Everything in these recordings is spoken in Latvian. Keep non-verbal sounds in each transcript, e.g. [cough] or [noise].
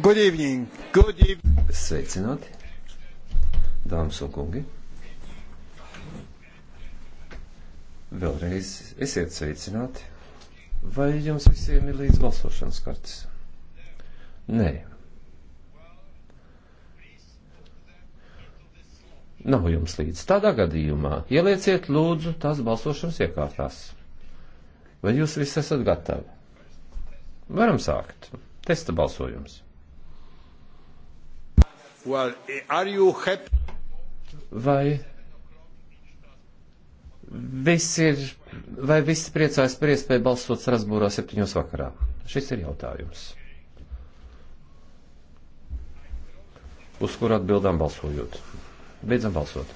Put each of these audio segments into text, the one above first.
Good evening. Good evening. Sveicināti, dāmas un kungi. Vēlreiz esiet sveicināti. Vai jums visiem ir līdz balsošanas kartes? Nē. Nav jums līdz. Tādā gadījumā ielieciet lūdzu tās balsošanas iekārtās. Vai jūs visi esat gatavi? Varam sākt. Testa balsojums. Well, vai viss ir, vai visi priecājas par iespēju balsot Strasbūrā septiņos vakarā? Šis ir jautājums. Uz kur atbildām balsojot? Beidzam balsot.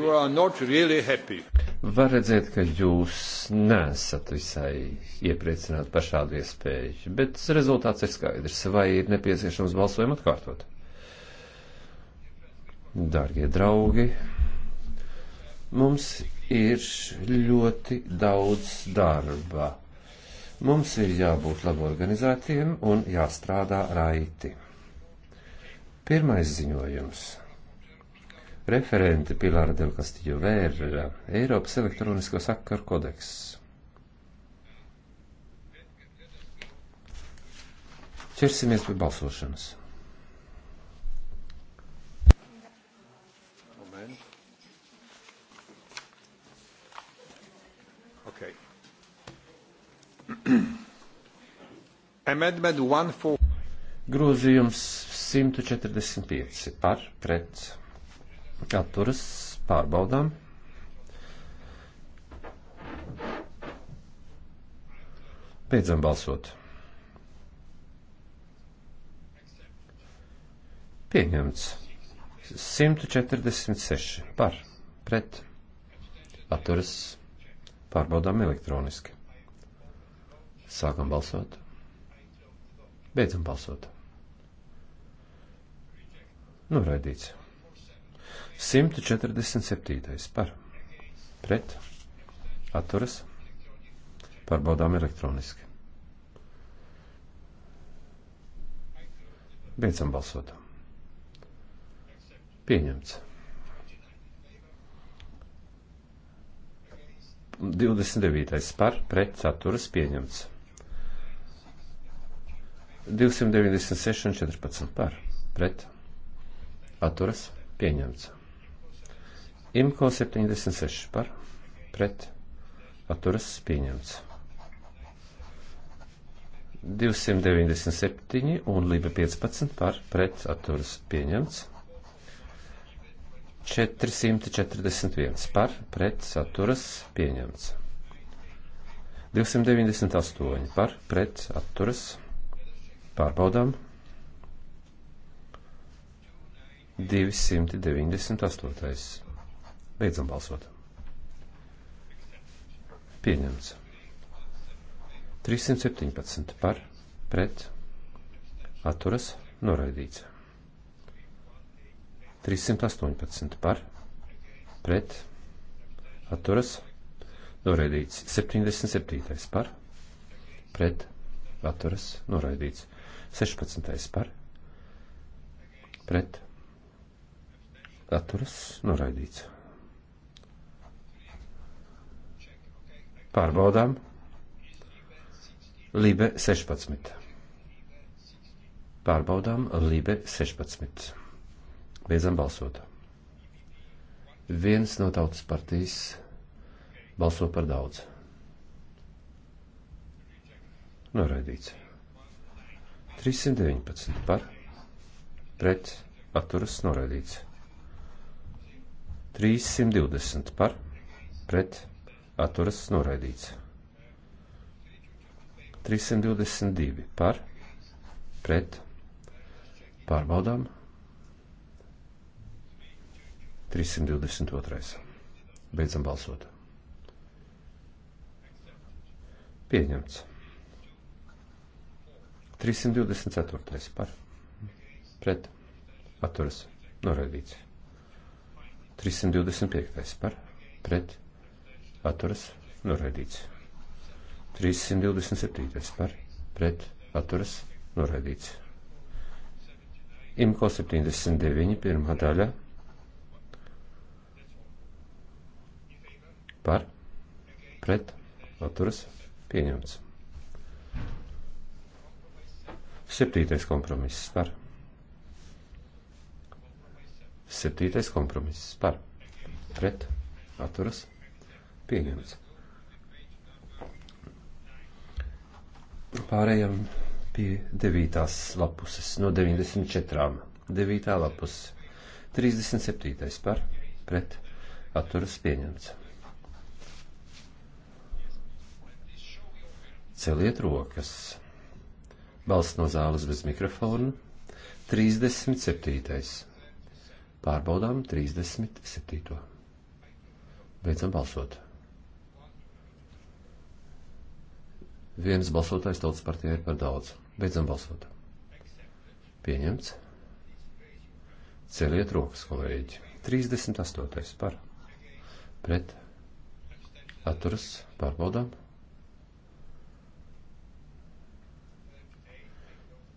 You are not really happy var redzēt, ka jūs nesat visai iepriecināti par šādu iespēju, bet rezultāts ir skaidrs. Vai ir nepieciešams balsojumu atkārtot? Dārgie draugi, mums ir ļoti daudz darba. Mums ir jābūt labi organizētiem un jāstrādā raiti. Pirmais ziņojums referente Pilāra Del Castillo Vērra, Eiropas elektronisko sakaru kodeks. Ķersimies pie balsošanas. Okay. [clears throat] Amendment 1 for. Grozījums 145 par pret atturas pārbaudām. Beidzam balsot. Pieņemts. 146 par, pret, atturas, pārbaudām elektroniski. Sākam balsot. Beidzam balsot. Noraidīts. 147. par pret atturas pārbaudām elektroniski. Beidzam balsot. Pieņemts. 29. par pret saturas pieņemts. 296 un 14 par pret atturas pieņemts. Imko 76 par pret atturas pieņemts. 297 un Liba 15 par pret atturas pieņemts. 441 par pret atturas pieņemts. 298 par pret atturas pārbaudām. 298. Beidzam balsot. Pieņemts. 317 par, pret, atturas, noraidīts. 318 par, pret, atturas, noraidīts. 77 par, pret, atturas, noraidīts. 16 par, pret, atturas, noraidīts. Pārbaudām. Libe 16. Pārbaudām Libe 16. Beidzam balsot. Viens no tautas partijas balso par daudz. Noraidīts. 319 par, pret, atturas noraidīts. 320 par, pret, atturas noraidīts. 322 par, pret, pārbaudām. 322. Beidzam balsot. Pieņemts. 324. par, pret, atturas noraidīts. 325. par, pret, atturas noraidīts. 327. par pret atturas noraidīts. Imko 79. pirmā daļa par pret atturas pieņemts. Septītais kompromiss par. Septītais kompromiss par. Pret. Atturas. Pieņemts. Pārējām pie 9. lapuses no 94. 9. lapus 37. par pret atturas pieņemts. Celiet rokas. Balsts no zāles bez mikrofona. 37. Pārbaudām 37. Beidzam balsot. Viens balsotājs tautas partijā ir par daudz. Beidzam balsot. Pieņemts. Celiet rokas, kolēģi. 38. par. Pret. Atturas. Pārbaudām.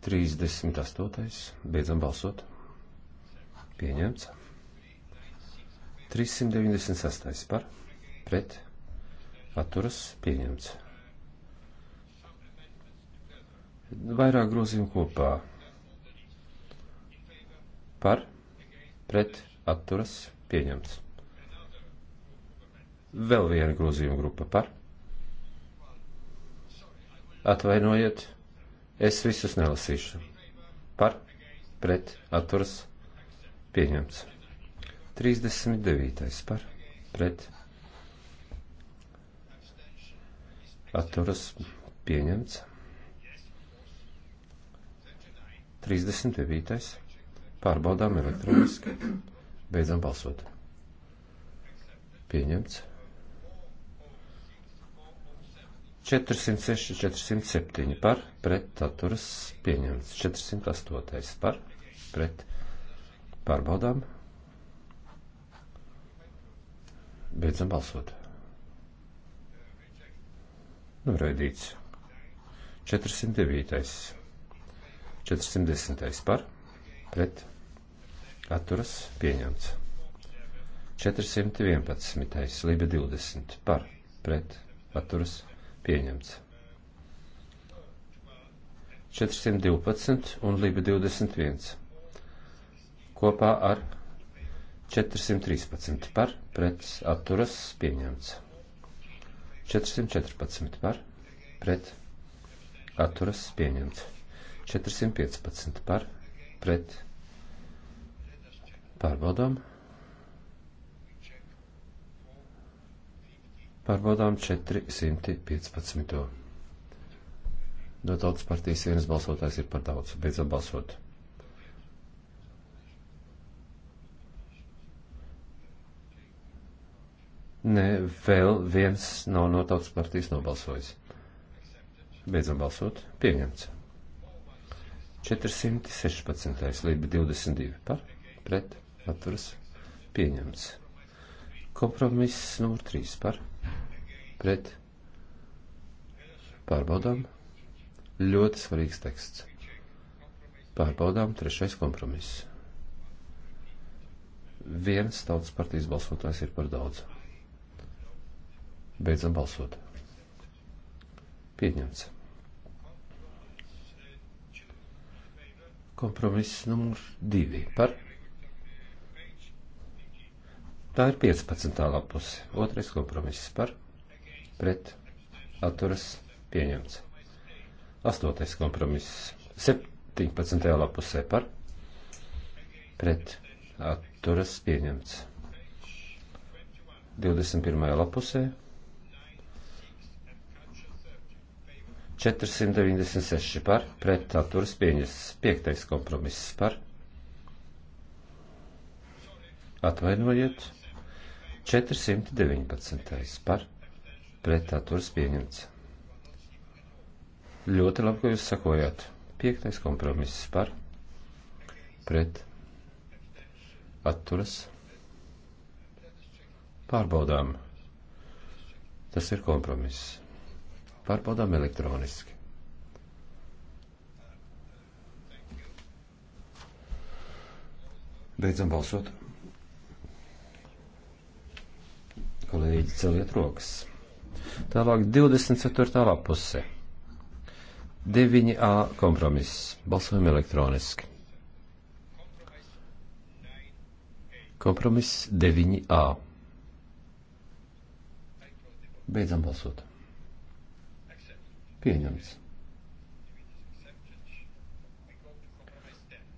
38. Beidzam balsot. Pieņemts. 396. par. Pret. Atturas. Pieņemts vairāk grozījumu kopā. Par, pret, atturas, pieņemts. Vēl viena grozījuma grupa par. Atvainojiet, es visus nelasīšu. Par, pret, atturas, pieņemts. 39. par, pret, atturas, pieņemts. 39. Pārbaudām elektroniski. Beidzam balsot. Pieņemts. 406, 407 par, pret atturas pieņemts. 408 par, pret pārbaudām. Beidzam balsot. Nu, redīts. 409. 410. par pret atturas pieņemts. 411. lība 20 par pret atturas pieņemts. 412 un lība 21 kopā ar 413 par pret atturas pieņemts. 414 par pret atturas pieņemts. 415 par pret pārbaudām. Pārbaudām 415. No tautas partijas vienas balsotājs ir par daudz. Beidzot balsot. Nē, vēl viens nav no tautas partijas nobalsojis. Beidzam balsot. Pieņemts. 416. līdz 22. par pret atturas pieņemts. Kompromiss numur 3 par pret pārbaudām. Ļoti svarīgs teksts. Pārbaudām trešais kompromiss. Viens tautas partijas balsotājs ir par daudz. Beidzam balsot. Pieņemts. Kompromiss numurs divi par. Tā ir 15. lapuse. Otrais kompromiss par. Pret. Atturas pieņemts. Astotais kompromiss. 17. lapusē par. Pret. Atturas pieņemts. 21. lapusē. 496 par, pret atturas pieņemts. 5. kompromiss par. Atvainojiet. 419. par, pret atturas pieņemts. Ļoti labi, ka jūs sakojāt. 5. kompromiss par, pret atturas. Pārbaudām. Tas ir kompromiss. Pārbaudām elektroniski. Beidzam balsot. Kolēģi, celiet rokas. Tālāk 24. lapuse. 9a kompromiss. Balsojam elektroniski. Kompromiss 9a. Beidzam balsot. Pieņemts.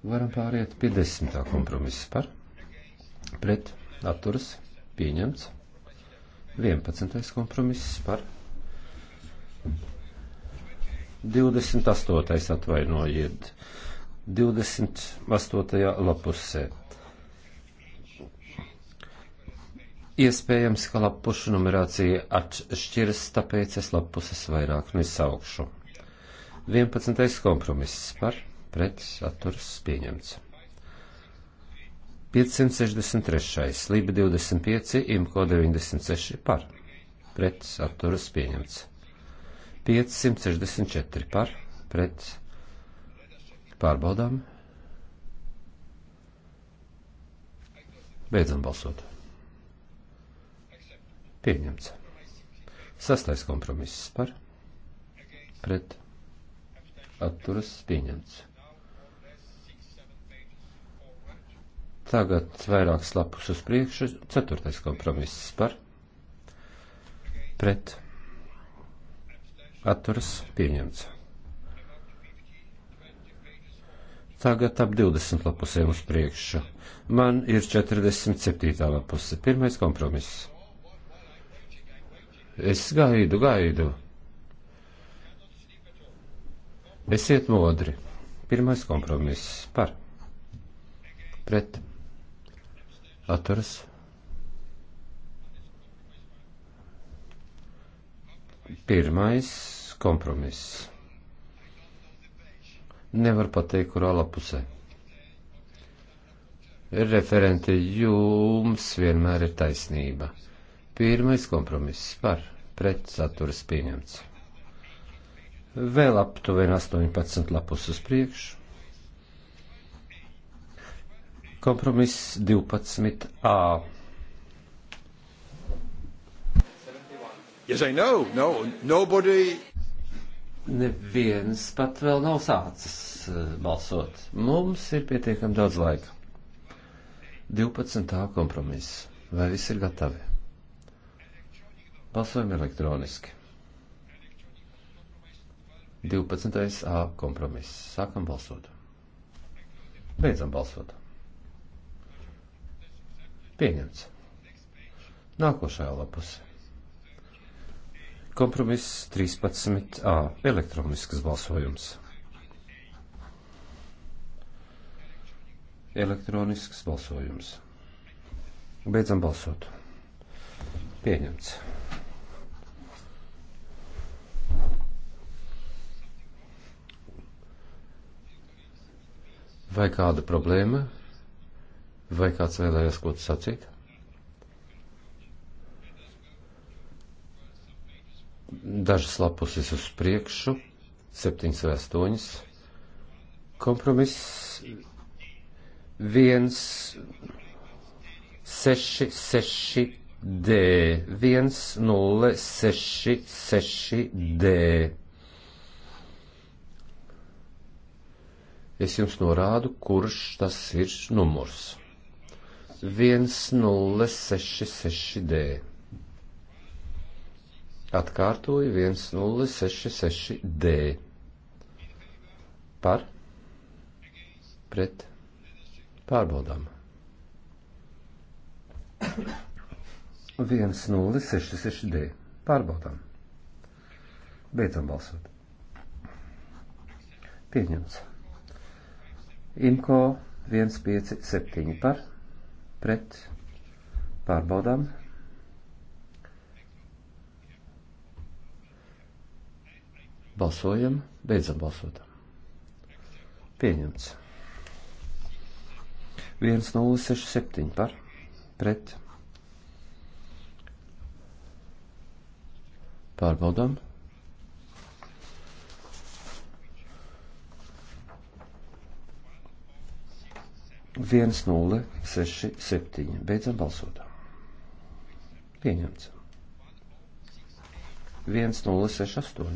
Varam pāriet pie desmitā kompromisa par. Pret atturas pieņemts. 11. kompromiss par 28. atvainojiet. 28. lapusē Iespējams, ka lapušu numerācija atšķiras, tāpēc es lapuses vairāk nesaukšu. 11. kompromiss par pret atturas pieņemts. 563. Lība 25, Imko 96 par pret atturas pieņemts. 564 par pret pārbaudām. Beidzam balsot. Pieņemts. Sastais kompromiss par pret atturas pieņemts. Tagad vairākas lapus uz priekšu. Ceturtais kompromiss par pret atturas pieņemts. Tagad ap 20 lapusiem uz priekšu. Man ir 47. lapuse. Pirmais kompromiss Es gaidu, gaidu. Esiet modri. Pirmais kompromiss par. Pret. Atturas. Pirmais kompromiss. Nevar pateikt, kurā lapusē. Referente, jums vienmēr ir taisnība. Pirmais kompromiss par pret saturas pieņemts. Vēl aptuveni 18 lapus uz priekšu. Kompromiss 12a. Yes, I know. No, nobody... Neviens pat vēl nav sācis eh, balsot. Mums ir pietiekami daudz laika. 12. kompromiss. Vai viss ir gatavi? Balsojam elektroniski. 12. A kompromiss. Sākam balsot. Beidzam balsot. Pieņemts. Nākošajā lapusē. Kompromiss 13a. Elektronisks balsojums. Elektronisks balsojums. Beidzam balsot. Pieņemts. Vai kāda problēma? Vai kāds vēlējās ko sacīt? Dažas lapuses uz priekšu, septiņas vai astoņas. Kompromiss viens, seši, seši, D, viens, nulle, seši, seši, D. Es jums norādu, kurš tas ir numurs. 1066D. Atkārtoju 1066D. Par? Pret? Pārbaudām. 1066D. Pārbaudām. Beidzam balsot. Pieņemts. Imko 157 par pret pārbaudām. Balsojam, beidzam balsot. Pieņemts. 1067 par pret. Pārbaudām. 1067. Beidzam balsot. Pieņemts. 1068.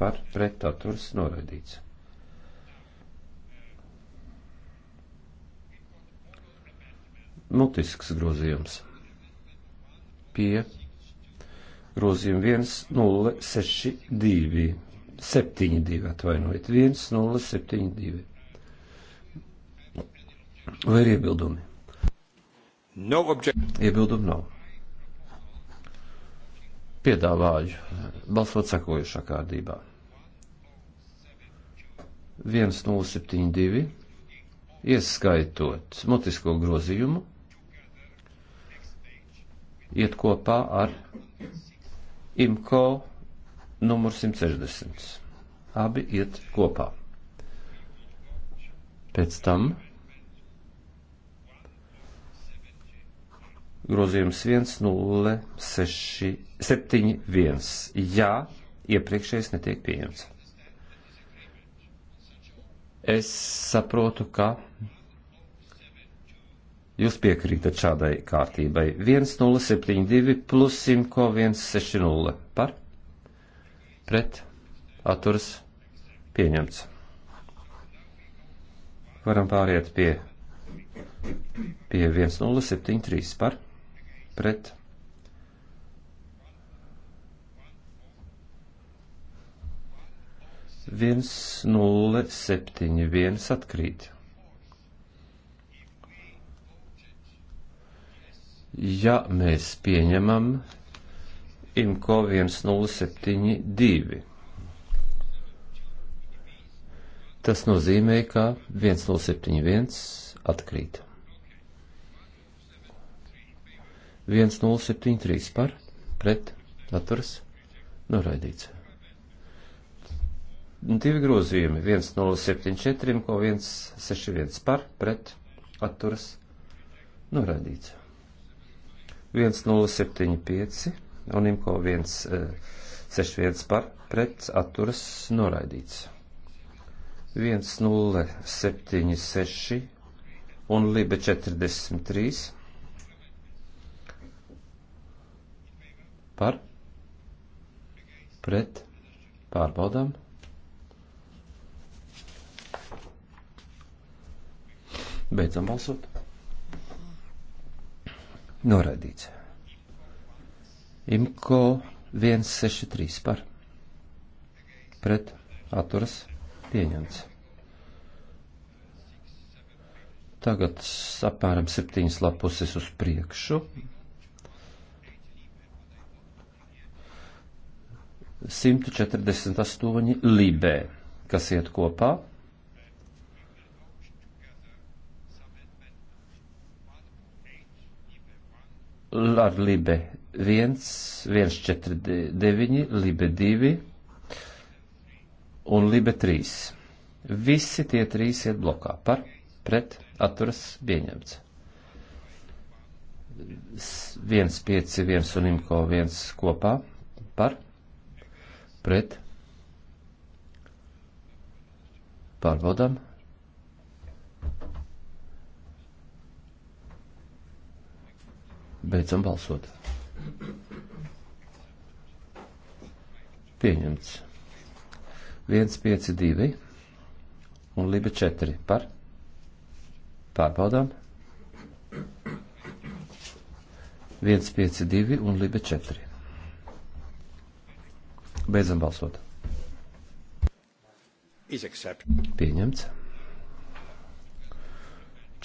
Par pretaturs noraidīts. Mutisks grozījums. Pie grozījuma 1062. 72 atvainojiet, 1072 Vai ir iebildumi? No iebildumi nav. Piedāvāju balsot sekojušā kārtībā. 1072, ieskaitot mutisko grozījumu, iet kopā ar IMCO numur 160. Abi iet kopā. Pēc tam grozījums 1071, ja iepriekšējais netiek pieņemts. Es saprotu, ka jūs piekrītat šādai kārtībai. 1072 plus Simko 160 par pret atturas pieņemts. Varam pāriet pie, pie 1073 par pret viens nulle septiņi viens atkrīt. Ja mēs pieņemam IMCO 1072. Tas nozīmē, ka 1071 atkrīt. 1073 par pret atturas noraidīts. Divi grozījumi 1074 un 161 par pret atturas noraidīts. 1075 un imko 161 par pret atturas noraidīts. 1076 un libe 43 par, pret, pārbaudām. Beidzam balsot. Noraidīts. Imko 163 par, pret, atturas, pieņemts. Tagad apmēram septiņas lapuses uz priekšu. 148 libē, kas iet kopā. Ar libe 1, 149, libe 2 un libe 3. Visi tie trīs iet blokā par, pret, atturas, pieņemts. 1, 5, 1 un imko 1 kopā par, pret pārbaudām. Beidzam balsot. Pieņemts. 1, 5, 2 un Liba 4 par. Pārbaudām. 1, 5, 2 un Liba 4. Beidzam balsot. Pieņemts.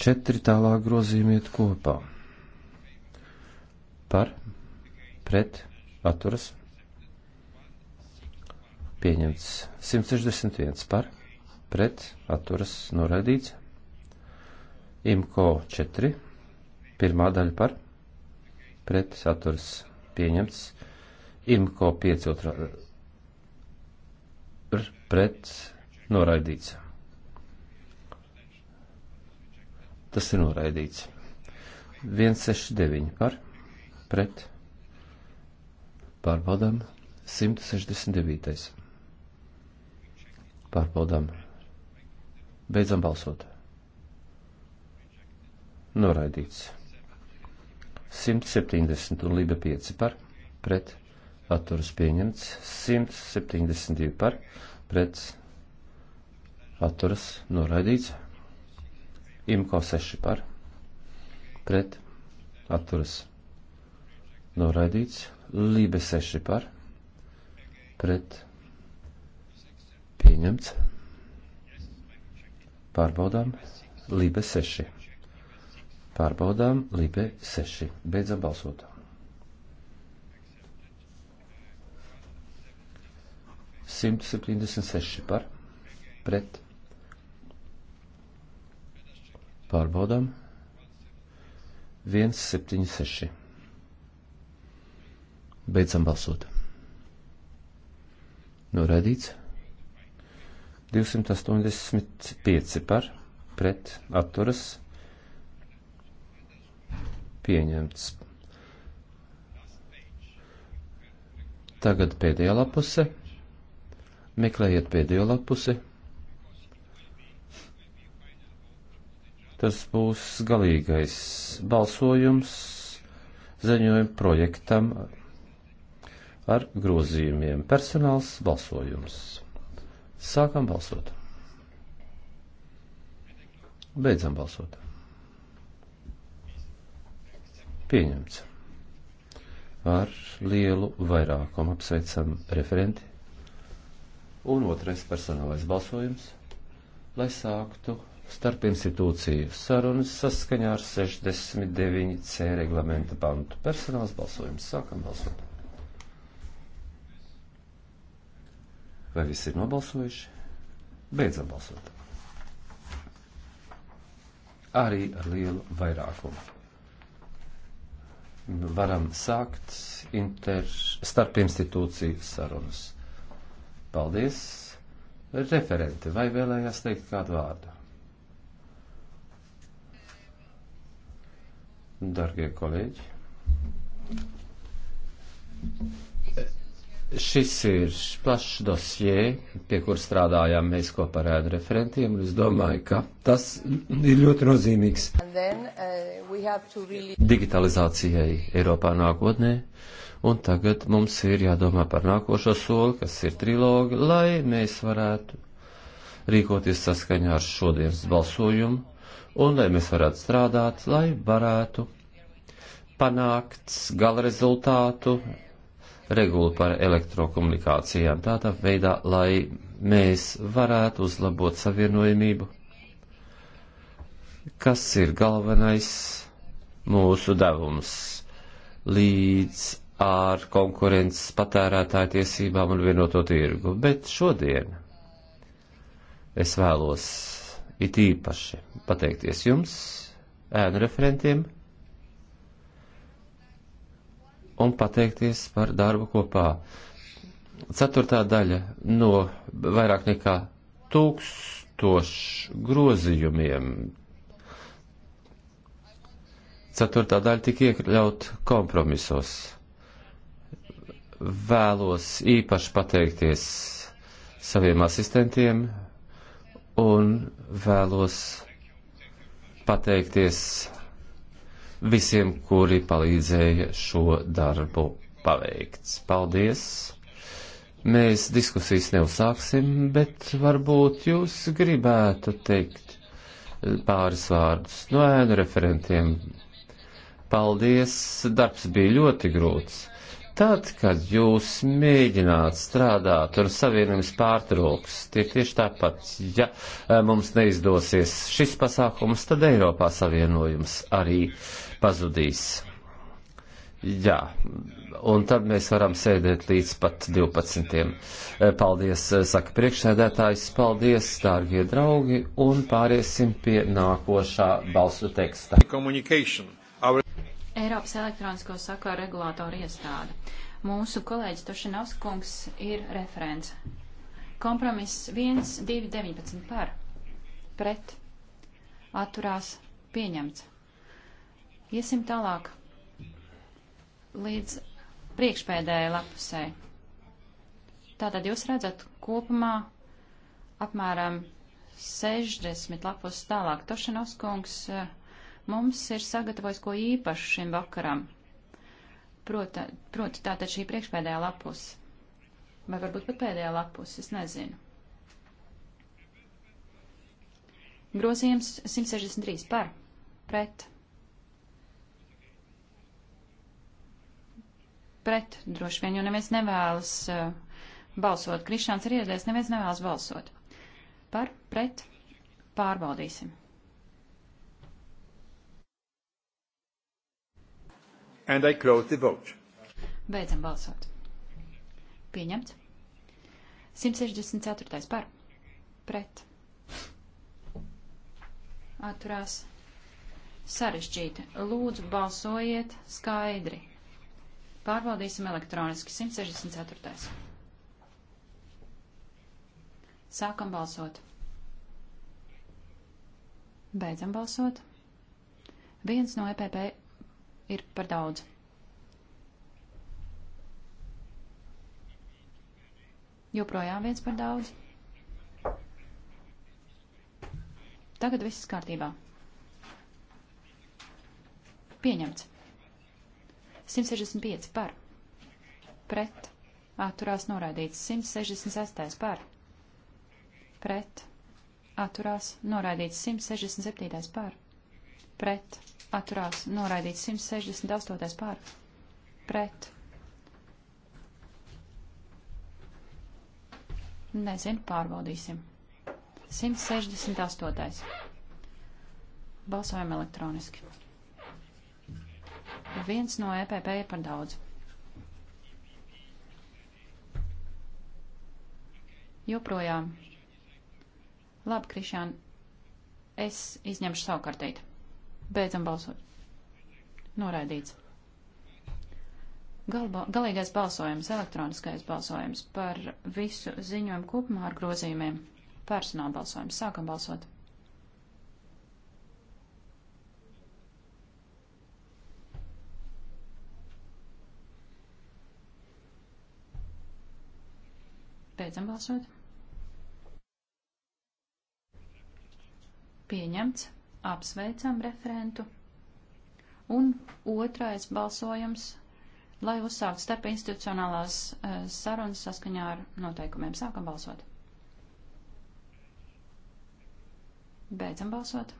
Četri tālāk grozīmiet kopā. Par, pret, atturas. Pieņemts 161 par, pret, atturas, noraidīts. IMCO 4, pirmā daļa par, pret, atturas, pieņemts. IMCO 5, otrā daļa pret noraidīts. Tas ir noraidīts. 169 par pret pārbaudām 169. Pārbaudām. Beidzam balsot. Noraidīts. 170 un Liba 5 par pret atturas pieņemts. 172 par pret pret atturas noraidīts. Imko 6 par pret atturas noraidīts. Lībe 6 par pret pieņemts. Pārbaudām Lībe 6. Pārbaudām Lībe 6. Beidzam balsot. 176 par pret. Pārbaudām. 176. Beidzam balsot. Noraidīts. 285 par pret atturas pieņemts. Tagad pēdējā lapuse. Meklējiet pēdējo lapusi. Tas būs galīgais balsojums ziņojuma projektam ar grozījumiem. Personāls balsojums. Sākam balsot. Beidzam balsot. Pieņemts. Ar lielu vairākumu apsveicam referenti. Un otrais personālais balsojums, lai sāktu starp institūciju sarunas saskaņā ar 69C reglamenta pantu. Personāls balsojums. Sākam balsot. Vai visi ir nobalsojuši? Beidzam balsot. Arī ar lielu vairākumu. Varam sākt inter, starp institūciju sarunas. Paldies! Referente, vai vēlējās teikt kādu vārdu? Dargie kolēģi! Šis ir plašs dosie, pie kur strādājām mēs kopā ar ēdu referentiem, un es domāju, ka tas ir ļoti nozīmīgs then, uh, really... digitalizācijai Eiropā nākotnē. Uh, un tagad mums ir jādomā par nākošo soli, kas ir trilogi, lai mēs varētu rīkoties saskaņā ar šodienas balsojumu, un lai mēs varētu strādāt, lai varētu panākt gala rezultātu regulu par elektrokomunikācijām tādā veidā, lai mēs varētu uzlabot savienojamību, kas ir galvenais mūsu devums līdz ar konkurences patērētāju tiesībām un vienoto tirgu. Bet šodien es vēlos it īpaši pateikties jums, ēnu referentiem, un pateikties par darbu kopā. Ceturtā daļa no vairāk nekā tūkstošu grozījumiem. Ceturtā daļa tika iekļaut kompromisos vēlos īpaši pateikties saviem asistentiem un vēlos pateikties visiem, kuri palīdzēja šo darbu paveikt. Paldies! Mēs diskusijas neuzsāksim, bet varbūt jūs gribētu teikt pāris vārdus no ēnu referentiem. Paldies! Darbs bija ļoti grūts Tad, kad jūs mēģināt strādāt un savienojums pārtrūks, tie tieši tāpat, ja eh, mums neizdosies šis pasākums, tad Eiropā savienojums arī pazudīs. Jā, un tad mēs varam sēdēt līdz pat 12. Eh, paldies, eh, saka priekšsēdētājs, paldies, dārgie draugi, un pāriesim pie nākošā balsu teksta. Our... Eiropas elektronisko sakaru regulātoru iestāde. Mūsu kolēģis Tošinovskungs ir referents. Kompromiss 1, 2, 19 par. Pret. Atturās. Pieņemts. Iesim tālāk līdz priekšpēdējai lapusē. Tātad jūs redzat kopumā apmēram 60 lapus tālāk. Tošinovskungs uh, mums ir sagatavojis ko īpašu šim vakaram. Prota, proti tātad šī priekšpēdējā lapus, vai varbūt pat pēdējā lapus, es nezinu. Grozījums 163 par, pret, pret, droši vien, jo neviens nevēlas uh, balsot. Krišāns ir iedēs, neviens nevēlas balsot. Par, pret, pārbaudīsim. And I close the vote. Beidzam balsot. Pieņemts. 164. par. Pret. Atturās. Sarežģīti. Lūdzu, balsojiet skaidri. Pārbaudīsim elektroniski. 164. Sākam balsot. Beidzam balsot. Viens no EPP ir par daudz. Joprojām viens par daudz. Tagad viss kārtībā. Pieņemts. 165 par. Pret. Atturās noraidīts. 166 par. Pret. Atturās noraidīts. 167 par. Pret atturās noraidīts 168. pār pret. Nezinu, pārbaudīsim. 168. Balsojam elektroniski. Viens no EPP ir par daudz. Joprojām. Labi, Krišān, es izņemšu savu kartīti. Beidzam balsot. Noraidīts. Galba, galīgais balsojums, elektroniskais balsojums par visu ziņojumu kopumā ar grozījumiem. Personāla balsojums. Sākam balsot. Beidzam balsot. Pieņemts. Apsveicam referentu. Un otrais balsojums, lai uzsākt starp institucionālās eh, sarunas saskaņā ar noteikumiem. Sākam balsot. Beidzam balsot.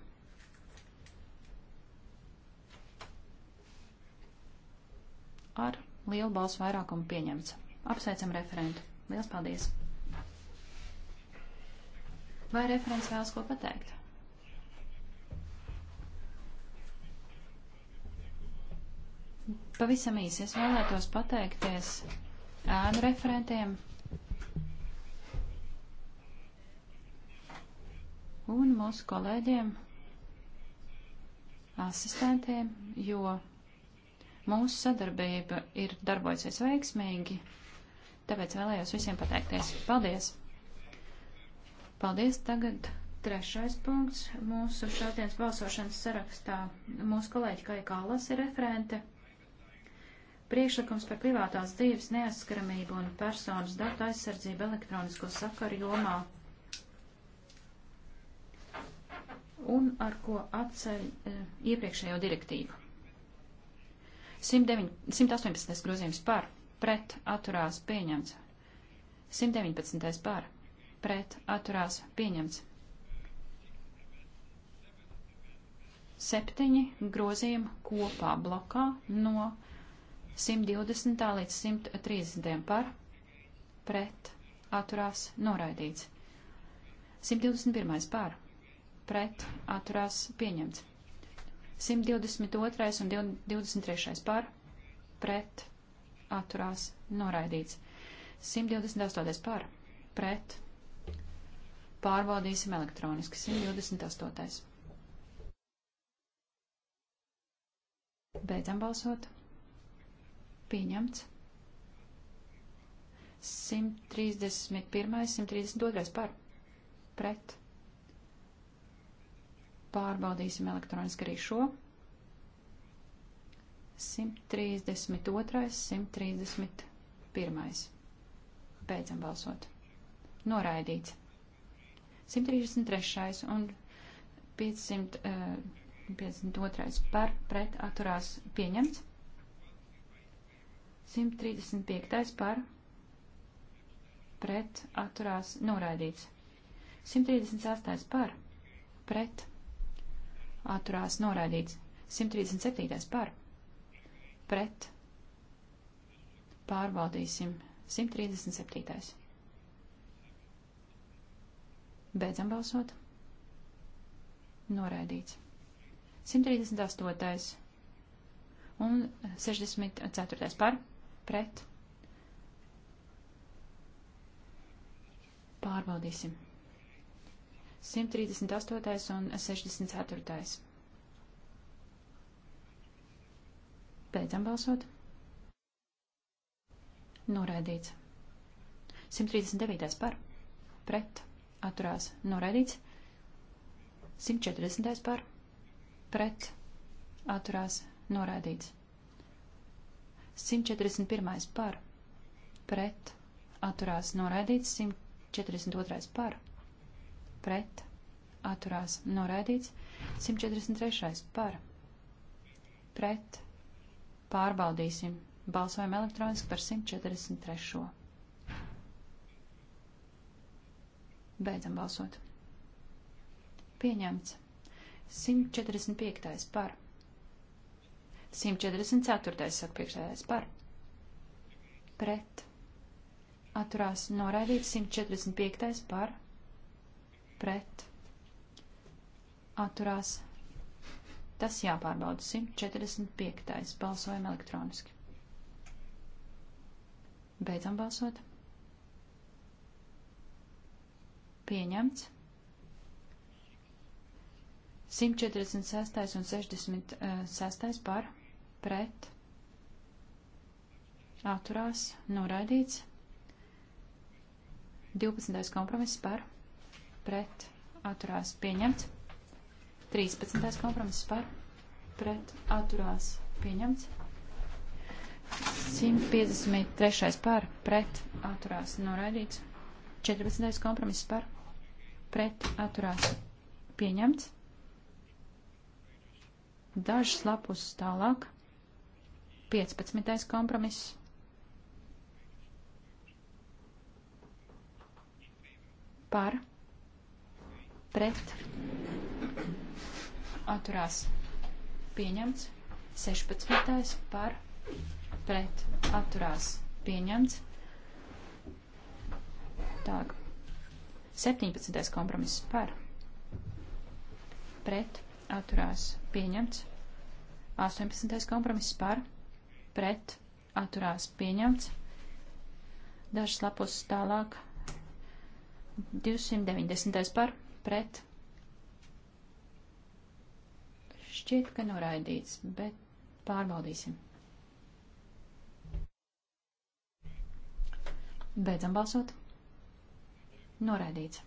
Ar lielu balsu vairākumu pieņemts. Apsveicam referentu. Lielas paldies! Vai referents vēlas ko pateikt? Pavisam īsi es vēlētos pateikties ēnu referentiem. Un mūsu kolēģiem, asistentiem, jo mūsu sadarbība ir darbojusies veiksmīgi, tāpēc vēlējos visiem pateikties. Paldies! Paldies! Tagad trešais punkts mūsu šodienas balsošanas sarakstā. Mūsu kolēģi Kaikālas ir referente. Priekšlikums par privātās dzīves neaizskaramību un personas datu aizsardzību elektronisko sakaru jomā un ar ko atceļ e, iepriekšējo direktīvu. 109, 118. grozījums par, pret, atturās, pieņemts. 119. par, pret, atturās, pieņemts. 7 grozījumi kopā blokā no 120. līdz 130. par, pret, atturās, noraidīts. 121. par, pret, atturās, pieņemts. 122. un 23. par, pret, atturās, noraidīts. 128. par, pret, pārbaudīsim elektroniski. 128. Beidzam balsot. Pieņemts. 131, 132 par. Pret. Pārbaudīsim elektroniski arī šo. 132, 131. Beidzam balsot. Noraidīts. 133 un 552 eh, par pret atturās pieņemts. 135. par pret atturās noraidīts. 138. par pret atturās noraidīts. 137. par pret pārbaudīsim. 137. Beidzam balsot. Noraidīts. 138. un 64. par pret pret. Pārbaudīsim. 138. un 64. Beidzam balsot. Noraidīts. 139. par. Pret. Atturās. Noraidīts. 140. par. Pret. Atturās. Noraidīts. 141. par, pret, atturās noraidīts, 142. par, pret, atturās noraidīts, 143. par, pret, pārbaudīsim, balsojam elektroniski par 143. Beidzam balsot. Pieņemts. 145. par 144. saka priekšsēdētājs par. Pret. Atturās noraidīts 145. par. Pret. Atturās. Tas jāpārbauda 145. Balsojam elektroniski. Beidzam balsot. Pieņemts. 146. un 66. Eh, par pret, atturās, noraidīts. 12. kompromiss par, pret, atturās, pieņemts. 13. kompromiss par, pret, atturās, pieņemts. 153. par, pret, atturās, noraidīts. 14. kompromiss par, pret, atturās, pieņemts. Dažas lapus tālāk. 15. kompromiss. Par. Pret. Atturās. Pieņemts. 16. Par. Pret. Atturās. Pieņemts. Tālāk. 17. kompromiss par. Pret. Atturās. Pieņemts. 18. kompromiss par pret atturās pieņemts. Dažas lapus tālāk 290. par pret. Šķiet, ka noraidīts, bet pārbaudīsim. Beidzam balsot. Noraidīts.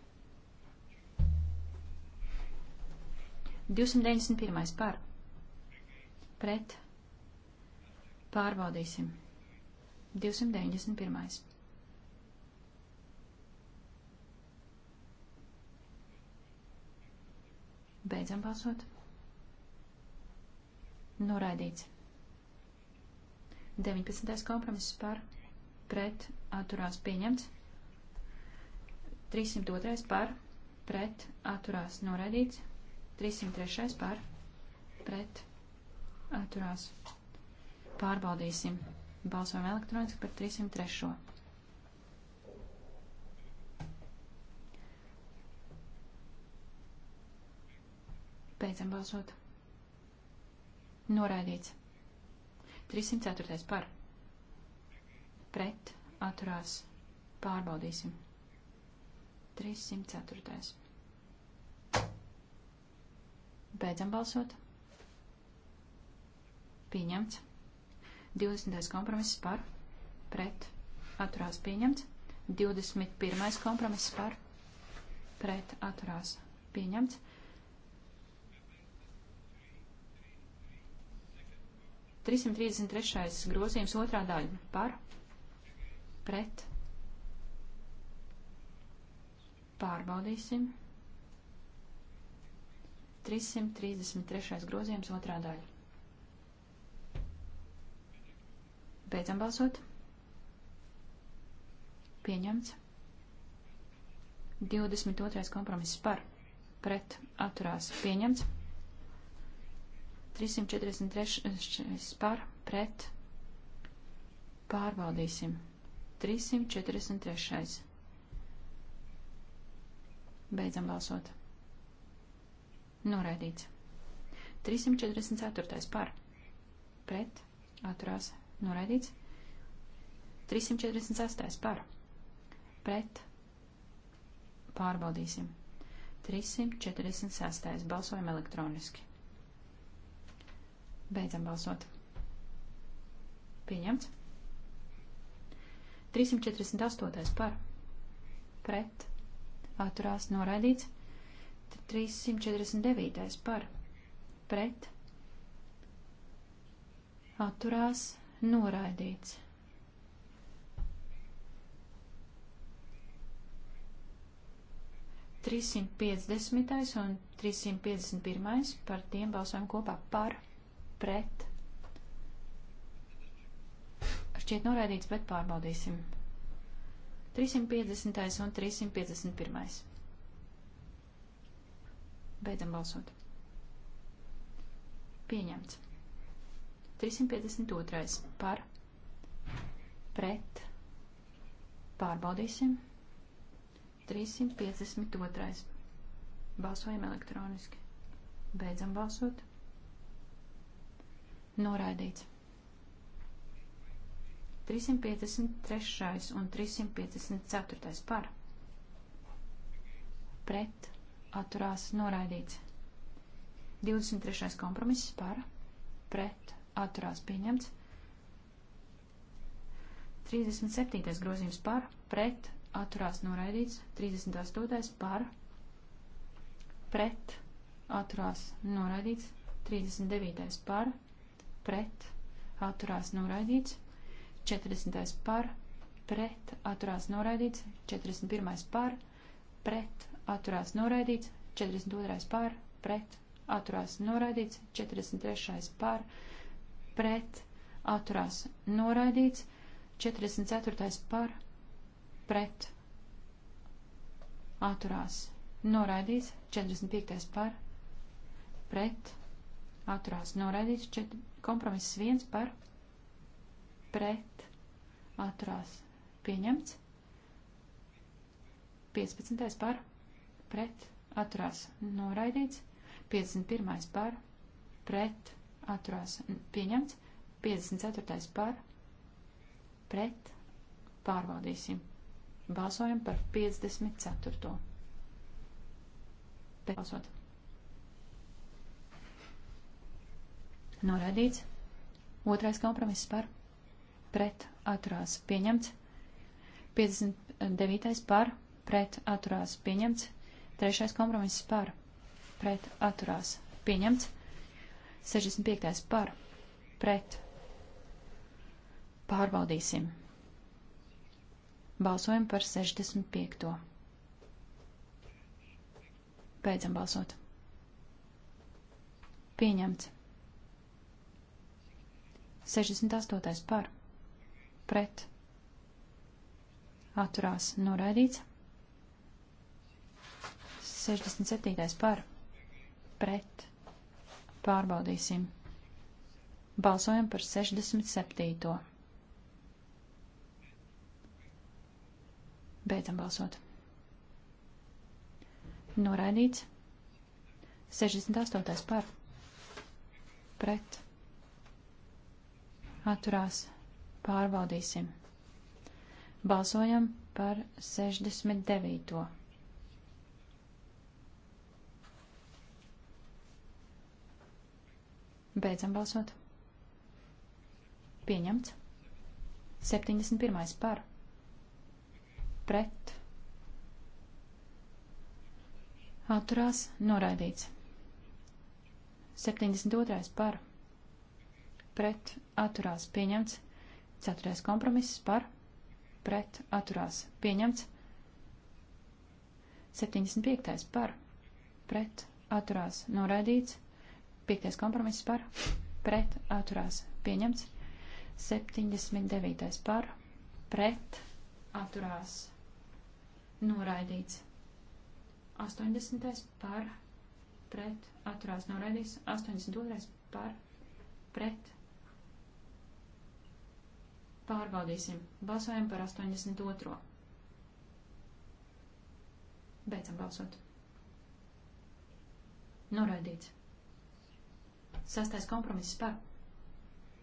291. par pret Pārbaudīsim. 291. Beidzam balsot. Noraidīts. 19. kompromiss par pret atturās pieņemts. 302. par pret atturās noraidīts. 303. par pret atturās pieņemts. Pārbaudīsim. Balsojam elektroniski par 303. Beidzam balsot. Noraidīts. 304. par. Pret atturās. Pārbaudīsim. 304. Beidzam balsot. Pieņemts. 20. kompromiss par pret atturās pieņemts. 21. kompromiss par pret atturās pieņemts. Trīsimt trīsdesmit trešais grozījums otrā daļa par pret pārbaudīsim. 333. grozījums otrā daļa. Beidzam balsot. Pieņemts. 22. kompromiss par. Pret. Atturās. Pieņemts. 343. par. Pret. Pārbaudīsim. 343. Beidzam balsot. Noraidīts. 344. par. Pret. Atturās. Noraidīts. 346. par. Pret. Pārbaudīsim. 346. Balsojam elektroniski. Beidzam balsot. Pieņemts. 348. par. Pret. Atturās. Noraidīts. 349. par. Pret. Atturās noraidīts. Trīsimt piecdesmitais un 351. par tiem balsojam kopā par, pret. Šķiet noraidīts, bet pārbaudīsim. 350. un 351. Beidzam balsot. Pieņemts. 352. par pret pārbaudīsim. 352. Balsojam elektroniski. Beidzam balsot. Noraidīts. 353. un 354. par pret atturās noraidīts. 23. kompromiss par pret atturās pieņemts. 37. grozījums par, pret, atturās noraidīts. 38. par, pret, atturās noraidīts. 39. par, pret, atturās noraidīts. 40. par, pret, atturās noraidīts. 41. par, pret, atturās noraidīts. 42. par, pret, atturās noraidīts. 43. par, pret, pret atturās noraidīts, 44. par pret atturās noraidīts, 45. par pret atturās noraidīts, čet... kompromiss 1 par pret atturās pieņemts, 15. par pret atturās noraidīts, 51. par pret atturās atturās pieņemts. 54. par pret pārbaudīsim. Balsojam par 54. Balsot. Noraidīts. Otrais kompromiss par pret atturās pieņemts. 59. par pret atturās pieņemts. Trešais kompromiss par pret atturās pieņemts. 65. par pret. Pārbaudīsim. Balsojam par 65. Beidzam balsot. Pieņemts. 68. par. Pret. Atturās noraidīts. 67. par. Pret. Pārbaudīsim. Balsojam par 67. Beidzam balsot. Noraidīts. 68. par. Pret. Atturās. Pārbaudīsim. Balsojam par 69. Beidzam balsot. Pieņemts. 71. par. Pret. Atturās. Noraidīts. 72. par. Pret. Atturās. Pieņemts. 4. kompromiss par. Pret. Atturās. Pieņemts. 75. par. Pret. Atturās. Noraidīts. Piektais kompromiss par, pret, atturās, pieņemts. 79. par, pret, atturās, noraidīts. 80. par, pret, atturās, noraidīts. 82. par, pret. Pārbaudīsim. Balsojam par 82. Beidzam balsot. Noraidīts. Sastais kompromiss par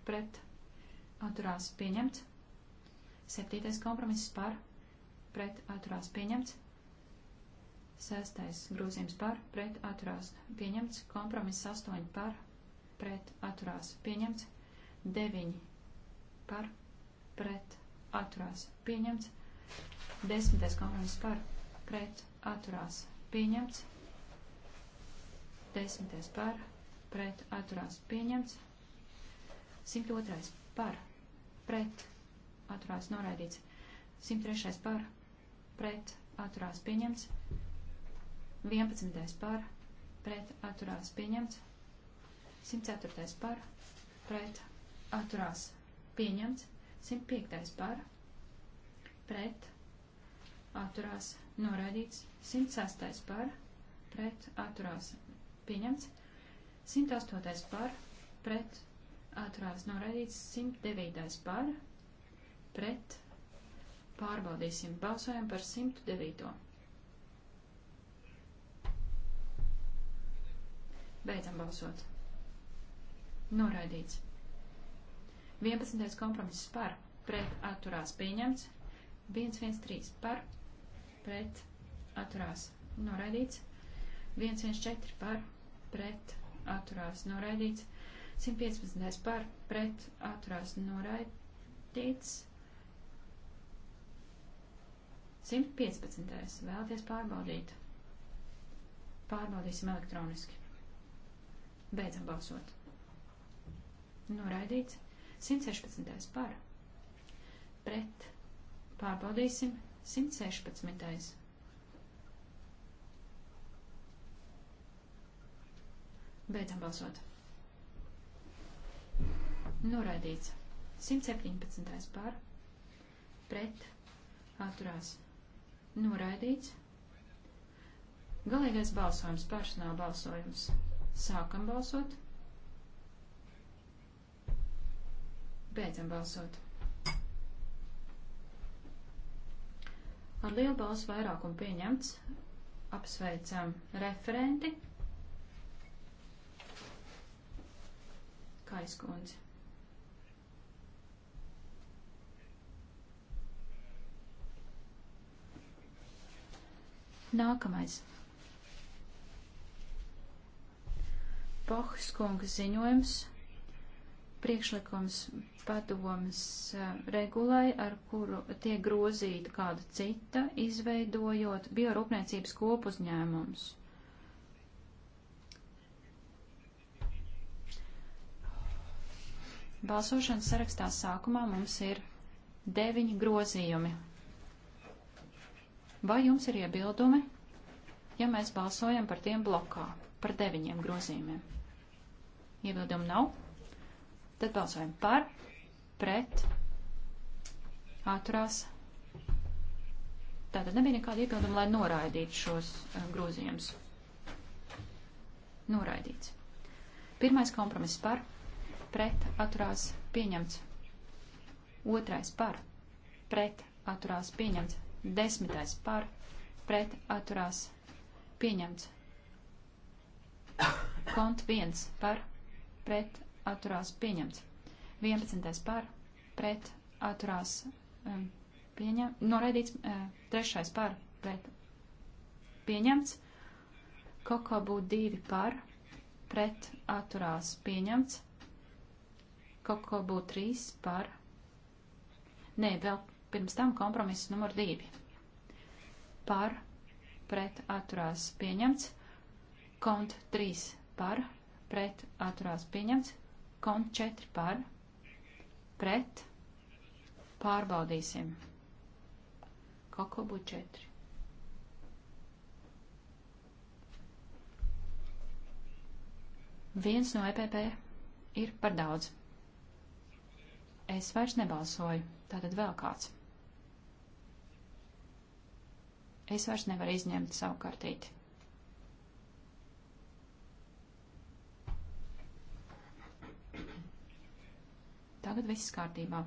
pret atturās pieņemts. Septītais kompromiss par pret atturās pieņemts. Sestais grozījums par pret atturās pieņemts. Kompromiss astoņi par pret atturās pieņemts. Deviņi par pret atturās pieņemts. Desmitais kompromiss par pret atturās pieņemts. Desmitais par pret pret atturās pieņemts. 102. par pret atturās noraidīts. 103. par pret atturās pieņemts. 11. par pret atturās pieņemts. 104. par pret atturās pieņemts. 105. par pret atturās noraidīts. 106. par pret atturās pieņemts. 108. par pret atturās noraidīts 109. par pret pārbaudīsim. Balsojam par 109. Beidzam balsot. Noraidīts. 11. kompromiss par pret atturās pieņemts. 113 par pret atturās noraidīts. 114 par pret atturās noraidīts. 115. par pret atturās noraidīts. 115. vēlaties pārbaudīt. Pārbaudīsim elektroniski. Beidzam balsot. Noraidīts. 116. par. Pret. Pārbaudīsim. 116. Beidzam balsot. Noraidīts. 117. par. Pret. Atturās. Noraidīts. Galīgais balsojums. Personāla balsojums. Sākam balsot. Beidzam balsot. Ar lielu balsu vairākumu pieņemts. Apsveicam referenti. Kaiskundze. Nākamais. Pohas kungas ziņojums, priekšlikums padomas eh, regulai, ar kuru tiek grozīta kāda cita, izveidojot biorūpniecības kopuzņēmumus. Balsošanas sarakstā sākumā mums ir deviņi grozījumi. Vai jums ir iebildumi, ja mēs balsojam par tiem blokā, par deviņiem grozījumiem? Iebildumu nav. Tad balsojam par, pret, atturās. Tātad nebija nekāda iebilduma, lai noraidītu šos uh, grozījumus. Noraidīts. Pirmais kompromiss par pret atturās pieņemts. Otrais par pret atturās pieņemts. Desmitais par pret atturās pieņemts. Kont viens par pret atturās pieņemts. Vienpadsmitais par pret atturās um, pieņem, noraidīts. Uh, trešais par pret pieņemts. Kokobu divi par pret atturās pieņemts. Koko būtu trīs par. Nē, vēl pirms tam kompromiss numur divi. Par, pret, atturās pieņemts. Kont trīs par, pret, atturās pieņemts. Kont četri par, pret, pārbaudīsim. Koko būtu četri. Viens no EPP ir par daudz. Es vairs nebalsoju. Tātad vēl kāds. Es vairs nevaru izņemt savu kartīti. Tagad viss kārtībā.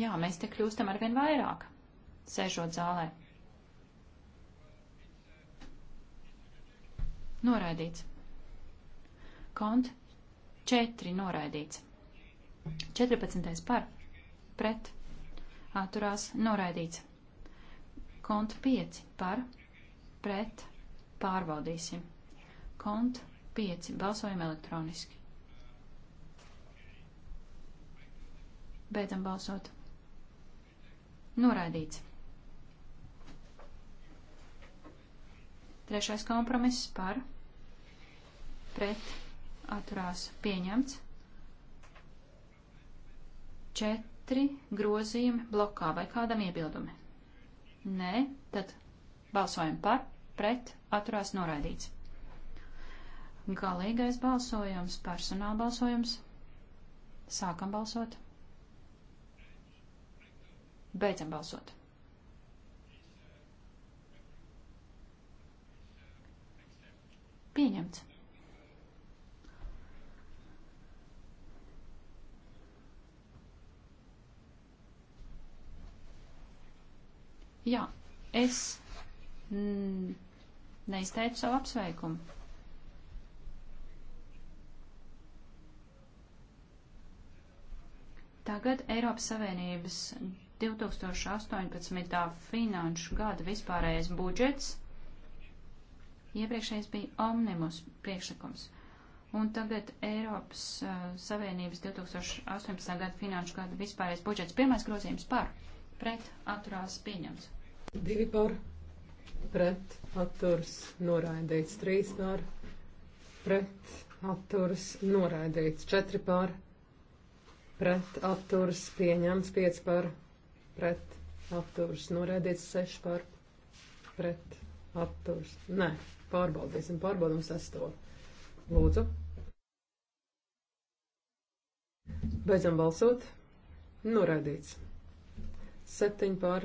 Jā, mēs te kļūstam arvien vairāk, sēžot zālē. Noraidīts. Kont 4 noraidīts. 14. par pret atturās noraidīts. Kont 5 par pret pārbaudīsim. Kont 5 balsojam elektroniski. Beidzam balsot. Noraidīts. Trešais kompromiss par pret atturās pieņemts. Četri grozījumi blokā vai kādam iebildumi? Nē, tad balsojam par, pret, atturās noraidīts. Galīgais balsojums, personāla balsojums. Sākam balsot. Beidzam balsot. Pieņemts. Jā, es mm, neizteicu savu apsveikumu. Tagad Eiropas Savienības 2018. finanšu gada vispārējais budžets. Iepriekšējais bija omnibus priekšlikums. Un tagad Eiropas uh, Savienības 2018. gada finanšu gada vispārējais budžets. Pirmais grozījums par pret atturās pieņemts. 2 par pret atturs noraidīts, 3 par pret atturs noraidīts, 4 par pret atturs pieņemts, 5 par pret atturs noraidīts, 6 par pret atturs. Nē, pārbaudīsim, pārbaudam sesto. Lūdzu. Beidzam balsot. Noraidīts. 7 par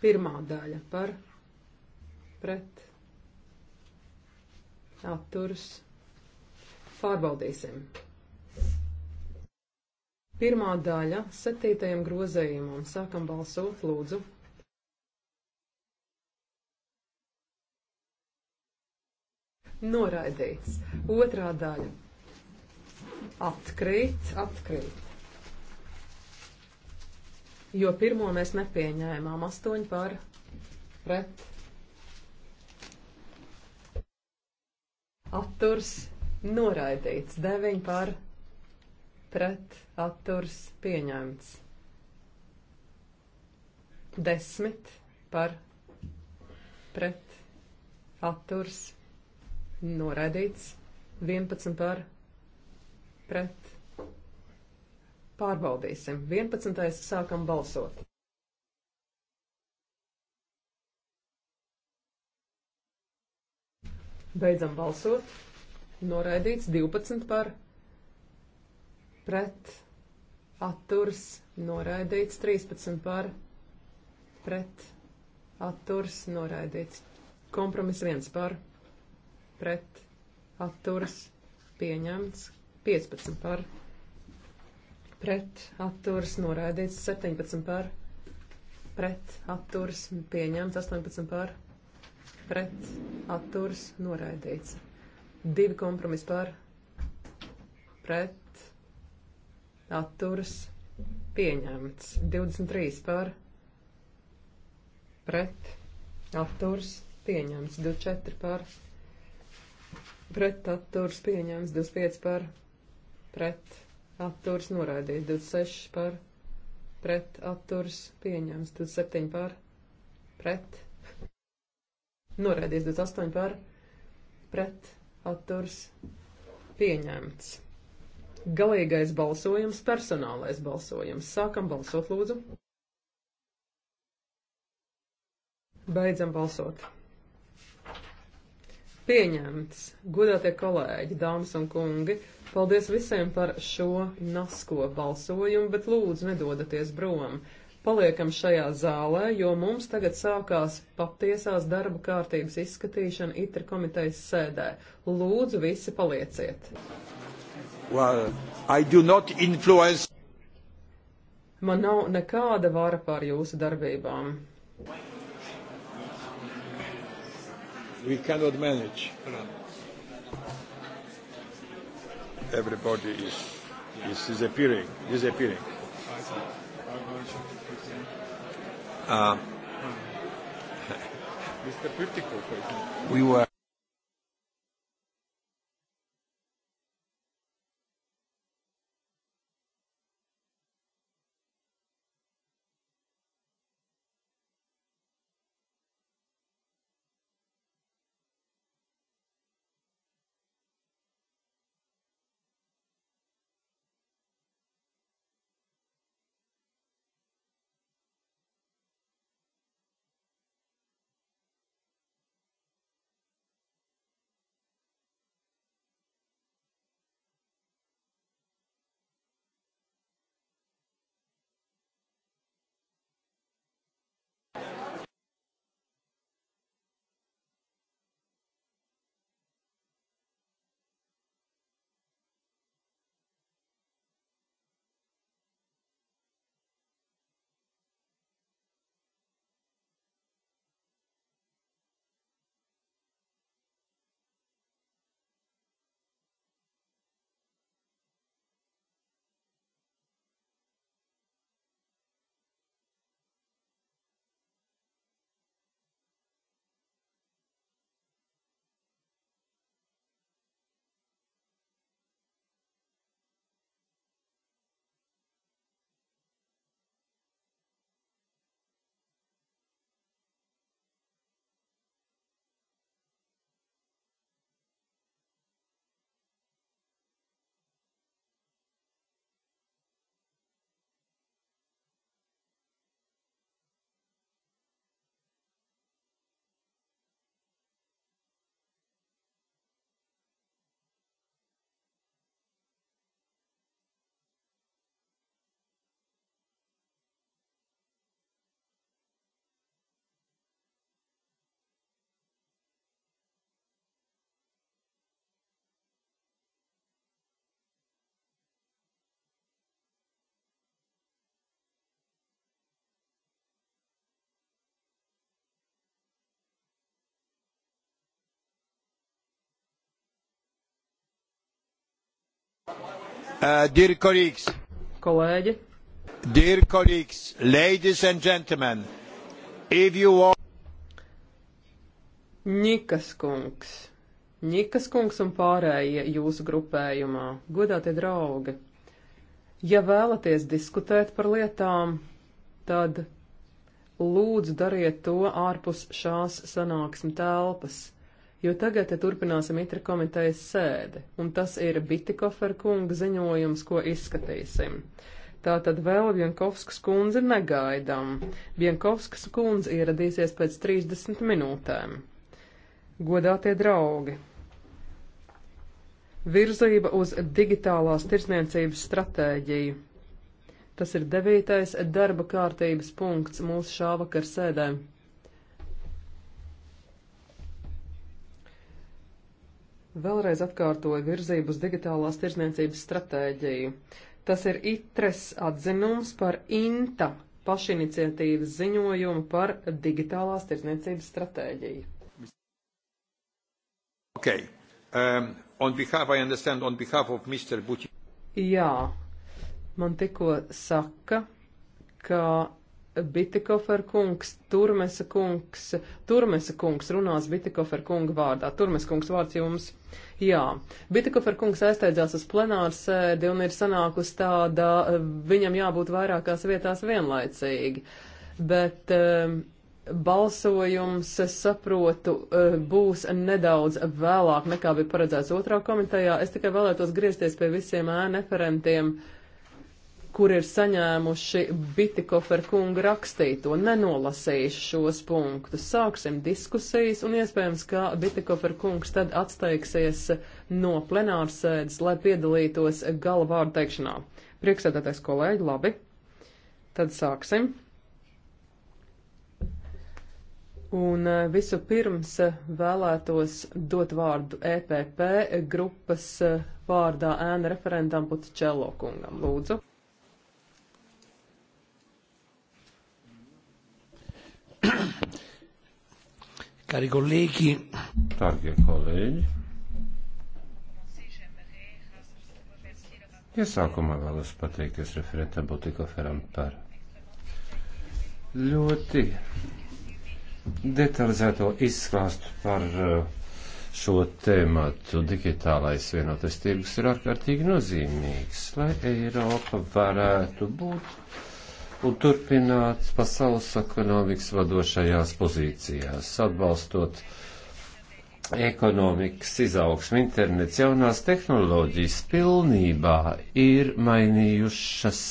pirmā daļa par pret atturs. Pārbaudīsim. Pirmā daļa septītajam grozējumam. Sākam balsot, lūdzu. Noraidīts. Otrā daļa. Atkrīt, atkrīt jo pirmo mēs nepieņēmām 8 par pret atturs noraidīts, 9 par pret atturs pieņemts, 10 par pret atturs noraidīts, 11 par pret Pārbaudīsim. 11. sākam balsot. Beidzam balsot. Noraidīts 12 par pret atturs. Noraidīts 13 par pret atturs. Noraidīts kompromis 1 par pret atturs. Pieņemts 15 par pret pret atturas noraidīts 17 par, pret atturas pieņemts 18 par, pret atturas noraidīts. Divi kompromisi par, pret atturas pieņemts 23 par, pret atturas pieņemts 24 par, pret atturas pieņemts 25 par, pret atturas pieņemts atturs noraidīts, 26 par pret atturs pieņems, 27 par pret noraidīts, 28 par pret atturs pieņemts. Galīgais balsojums, personālais balsojums. Sākam balsot, lūdzu. Beidzam balsot. Pieņemts, godātie kolēģi, dāmas un kungi, paldies visiem par šo nasko balsojumu, bet lūdzu nedodaties brom. Paliekam šajā zālē, jo mums tagad sākās patiesās darba kārtības izskatīšana itra komitejas sēdē. Lūdzu, visi palieciet. Well, Man nav nekāda vara pār jūsu darbībām. Thank you we cannot manage. Everybody is, is disappearing, disappearing. Uh, Mr. Pritikofer. We were. Uh, dear colleagues. Kolēģi. Dear colleagues, ladies and gentlemen, if you want. Nikas kungs. Nikas kungs un pārējie jūsu grupējumā, godātie draugi. Ja vēlaties diskutēt par lietām, tad lūdzu dariet to ārpus šās sanāksmes telpas jo tagad turpināsim itra komitejas sēdi, un tas ir Bitikofer kunga ziņojums, ko izskatīsim. Tātad vēl Vienkovskas kundze negaidām. Vienkovskas kundze ieradīsies pēc 30 minūtēm. Godātie draugi! Virzība uz digitālās tirsniecības stratēģiju. Tas ir devītais darba kārtības punkts mūsu šā vakar sēdēm. vēlreiz atkārtoju virzību uz digitālās tirzniecības stratēģiju. Tas ir ITRES atzinums par INTA pašiniciatīvas ziņojumu par digitālās tirzniecības stratēģiju. Okay. Um, on behalf, I understand, on behalf of Mr. Buti. Jā, man tikko saka, ka Bitikofer kungs, Turmesa kungs, Turmesa kungs runās Bitikofer kunga vārdā. Turmes kungs vārds jums. Jā, Bitikofer kungs aizteidzās uz plenārs sēdi un ir sanākusi tāda, viņam jābūt vairākās vietās vienlaicīgi. Bet um, balsojums, es saprotu, uh, būs nedaudz vēlāk nekā bija paredzēts otrā komitejā. Es tikai vēlētos griezties pie visiem ēneferentiem. E kur ir saņēmuši Bitikofer kunga rakstīto, nenolasījuši šos punktus. Sāksim diskusijas un iespējams, ka Bitikofer kungs tad atsteigsies no plenārsēdes, lai piedalītos gala vārdu teikšanā. Prieksēdētais kolēģi, labi. Tad sāksim. Un eh, visu pirms eh, vēlētos dot vārdu EPP grupas eh, vārdā ēna referentam Putičello kungam. Lūdzu. Cari colleghi, Dargie kolēģi, iesākumā vēlos pateikties referentam Butikoferam par ļoti detalizēto izklāstu par eh, šo tēmatu. Digitālais vienotais tirgus ir ārkārtīgi nozīmīgs, lai Eiropa varētu būt un turpināt pasaules ekonomikas vadošajās pozīcijās, atbalstot ekonomikas izaugsmi internets jaunās tehnoloģijas pilnībā ir mainījušas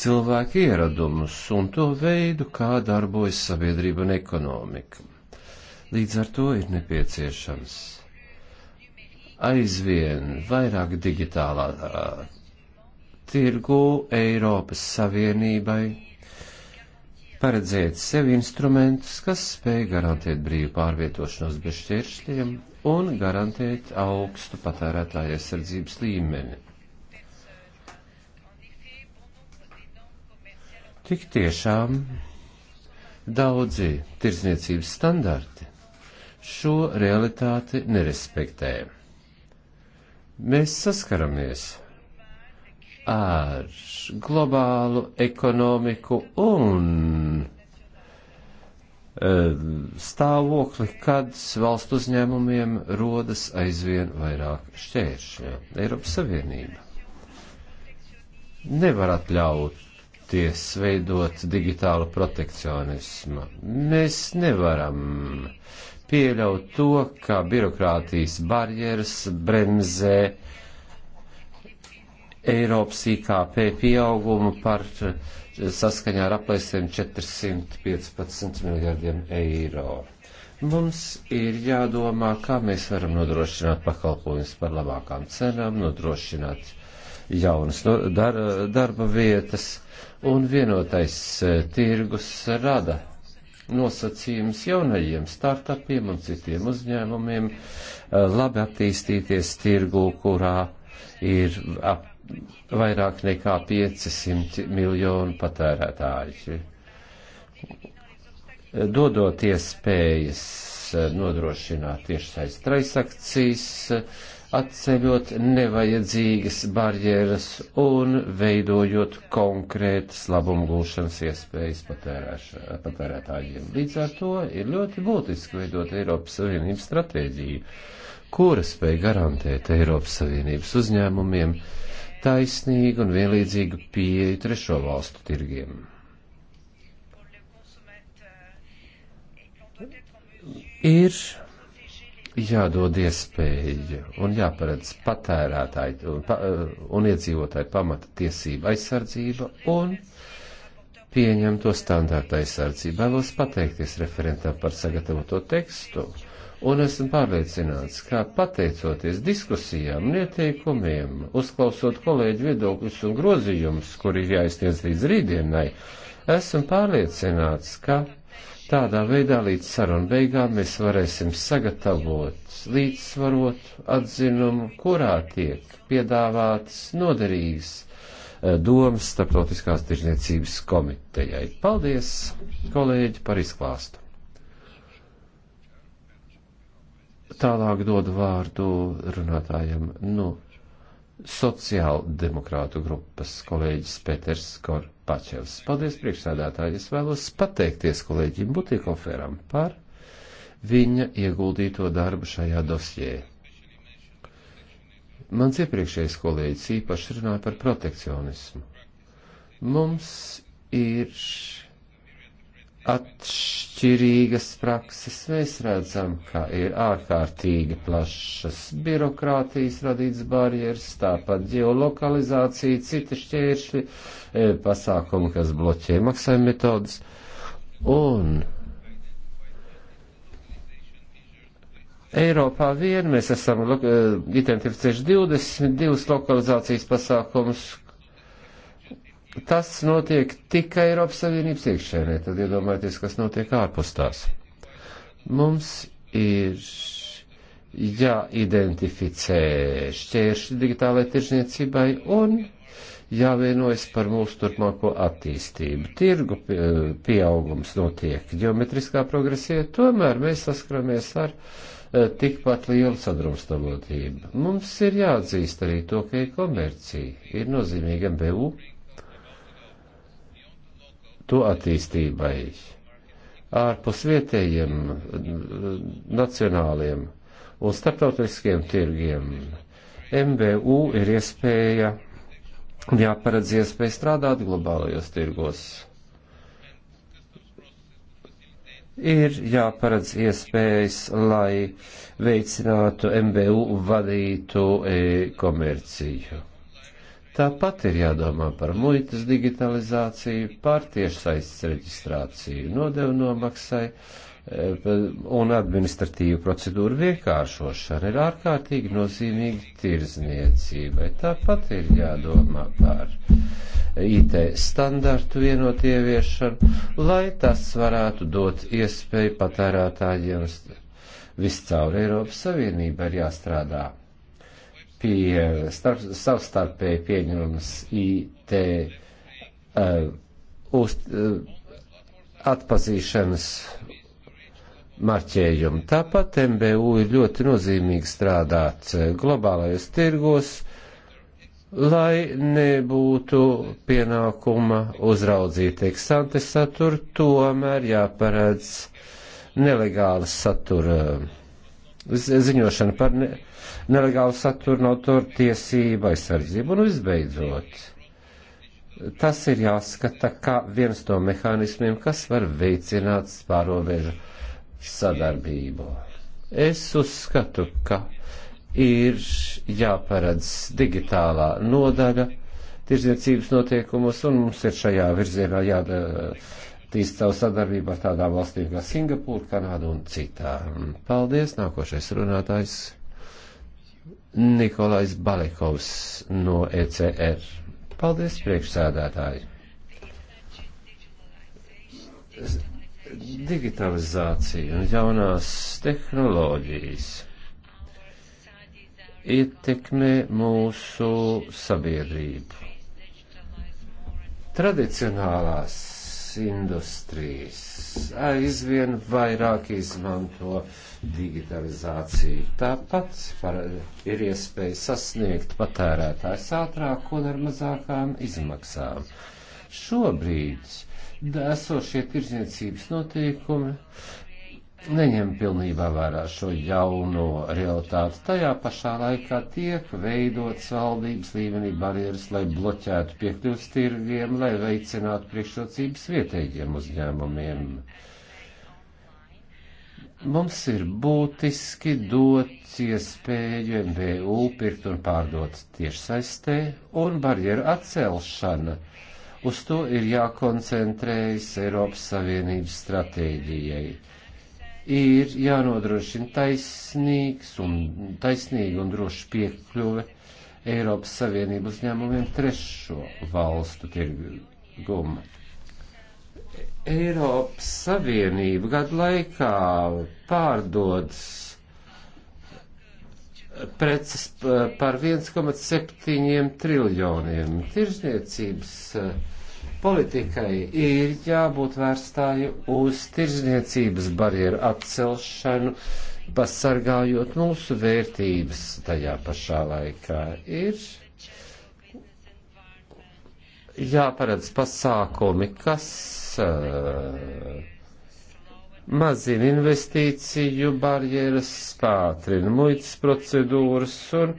cilvēku ieradumus un to veidu, kā darbojas sabiedrība un ekonomika. Līdz ar to ir nepieciešams aizvien vairāk digitālā tirgu Eiropas Savienībai paredzēt sev instrumentus, kas spēj garantēt brīvu pārvietošanos bez šķēršļiem un garantēt augstu patērētāju aizsardzības līmeni. Tik tiešām daudzi tirzniecības standarti šo realitāti nerespektē. Mēs saskaramies ar globālu ekonomiku un e, stāvokli, kad valstu uzņēmumiem rodas aizvien vairāk šķēršļu. Eiropas Savienība nevar atļauties veidot digitālu protekcionismu. Mēs nevaram pieļaut to, ka birokrātijas barjeras bremzē Eiropas IKP pieaugumu par eh, saskaņā ar aplēsiem 415 miljardiem eiro. Mums ir jādomā, kā mēs varam nodrošināt pakalpojumus par labākām cenām, nodrošināt jaunas dar darba vietas, un vienotais eh, tirgus rada nosacījums jaunajiem startupiem un citiem uzņēmumiem eh, labi attīstīties tirgū, kurā ir ap vairāk nekā 500 miljonu patērētāju. Dodot iespējas nodrošināt tiešsaistes transakcijas, atceļot nevajadzīgas barjeras un veidojot konkrētas labumgūšanas iespējas patērētājiem. Līdz ar to ir ļoti būtiski veidot Eiropas Savienības stratēģiju, kura spēj garantēt Eiropas Savienības uzņēmumiem, uh, taisnīgu un vienlīdzīgu pieeju trešo valstu tirgiem. Ir jādod iespēja un jāparedz patērētāji un, pa, un iedzīvotāji pamata tiesība aizsardzība un pieņemto standārta aizsardzību. Vēlos pateikties referentam par sagatavoto tekstu Un esmu pārliecināts, ka pateicoties diskusijām un ieteikumiem, uzklausot kolēģu viedokļus un grozījumus, kuri ir jāizsniedz līdz rītdienai, esmu pārliecināts, ka tādā veidā līdz sarunu beigām mēs varēsim sagatavot līdzsvarot atzinumu, kurā tiek piedāvātas noderīgas eh, domas starptautiskās tirzniecības komitejai. Paldies, kolēģi, par izklāstu! Tālāk dodu vārdu runātājiem no nu, sociāldemokrātu grupas kolēģis Peters Korpačevs. Paldies, priekšsēdētāji! Es vēlos pateikties kolēģim Butikoferam par viņa ieguldīto darbu šajā dosjē. Mans iepriekšējais kolēģis īpaši runāja par protekcionismu. Mums ir atšķirīgas prakses. Mēs redzam, ka ir ārkārtīgi plašas birokrātijas radīts barjeras, tāpat geolokalizācija, citi šķēršļi, e, pasākumi, kas bloķē maksājuma metodas. Un Eiropā vien mēs esam e, identificējuši 22 lokalizācijas pasākumus, tas notiek tikai Eiropas Savienības iekšēnē, tad iedomājieties, kas notiek ārpus tās. Mums ir jāidentificē šķēršļi digitālai tirzniecībai un jāvienojas par mūsu turpmāko attīstību. Tirgu pieaugums notiek ģeometriskā progresija, tomēr mēs saskaramies ar eh, tikpat lielu sadrumstalotību. Mums ir jāatzīst arī to, ka e-komercija ir nozīmīga MBU to attīstībai ārpus vietējiem, nacionāliem un starptautiskiem tirgiem. MVU ir iespēja, jāparedz iespēja strādāt globālajos tirgos. Ir jāparedz iespējas, lai veicinātu MVU vadītu e komerciju Tāpat ir jādomā par muitas digitalizāciju, par tiešsaistes reģistrāciju, nodevu nomaksai eh, un administratīvu procedūru vienkāršošanu ir ārkārtīgi nozīmīgi tirzniecībai. Tāpat ir jādomā par IT standartu vienotīviešanu, lai tas varētu dot iespēju patērētājiem viscaur Eiropas Savienībai ir jāstrādā pie starp, savstarpēji pieņemamas IT uh, uz, uh, atpazīšanas marķējumu. Tāpat MBU ir ļoti nozīmīgi strādāt uh, globālajos tirgos, lai nebūtu pienākuma uzraudzīt eksante saturu, tomēr jāparedz nelegālas satura uh, ziņošana par. Ne, nelegāla satura no autora tiesība aizsardzību. Un visbeidzot, tas ir jāskata kā viens no mehānismiem, kas var veicināt spārobežu sadarbību. Es uzskatu, ka ir jāparedz digitālā nodaļa tirzniecības notiekumus, un mums ir šajā virzienā jātīst savu sadarbību ar tādām valstīm kā Singapūra, Kanāda un citām. Paldies, nākošais runātājs. Nikolais Balekovs no ECR. Paldies, priekšsēdētāji! Digitalizācija un jaunās tehnoloģijas ietekmē mūsu sabiedrību. Tradicionālās industrijas aizvien vairāk izmanto uh, digitalizāciju. Tāpat par, ir iespēja sasniegt patērētājs ātrāk un ar mazākām izmaksām. Šobrīd esošie tirzniecības noteikumi neņem pilnībā vērā šo jauno realitāti. Tajā pašā laikā tiek veidots valdības līmenī barjeras, lai bloķētu piekļuvs tirgiem, lai veicinātu priekšrocības vietējiem uzņēmumiem. Uh, Mums ir būtiski dot iespēju MVU pirkt un pārdot tiešsaistē, un barjeru atcelšana. Uz to ir jākoncentrējas Eiropas Savienības stratēģijai ir jānodrošina taisnīgs un taisnīga un droša piekļuve Eiropas Savienības uzņēmumiem trešo valstu tirgumu. Eiropas Savienība gadu laikā pārdod preces par 1,7 triljoniem. Tirzniecības e, politikai ir jābūt vērstāju uz tirzniecības barjeru atcelšanu, pasargājot mūsu vērtības tajā pašā laikā. Ir jāparedz pasākumi, kas Uh, mazina investīciju barjeras, spātrina muitas procedūras un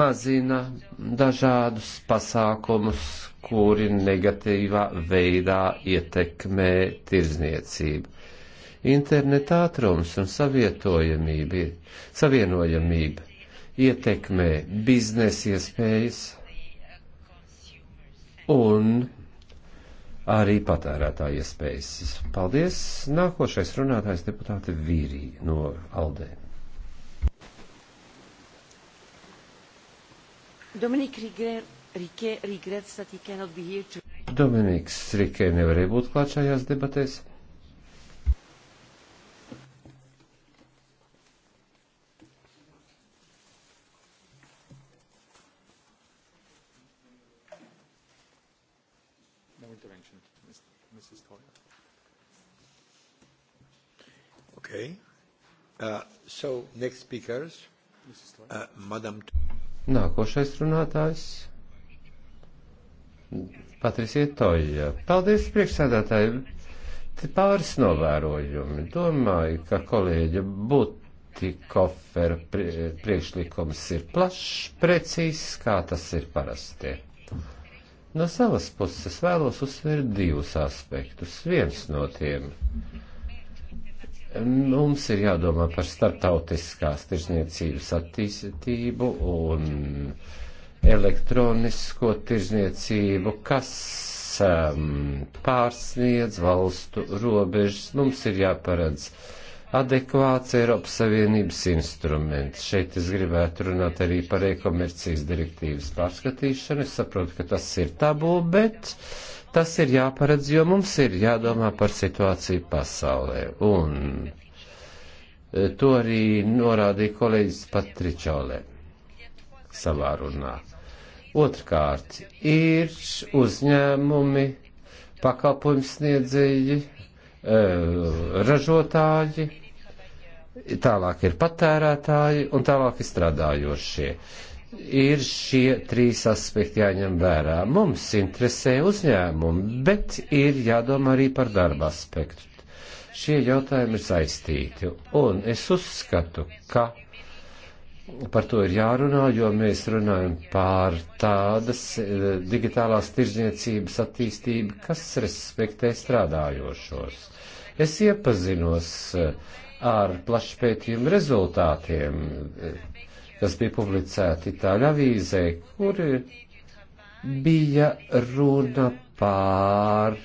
mazina dažādus pasākumus, kuri negatīvā veidā ietekmē tirzniecību interneta ātrums un savietojamība, savienojamība ietekmē biznesa iespējas un arī patērētāja iespējas. Paldies! Nākošais runātājs deputāte Vīrī no Aldē. Dominik Rikē regrets, ka he cannot be here to... Dominiks Rikē nevarēja būt klāt šajās debatēs. So, next speakers, uh, Madam. Nākošais runātājs. Patrisiet Toja. Paldies, priekšsēdētāji. Pāris novērojumi. Domāju, ka kolēģa Butikofera priekšlikums ir plašs, precīzs, kā tas ir parasti. No savas puses vēlos uzsvērt divus aspektus. Viens no tiem Mums ir jādomā par starptautiskās tirzniecības attīstību un elektronisko tirzniecību, kas um, pārsniedz valstu robežas. Mums ir jāparedz adekvāts Eiropas Savienības instruments. Šeit es gribētu runāt arī par e-komercijas direktīvas pārskatīšanu. Es saprotu, ka tas ir tabū, bet uh, Tas ir jāparedz, jo mums ir jādomā par situāciju pasaulē. Un e, to arī norādīja kolēģis Patričolē savā runā. Otrkārt, ir uzņēmumi, pakalpojums sniedzēji, e, ražotāji, tālāk ir patērētāji un tālāk ir strādājošie ir šie trīs aspekti jāņem vērā. Mums interesē uzņēmumi, bet ir jādomā arī par darba aspektu. Šie jautājumi ir saistīti, un es uzskatu, ka par to ir jārunā, jo mēs runājam pār tādas e, digitālās tirzniecības attīstību, kas respektē strādājošos. Es iepazinos e, ar plašpētījumu rezultātiem e, kas bija publicēti Itāļu avīzē, kur bija runa pār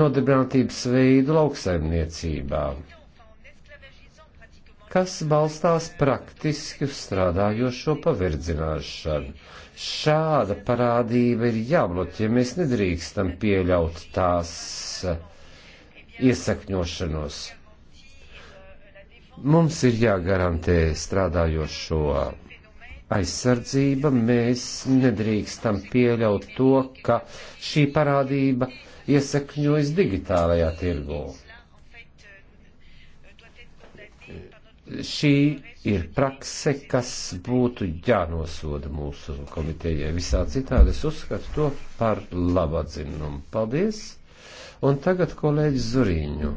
nodarbinātības veidu lauksaimniecībā, kas balstās praktiski uz strādājošo paverdzināšanu. Šāda parādība ir jābloķē, ja mēs nedrīkstam pieļaut tās iesakņošanos. Mums ir jāgarantē strādājošo aizsardzība, mēs nedrīkstam pieļaut to, ka šī parādība iesakņojas digitālajā tirgū. Šī ir prakse, kas būtu jānosoda mūsu komitejai. Visā citādi es uzskatu to par labu atzinumu. Paldies! Un tagad kolēģis Zuriņu.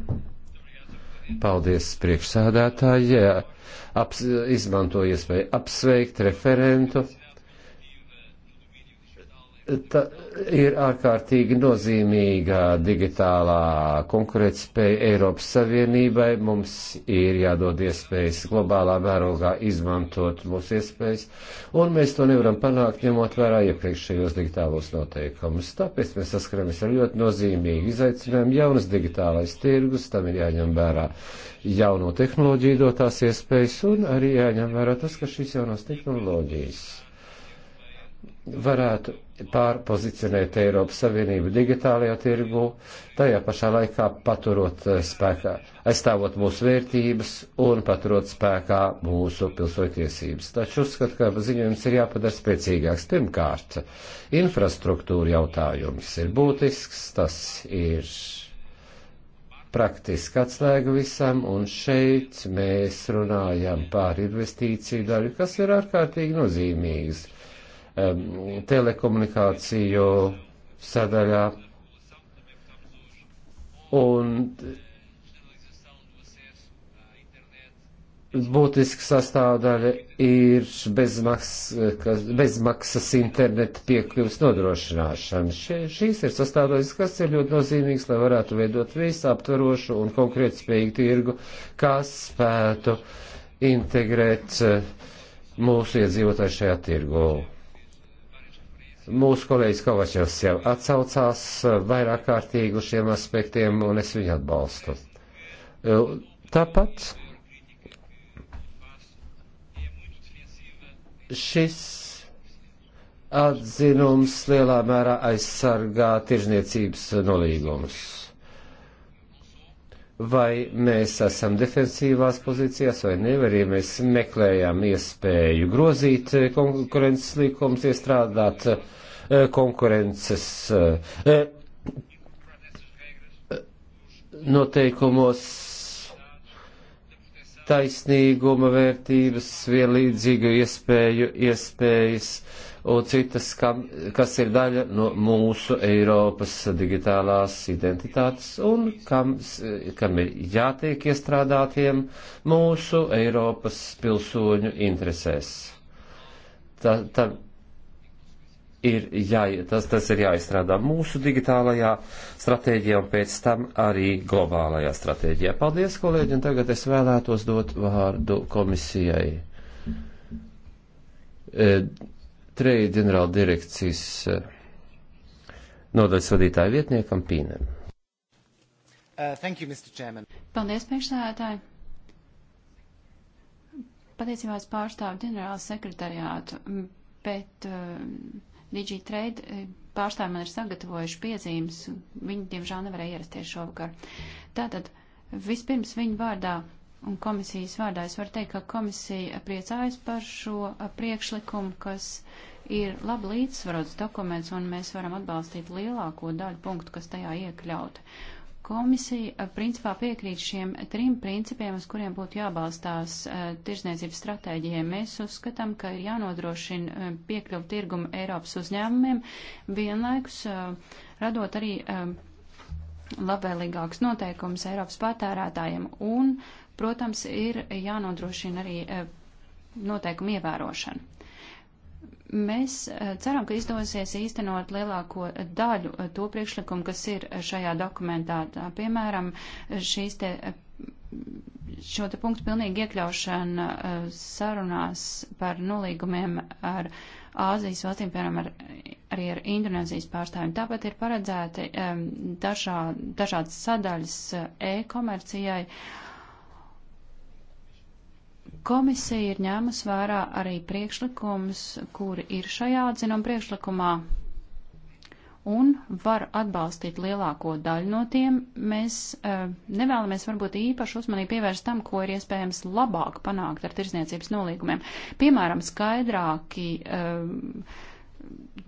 Paldies priekšsādātāji, jā, aps, izmanto iespēju apsveikt referentu. Ta ir ārkārtīgi nozīmīga digitālā konkurētspēja Eiropas Savienībai. Mums ir jādod iespējas globālā mērogā izmantot mūsu iespējas, un mēs to nevaram panākt, ņemot vērā iepriekšējos digitālos noteikumus. Tāpēc mēs saskaramies ar ļoti nozīmīgu izaicinājumu. Jaunas digitālais tirgus, tam ir jāņem vērā jauno tehnoloģiju dotās iespējas, un arī jāņem vērā tas, ka šīs jaunās tehnoloģijas varētu pārpozicionēt Eiropas Savienību digitālajā tirgu, tajā pašā laikā paturot eh, spēkā, aizstāvot mūsu vērtības un paturot spēkā mūsu pilsotiesības. Taču uzskatu, ka ziņojums ir jāpadara spēcīgāks. Pirmkārt, infrastruktūra jautājums ir būtisks, tas ir praktiski atslēga visam, un šeit mēs runājam par investīciju daļu, kas ir ārkārtīgi nozīmīgs Um, telekomunikāciju sadaļā. Un būtiska sastāvdaļa ir bezmaksas, bezmaksas interneta piekļuvas nodrošināšana. Še, šīs ir sastāvdaļas, kas ir ļoti nozīmīgas, lai varētu veidot visu aptverošu un konkrētu spējīgu tirgu, kas spētu integrēt uh, mūsu iedzīvotāju šajā tirgu. Mūsu kolēģis Kovačevs jau atsaucās eh, vairāk kārtīgi uz šiem aspektiem, un es viņu atbalstu. Eh, tāpat šis atzinums lielā mērā aizsargā tirzniecības nolīgumus vai mēs esam defensīvās pozīcijās vai ne, arī mēs meklējām iespēju grozīt eh, konkurences līkumus, iestrādāt eh, konkurences eh, noteikumos taisnīguma vērtības, vienlīdzīgu iespēju, iespējas un citas, kam, kas ir daļa no mūsu Eiropas digitālās identitātes un kam, kam ir jātiek iestrādātiem mūsu Eiropas pilsoņu interesēs. Ta, ta, ir jā, tas, tas ir jāizstrādā mūsu digitālajā stratēģijā un pēc tam arī globālajā stratēģijā. Paldies, kolēģi, un tagad es vēlētos dot vārdu komisijai. E, trei ģenerāla direkcijas eh, nodaļas vadītāja vietniekam Pīnam. Uh, you, Paldies, priekšsēdētāji! Patiesībā es pārstāvu ģenerālu sekretariātu, bet uh, DigiTrade uh, eh, pārstāvji man ir sagatavojuši piezīmes, viņi diemžēl nevarēja ierasties šovakar. Tātad, vispirms viņu vārdā Un komisijas vārdā es varu teikt, ka komisija priecājas par šo priekšlikumu, kas ir labi līdzsvarots dokuments, un mēs varam atbalstīt lielāko daļu punktu, kas tajā iekļauta. Komisija principā piekrīt šiem trim principiem, uz kuriem būtu jābalstās uh, tirsniecības stratēģijai. Mēs uzskatām, ka ir jānodrošina uh, piekļuvu tirgumu Eiropas uzņēmumiem, vienlaikus uh, radot arī labvēlīgākus noteikumus Eiropas patērētājiem un uh, Protams, ir jānodrošina arī e, noteikumu ievērošana. Mēs e, ceram, ka izdosies īstenot lielāko daļu e, to priekšlikumu, kas ir šajā dokumentā. Tā, piemēram, šīs te, šo te punktu pilnīgi iekļaušana sarunās par nolīgumiem ar Āzijas valstīm, piemēram, ar, arī ar Indonēzijas pārstāvjiem. Tāpat ir paredzēti dažā, dažādas sadaļas e-komercijai. Uh, Komisija ir ņēmus vērā arī priekšlikumus, kuri ir šajā atzinuma priekšlikumā, un var atbalstīt lielāko daļu no tiem. Mēs uh, nevēlamies varbūt īpaši uzmanību pievērst tam, ko ir iespējams labāk panākt ar tirsniecības nolīgumiem. Piemēram, skaidrāki uh,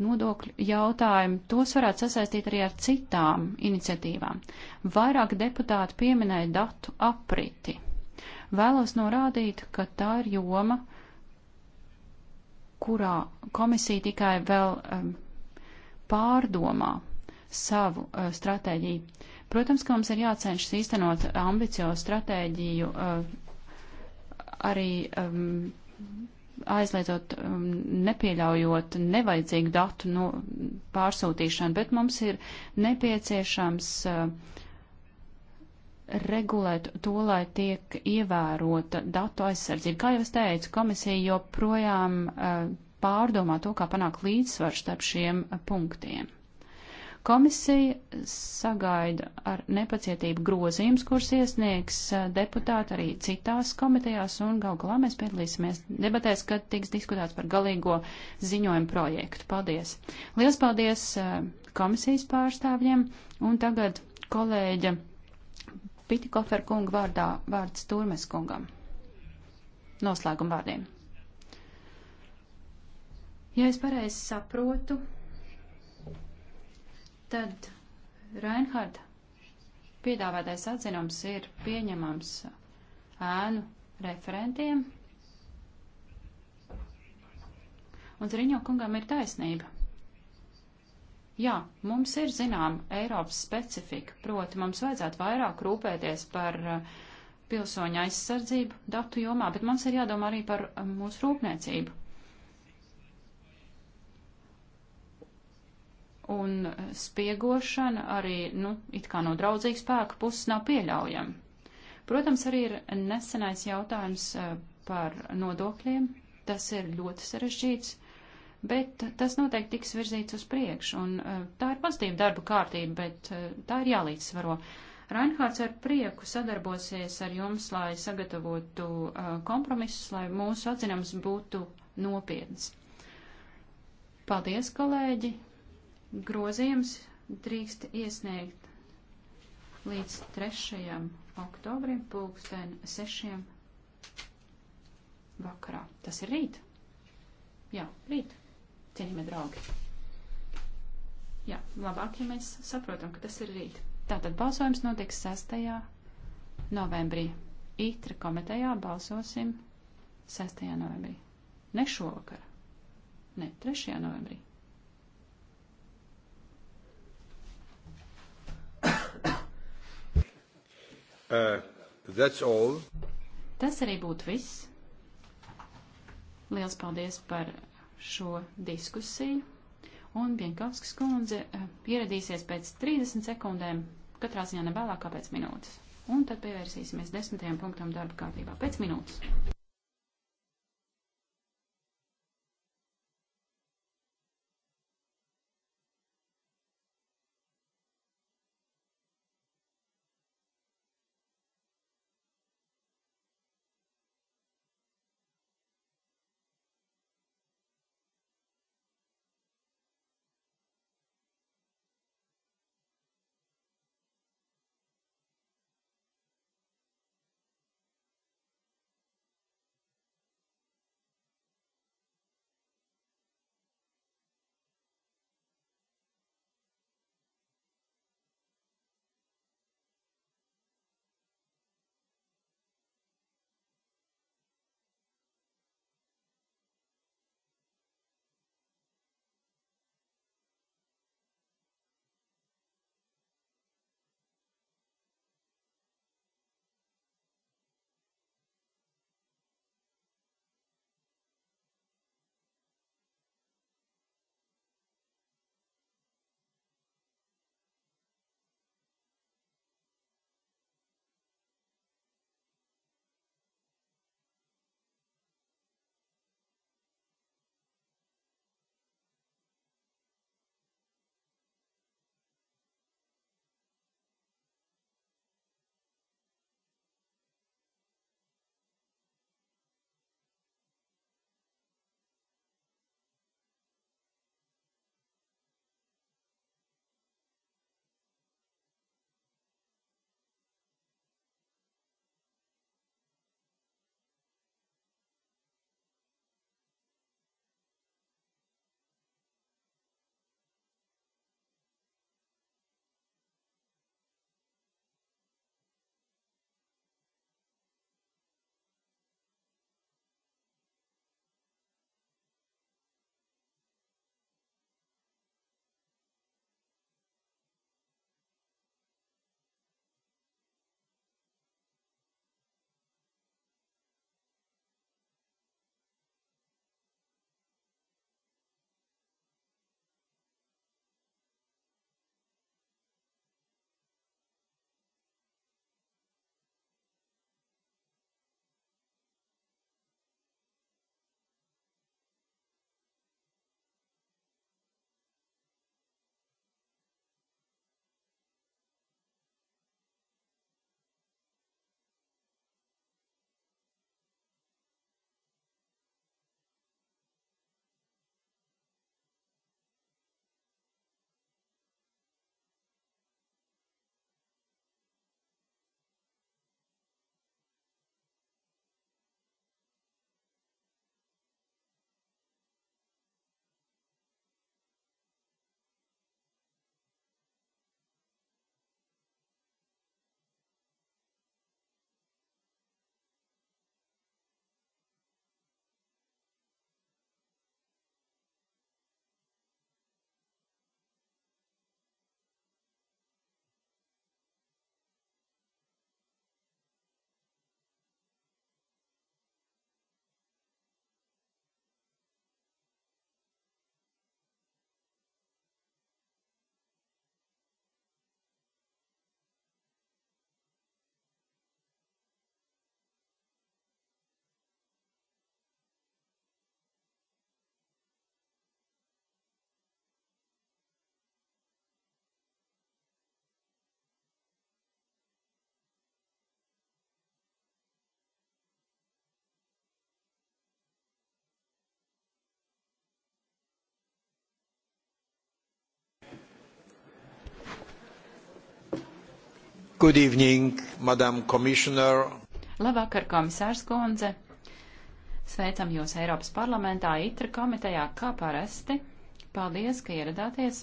nodokļu jautājumi, tos varētu sasaistīt arī ar citām iniciatīvām. Vairāk deputāti pieminēja datu apriti. Vēlos norādīt, ka tā ir joma, kurā komisija tikai vēl um, pārdomā savu uh, stratēģiju. Protams, ka mums ir jācenšas īstenot ambiciozu stratēģiju uh, arī um, aizliedzot, um, nepieļaujot nevajadzīgu datu no nu, pārsūtīšanu, bet mums ir nepieciešams uh, regulēt to, lai tiek ievērota datu aizsardzība. Kā jau es teicu, komisija joprojām uh, pārdomā to, kā panākt līdzsvaru starp šiem eh, punktiem. Komisija sagaida ar nepacietību grozījums, kurus iesniegs eh, deputāti arī citās komitejās, un gal galā mēs piedalīsimies debatēs, kad tiks diskutēts par galīgo ziņojumu projektu. Paldies! Lielas paldies komisijas pārstāvjiem, un tagad kolēģa Pitikofer kunga vārdā vārds Turmes kungam. Noslēguma vārdiem. Ja es pareizi saprotu, tad Reinharda piedāvātais atzinums ir pieņemams ēnu referentiem. Un Zariņo kungam ir taisnība. Jā, mums ir zinām Eiropas specifika, proti mums vajadzētu vairāk rūpēties par eh, pilsoņu aizsardzību datu jomā, bet mums ir jādomā arī par eh, mūsu rūpniecību. Un eh, spiegošana arī, nu, it kā no draudzīgas spēka puses nav pieļaujama. Protams, arī ir nesenais jautājums par nodokļiem. Tas ir ļoti sarežģīts bet tas noteikti tiks virzīts uz priekšu, un eh, tā ir pozitīva darba kārtība, bet eh, tā ir jālīdzsvaro. Reinhards ar prieku sadarbosies ar jums, lai sagatavotu eh, kompromisus, lai mūsu atzinums būtu nopietns. Paldies, kolēģi! Grozījums drīkst iesniegt līdz 3. oktobrim pulksten 6. vakarā. Tas ir rīt. Jā, rīt cienījamie draugi. Jā, labāk, ja mēs saprotam, ka tas ir rīt. Tātad balsojums notiks 6. novembrī. Itra komitejā balsosim 6. novembrī. Ne šovakar. Ne, 3. novembrī. Uh, that's all. Tas arī būtu viss. Liels paldies par šo diskusiju. Un Bienkovskas kundze eh, ieradīsies pēc 30 sekundēm, katrā ziņā ne vēlāk kā pēc minūtes. Un tad pievērsīsimies desmitajam punktam darba kārtībā pēc minūtes. Good evening, Madam Commissioner. Labvakar, komisārs Kundze. Sveicam jūs Eiropas parlamentā, ITRA komitejā, kā parasti. Paldies, ka ieradāties.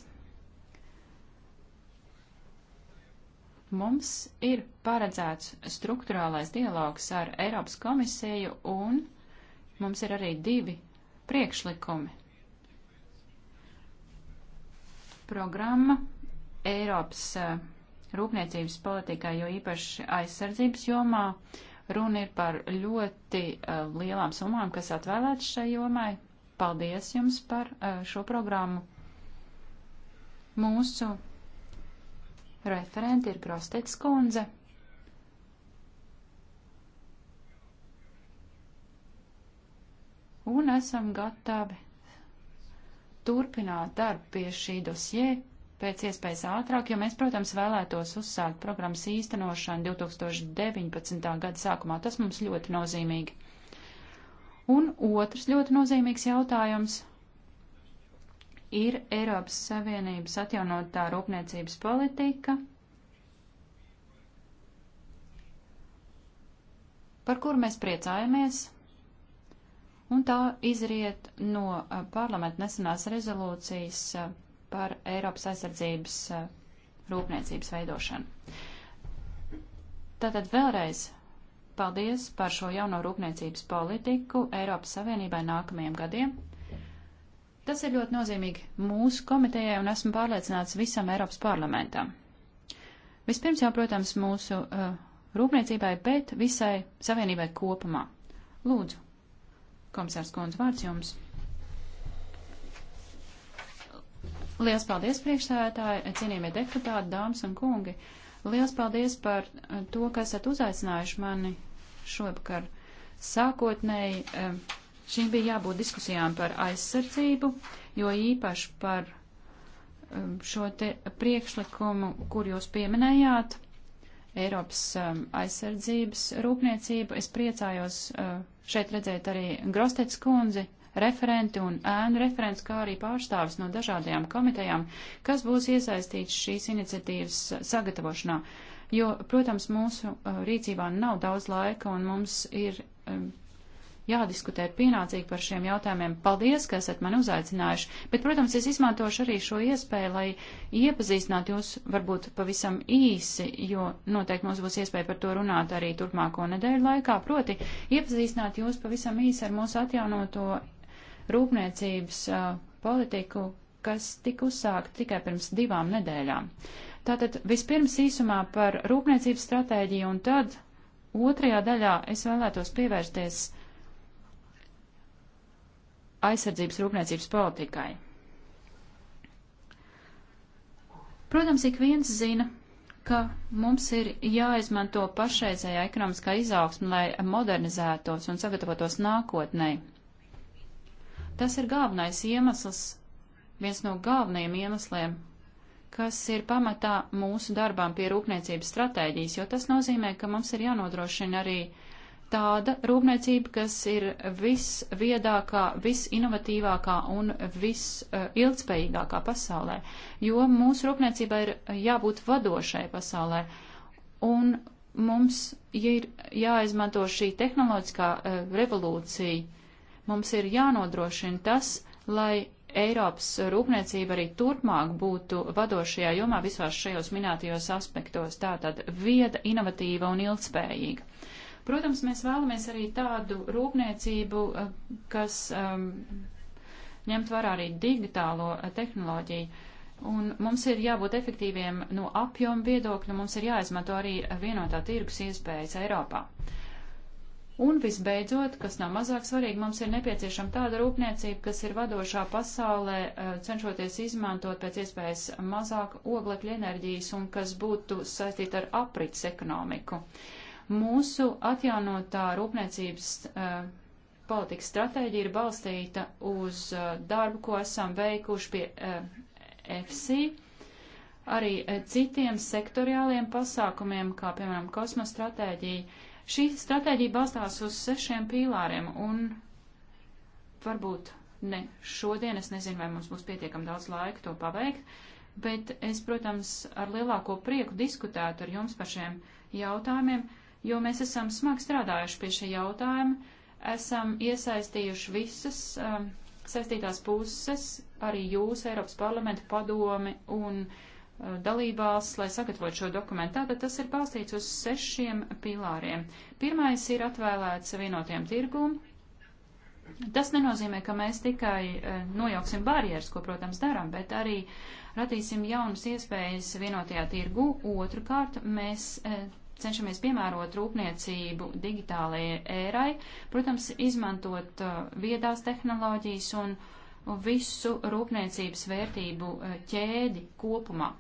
Mums ir paredzēts struktūrālais dialogs ar Eiropas komisiju un mums ir arī divi priekšlikumi. Programma Eiropas uh, rūpniecības politikā, jo īpaši aizsardzības jomā runa ir par ļoti uh, lielām summām, kas atvēlētas šai jomai. Paldies jums par uh, šo programmu. Mūsu referenti ir Grostets kundze. Un esam gatavi turpināt darbu pie šī dosie pēc iespējas ātrāk, jo mēs, protams, vēlētos uzsākt programmas īstenošanu 2019. gada sākumā. Tas mums ļoti nozīmīgi. Un otrs ļoti nozīmīgs jautājums ir Eiropas Savienības atjaunotā rūpniecības politika, par kuru mēs priecājamies, un tā izriet no parlamenta nesenās rezolūcijas par Eiropas aizsardzības eh, rūpniecības veidošanu. Tātad vēlreiz paldies par šo jauno rūpniecības politiku Eiropas Savienībai nākamajiem gadiem. Tas ir ļoti nozīmīgi mūsu komitejai un esmu pārliecināts visam Eiropas parlamentam. Vispirms jau, protams, mūsu uh, rūpniecībai, bet visai savienībai kopumā. Lūdzu, komisārs Kondz, vārds jums. Lielas paldies, priekšstādātāji, cienījamie deputāti, dāmas un kungi. Lielas paldies par eh, to, ka esat uzaicinājuši mani šovakar. Sākotnēji eh, šīm bija jābūt diskusijām par aizsardzību, jo īpaši par eh, šo te priekšlikumu, kur jūs pieminējāt, Eiropas aizsardzības rūpniecību. Es priecājos šeit redzēt arī Grostets kundzi, referenti un ēnu referents, kā arī pārstāvis no dažādajām komitejām, kas būs iesaistīts šīs iniciatīvas sagatavošanā. Jo, protams, mūsu uh, rīcībā nav daudz laika un mums ir um, jādiskutē pienācīgi par šiem jautājumiem. Paldies, ka esat mani uzaicinājuši, bet, protams, es izmantošu arī šo iespēju, lai iepazīstinātu jūs varbūt pavisam īsi, jo noteikti mums būs iespēja par to runāt arī turpmāko nedēļu laikā, proti iepazīstināt jūs pavisam īsi ar mūsu atjaunoto rūpniecības politiku, kas tika uzsākta tikai pirms divām nedēļām. Tātad vispirms īsumā par rūpniecības stratēģiju un tad otrajā daļā es vēlētos pievērsties aizsardzības rūpniecības politikai. Protams, ik viens zina, ka mums ir jāizmanto pašreizējā ekonomiskā izaugsme, lai modernizētos un sagatavotos nākotnēji. Tas ir galvenais iemesls, viens no galvenajiem iemesliem, kas ir pamatā mūsu darbām pie rūpniecības stratēģijas, jo tas nozīmē, ka mums ir jānodrošina arī tāda rūpniecība, kas ir visviedākā, visinovatīvākā un visilgspējīgākā uh, pasaulē, jo mūsu rūpniecībai ir jābūt vadošai pasaulē. Un mums ir jāizmanto šī tehnoloģiskā uh, revolūcija, Mums ir jānodrošina tas, lai Eiropas rūpniecība arī turpmāk būtu vadošajā jomā visās šajos minētajos aspektos, tātad vieda, inovatīva un ilgspējīga. Protams, mēs vēlamies arī tādu rūpniecību, eh, kas um, ņemt vērā arī digitālo eh, tehnoloģiju. Un mums ir jābūt efektīviem no apjoma viedokļa, mums ir jāizmanto arī vienotā tirgus iespējas Eiropā. Uh, Un visbeidzot, kas nav mazāk svarīgi, mums ir nepieciešama tāda rūpniecība, kas ir vadošā pasaulē, eh, cenšoties izmantot pēc iespējas mazāk oglekļa enerģijas un kas būtu saistīta ar aprits ekonomiku. Mūsu atjaunotā rūpniecības uh, politikas stratēģija ir balstīta uz uh, darbu, ko esam veikuši pie uh, FC arī citiem sektoriāliem pasākumiem, kā piemēram kosmostratēģija, Šī stratēģija balstās uz sešiem pīlāriem, un varbūt ne šodien, es nezinu, vai mums būs pietiekam daudz laika to paveikt, bet es, protams, ar lielāko prieku diskutētu ar jums par šiem jautājumiem, jo mēs esam smagi strādājuši pie šī jautājuma, esam iesaistījuši visas um, saistītās puses, arī jūs, Eiropas parlamenta padomi un uh, dalībvalsts, lai sagatavotu šo dokumentu. Tātad tas ir balstīts uz sešiem pilāriem. Pirmais ir atvēlēts vienotiem tirgum. Tas nenozīmē, ka mēs tikai eh, nojauksim barjeras, ko, protams, darām, bet arī radīsim jaunas iespējas vienotajā tirgu. Otrakārt, mēs eh, cenšamies piemērot rūpniecību digitālajai ērai, protams, izmantot eh, viedās tehnoloģijas un visu rūpniecības vērtību ķēdi kopumā.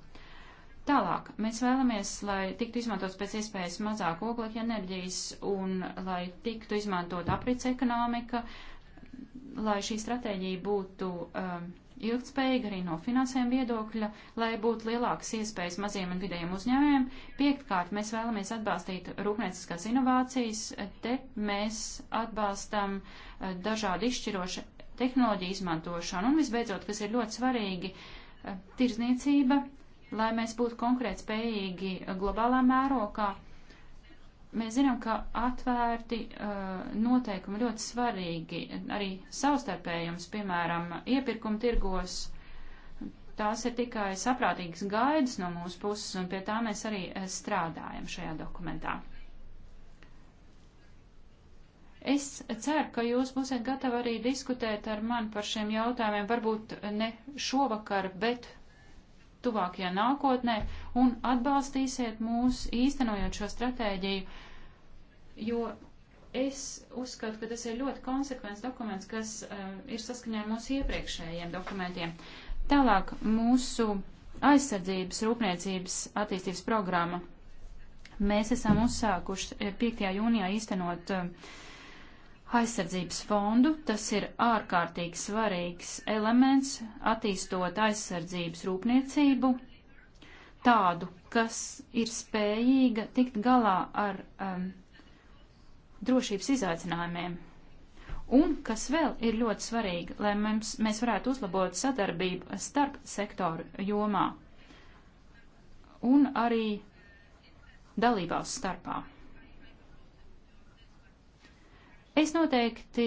Tālāk, mēs vēlamies, lai tiktu izmantots pēc iespējas mazāk oglekļa enerģijas un lai tiktu izmantot aprits ekonomika, lai šī stratēģija būtu um, ilgtspējīga arī no finansējuma viedokļa, lai būtu lielākas iespējas maziem un vidējiem uzņēmējiem. Piektkārt, mēs vēlamies atbalstīt rūpnieciskās inovācijas. Te mēs atbalstam uh, dažādu izšķirošu tehnoloģiju izmantošanu. Un visbeidzot, kas ir ļoti svarīgi, uh, tirzniecība. Uh, lai mēs būtu konkrēt spējīgi globālā mērokā. Mēs zinām, ka atvērti uh, noteikumi ļoti svarīgi, arī savstarpējums, piemēram, iepirkuma tirgos. Tās ir tikai saprātīgas gaidas no mūsu puses, un pie tā mēs arī uh, strādājam šajā dokumentā. Es ceru, ka jūs būsiet gatavi arī diskutēt ar mani par šiem jautājumiem, varbūt ne šovakar, bet tuvākajā nākotnē un atbalstīsiet mūs īstenojot šo stratēģiju, jo es uzskatu, ka tas ir ļoti konsekvents dokuments, kas uh, ir saskaņā ar mūsu iepriekšējiem dokumentiem. Tālāk mūsu aizsardzības rūpniecības attīstības programma. Mēs esam uzsākuši 5. Eh, jūnijā īstenot uh, aizsardzības fondu. Tas ir ārkārtīgi svarīgs elements attīstot aizsardzības rūpniecību, tādu, kas ir spējīga tikt galā ar um, drošības izaicinājumiem. Un, kas vēl ir ļoti svarīgi, lai mums, mēs varētu uzlabot sadarbību starp sektoru jomā un arī dalībās starpā. Es noteikti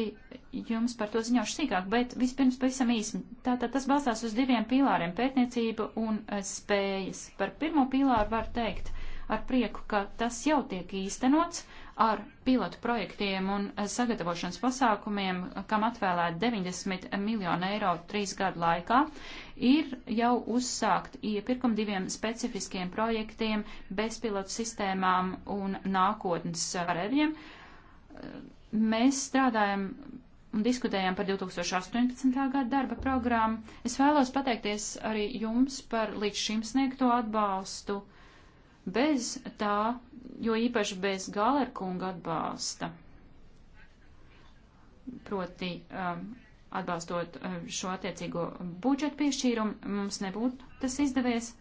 jums par to ziņošu sīkāk, bet vispirms pavisam īsi. Tātad tas balstās uz diviem pīlāriem - pētniecība un eh, spējas. Par pirmo pīlāru var teikt ar prieku, ka tas jau tiek īstenots ar pilotu projektiem un eh, sagatavošanas pasākumiem, kam atvēlēt 90 miljonu eiro trīs gadu laikā, ir jau uzsākt iepirkumu diviem specifiskiem projektiem bezpilotu sistēmām un nākotnes varēviem Mēs strādājam un diskutējām par 2018. gada darba programmu. Es vēlos pateikties arī jums par līdz šim sniegto atbalstu. Bez tā, jo īpaši bez galerkunga atbalsta, proti um, atbalstot um, šo attiecīgo budžetu piešķīrumu, mums nebūtu tas izdevies.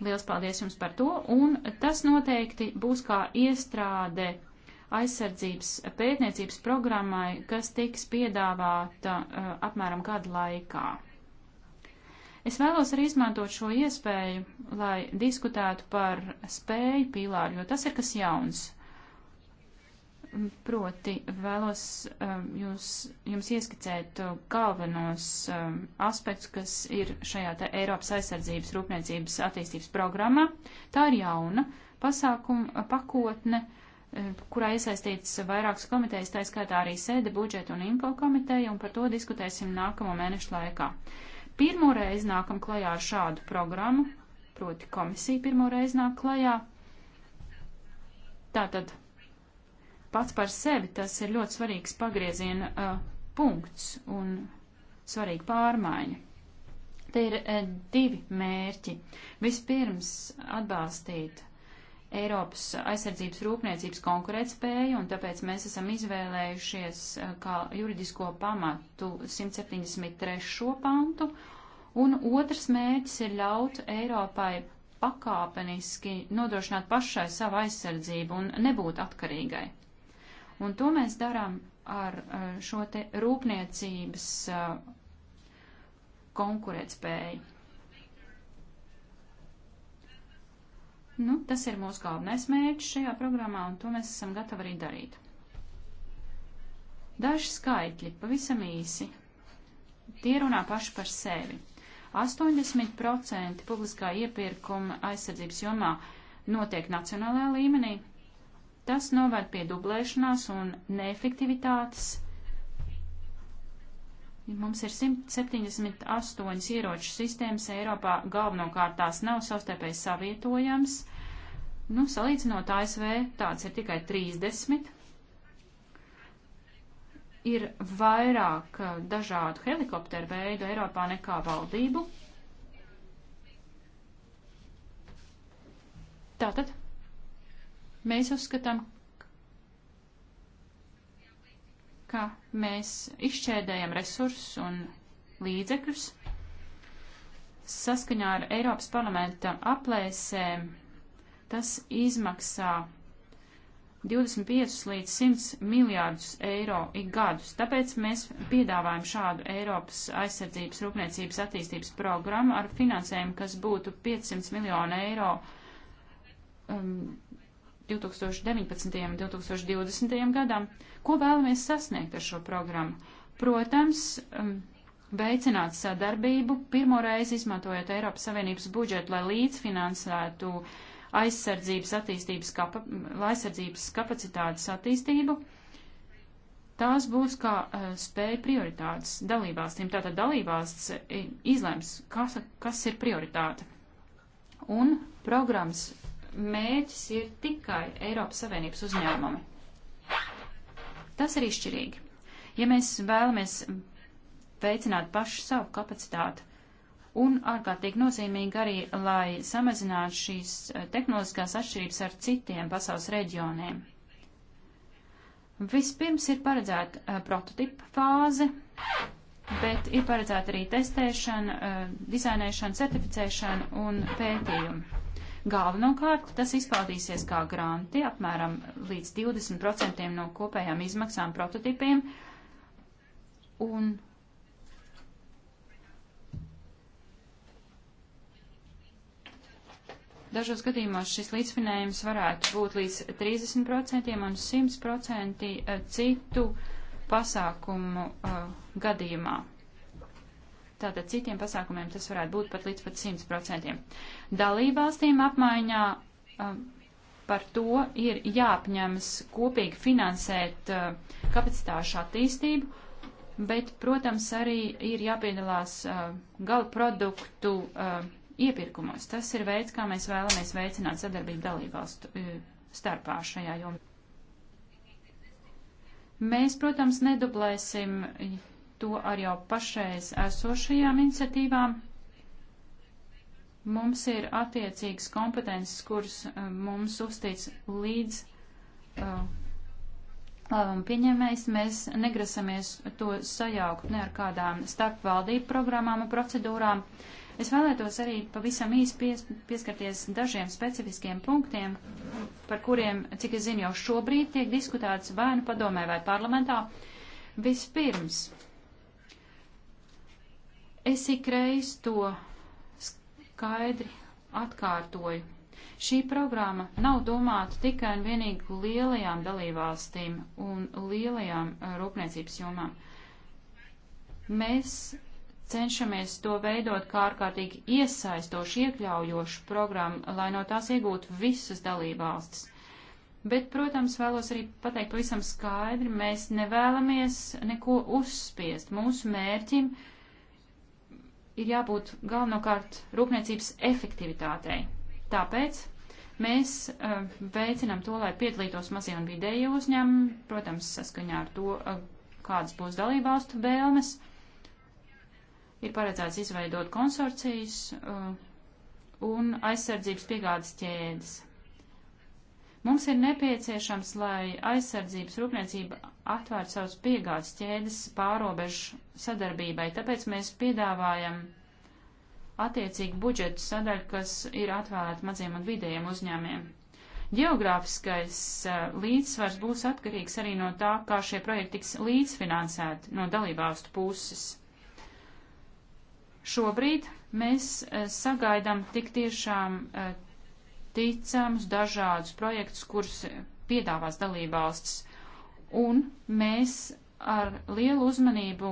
Liels paldies jums par to, un tas noteikti būs kā iestrāde aizsardzības pētniecības programmai, kas tiks piedāvāta uh, apmēram gadu laikā. Es vēlos arī izmantot šo iespēju, lai diskutētu par spēju pīlāru, jo tas ir kas jauns. Mm, proti vēlos um, jūs, jums ieskicēt uh, galvenos um, aspektus, kas ir šajā te Eiropas aizsardzības rūpniecības attīstības programmā. Tā ir jauna pasākuma uh, pakotne. Uh, E, kurā iesaistīts vairākas komitejas, tā skaitā arī sēde, budžeta un info komiteja, un par to diskutēsim nākamo mēnešu laikā. Pirmo reizi nākam klajā ar šādu programmu, proti komisija pirmo reizi nāk klajā. Tātad pats par sevi tas ir ļoti svarīgs pagrieziena uh, punkts un svarīga pārmaiņa. Te ir uh, divi mērķi. Vispirms atbalstīt Eiropas aizsardzības rūpniecības konkurētspēju, un tāpēc mēs esam izvēlējušies eh, kā juridisko pamatu 173. pantu, un otrs mērķis ir ļaut Eiropai pakāpeniski nodrošināt pašai savu aizsardzību un nebūt atkarīgai. Un to mēs darām ar eh, šo te rūpniecības eh, konkurētspēju. Nu, tas ir mūsu galvenais mērķis šajā programmā, un to mēs esam gatavi arī darīt. Daži skaitļi, pavisam īsi, tie runā paši par sevi. 80% publiskā iepirkuma aizsardzības jomā notiek nacionālajā līmenī. Tas novērt pie dublēšanās un neefektivitātes Mums ir 178 ieroču sistēmas Eiropā, galvenokārt tās nav savstarpēji savietojams. Nu, salīdzinot ASV, tāds ir tikai 30. Ir vairāk eh, dažādu helikopteru veidu Eiropā nekā valdību. Tātad mēs uzskatām, ka mēs izšķēdējam resursus un līdzekļus. Saskaņā ar Eiropas parlamenta aplēsēm tas izmaksā 25 līdz 100 miljārdus eiro ik gadus. Tāpēc mēs piedāvājam šādu Eiropas aizsardzības rūpniecības attīstības programmu ar finansējumu, kas būtu 500 miljonu eiro um, 2019. un 2020. gadam, ko vēlamies sasniegt ar šo programmu. Protams, um, veicināt sadarbību, pirmoreiz izmantojot Eiropas Savienības budžetu, lai līdzfinansētu aizsardzības, attīstības kapa, aizsardzības kapacitātes attīstību. Tās būs kā uh, spēja prioritātes dalībvalstīm. Tātad dalībvalsts izlems, kas, kas ir prioritāte. Un programmas mērķis ir tikai Eiropas Savienības uzņēmumi. Tas ir izšķirīgi. Ja mēs vēlamies veicināt pašu savu kapacitāti un ārkārtīgi nozīmīgi arī, lai samazinātu šīs eh, tehnoloģiskās atšķirības ar citiem pasaules reģioniem. Vispirms ir paredzēta eh, prototipa fāze, bet ir paredzēta arī testēšana, eh, dizainēšana, certificēšana un pētījumi. Galvenokārt tas izpaudīsies kā granti apmēram līdz 20% no kopējām izmaksām prototipiem. Un Dažos gadījumos šis līdzfinējums varētu būt līdz 30% un 100% citu pasākumu uh, gadījumā. Tātad citiem pasākumiem tas varētu būt pat līdz pat 100%. Dalībvalstīm apmaiņā um, par to ir jāapņemas kopīgi finansēt uh, kapacitāšu attīstību, bet, protams, arī ir jāpiedalās uh, gala produktu uh, iepirkumos. Tas ir veids, kā mēs vēlamies veicināt sadarbību dalībvalstu uh, starpā šajā jomā. Mēs, protams, nedublēsim to ar jau pašreiz esošajām iniciatīvām. Mums ir attiecīgas kompetences, kuras eh, mums uztic līdz uh, eh, lēmumu pieņemējs. Mēs negrasamies to sajaukt ne ar kādām starpvaldību programmām un procedūrām. Es vēlētos arī pavisam īsi pies, pieskarties dažiem specifiskiem punktiem, par kuriem, cik es zinu, jau šobrīd tiek diskutēts vai nu padomē vai parlamentā. Vispirms, Es ikreiz to skaidri atkārtoju. Šī programma nav domāta tikai un vienīgi lielajām dalībvalstīm un lielajām eh, rūpniecības jomām. Mēs cenšamies to veidot kā ārkārtīgi iesaistošu, iekļaujošu programmu, lai no tās iegūtu visas dalībvalstis. Bet, protams, vēlos arī pateikt pavisam skaidri, mēs nevēlamies neko uzspiest. Mūsu mērķim ir ir jābūt galvenokārt rūpniecības efektivitātei. Tāpēc mēs uh, eh, veicinām to, lai piedalītos mazie un vidēji uzņēmumi, protams, saskaņā ar to, uh, kādas būs dalībvalstu vēlmes. Ir paredzēts izveidot konsorcijas uh, un aizsardzības piegādes ķēdes. Mums ir nepieciešams, lai aizsardzības rūpniecība atvērtu savus piegādes ķēdes pārobežu sadarbībai, tāpēc mēs piedāvājam attiecīgu budžetu sadaļu, kas ir atvērta maziem un vidējiem uzņēmiem. Geogrāfiskais uh, līdzsvars būs atkarīgs arī no tā, kā šie projekti tiks līdzfinansēti no dalībvalstu puses. Šobrīd mēs uh, sagaidām tik tiešām uh, ticams dažādus projektus, kurus piedāvās dalībvalstis. Un mēs ar lielu uzmanību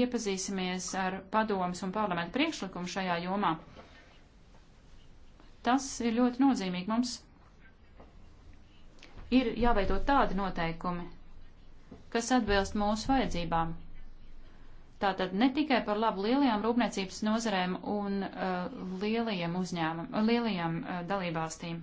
iepazīsimies ar padomus un parlamentu priekšlikumu šajā jomā. Tas ir ļoti nozīmīgi mums. Ir jāveido tādi noteikumi, kas atbilst mūsu vajadzībām. Tātad ne tikai par labu lielajām rūpniecības nozarēm un uh, lielajiem uzņēmumiem, lielajām uh, dalībvalstīm.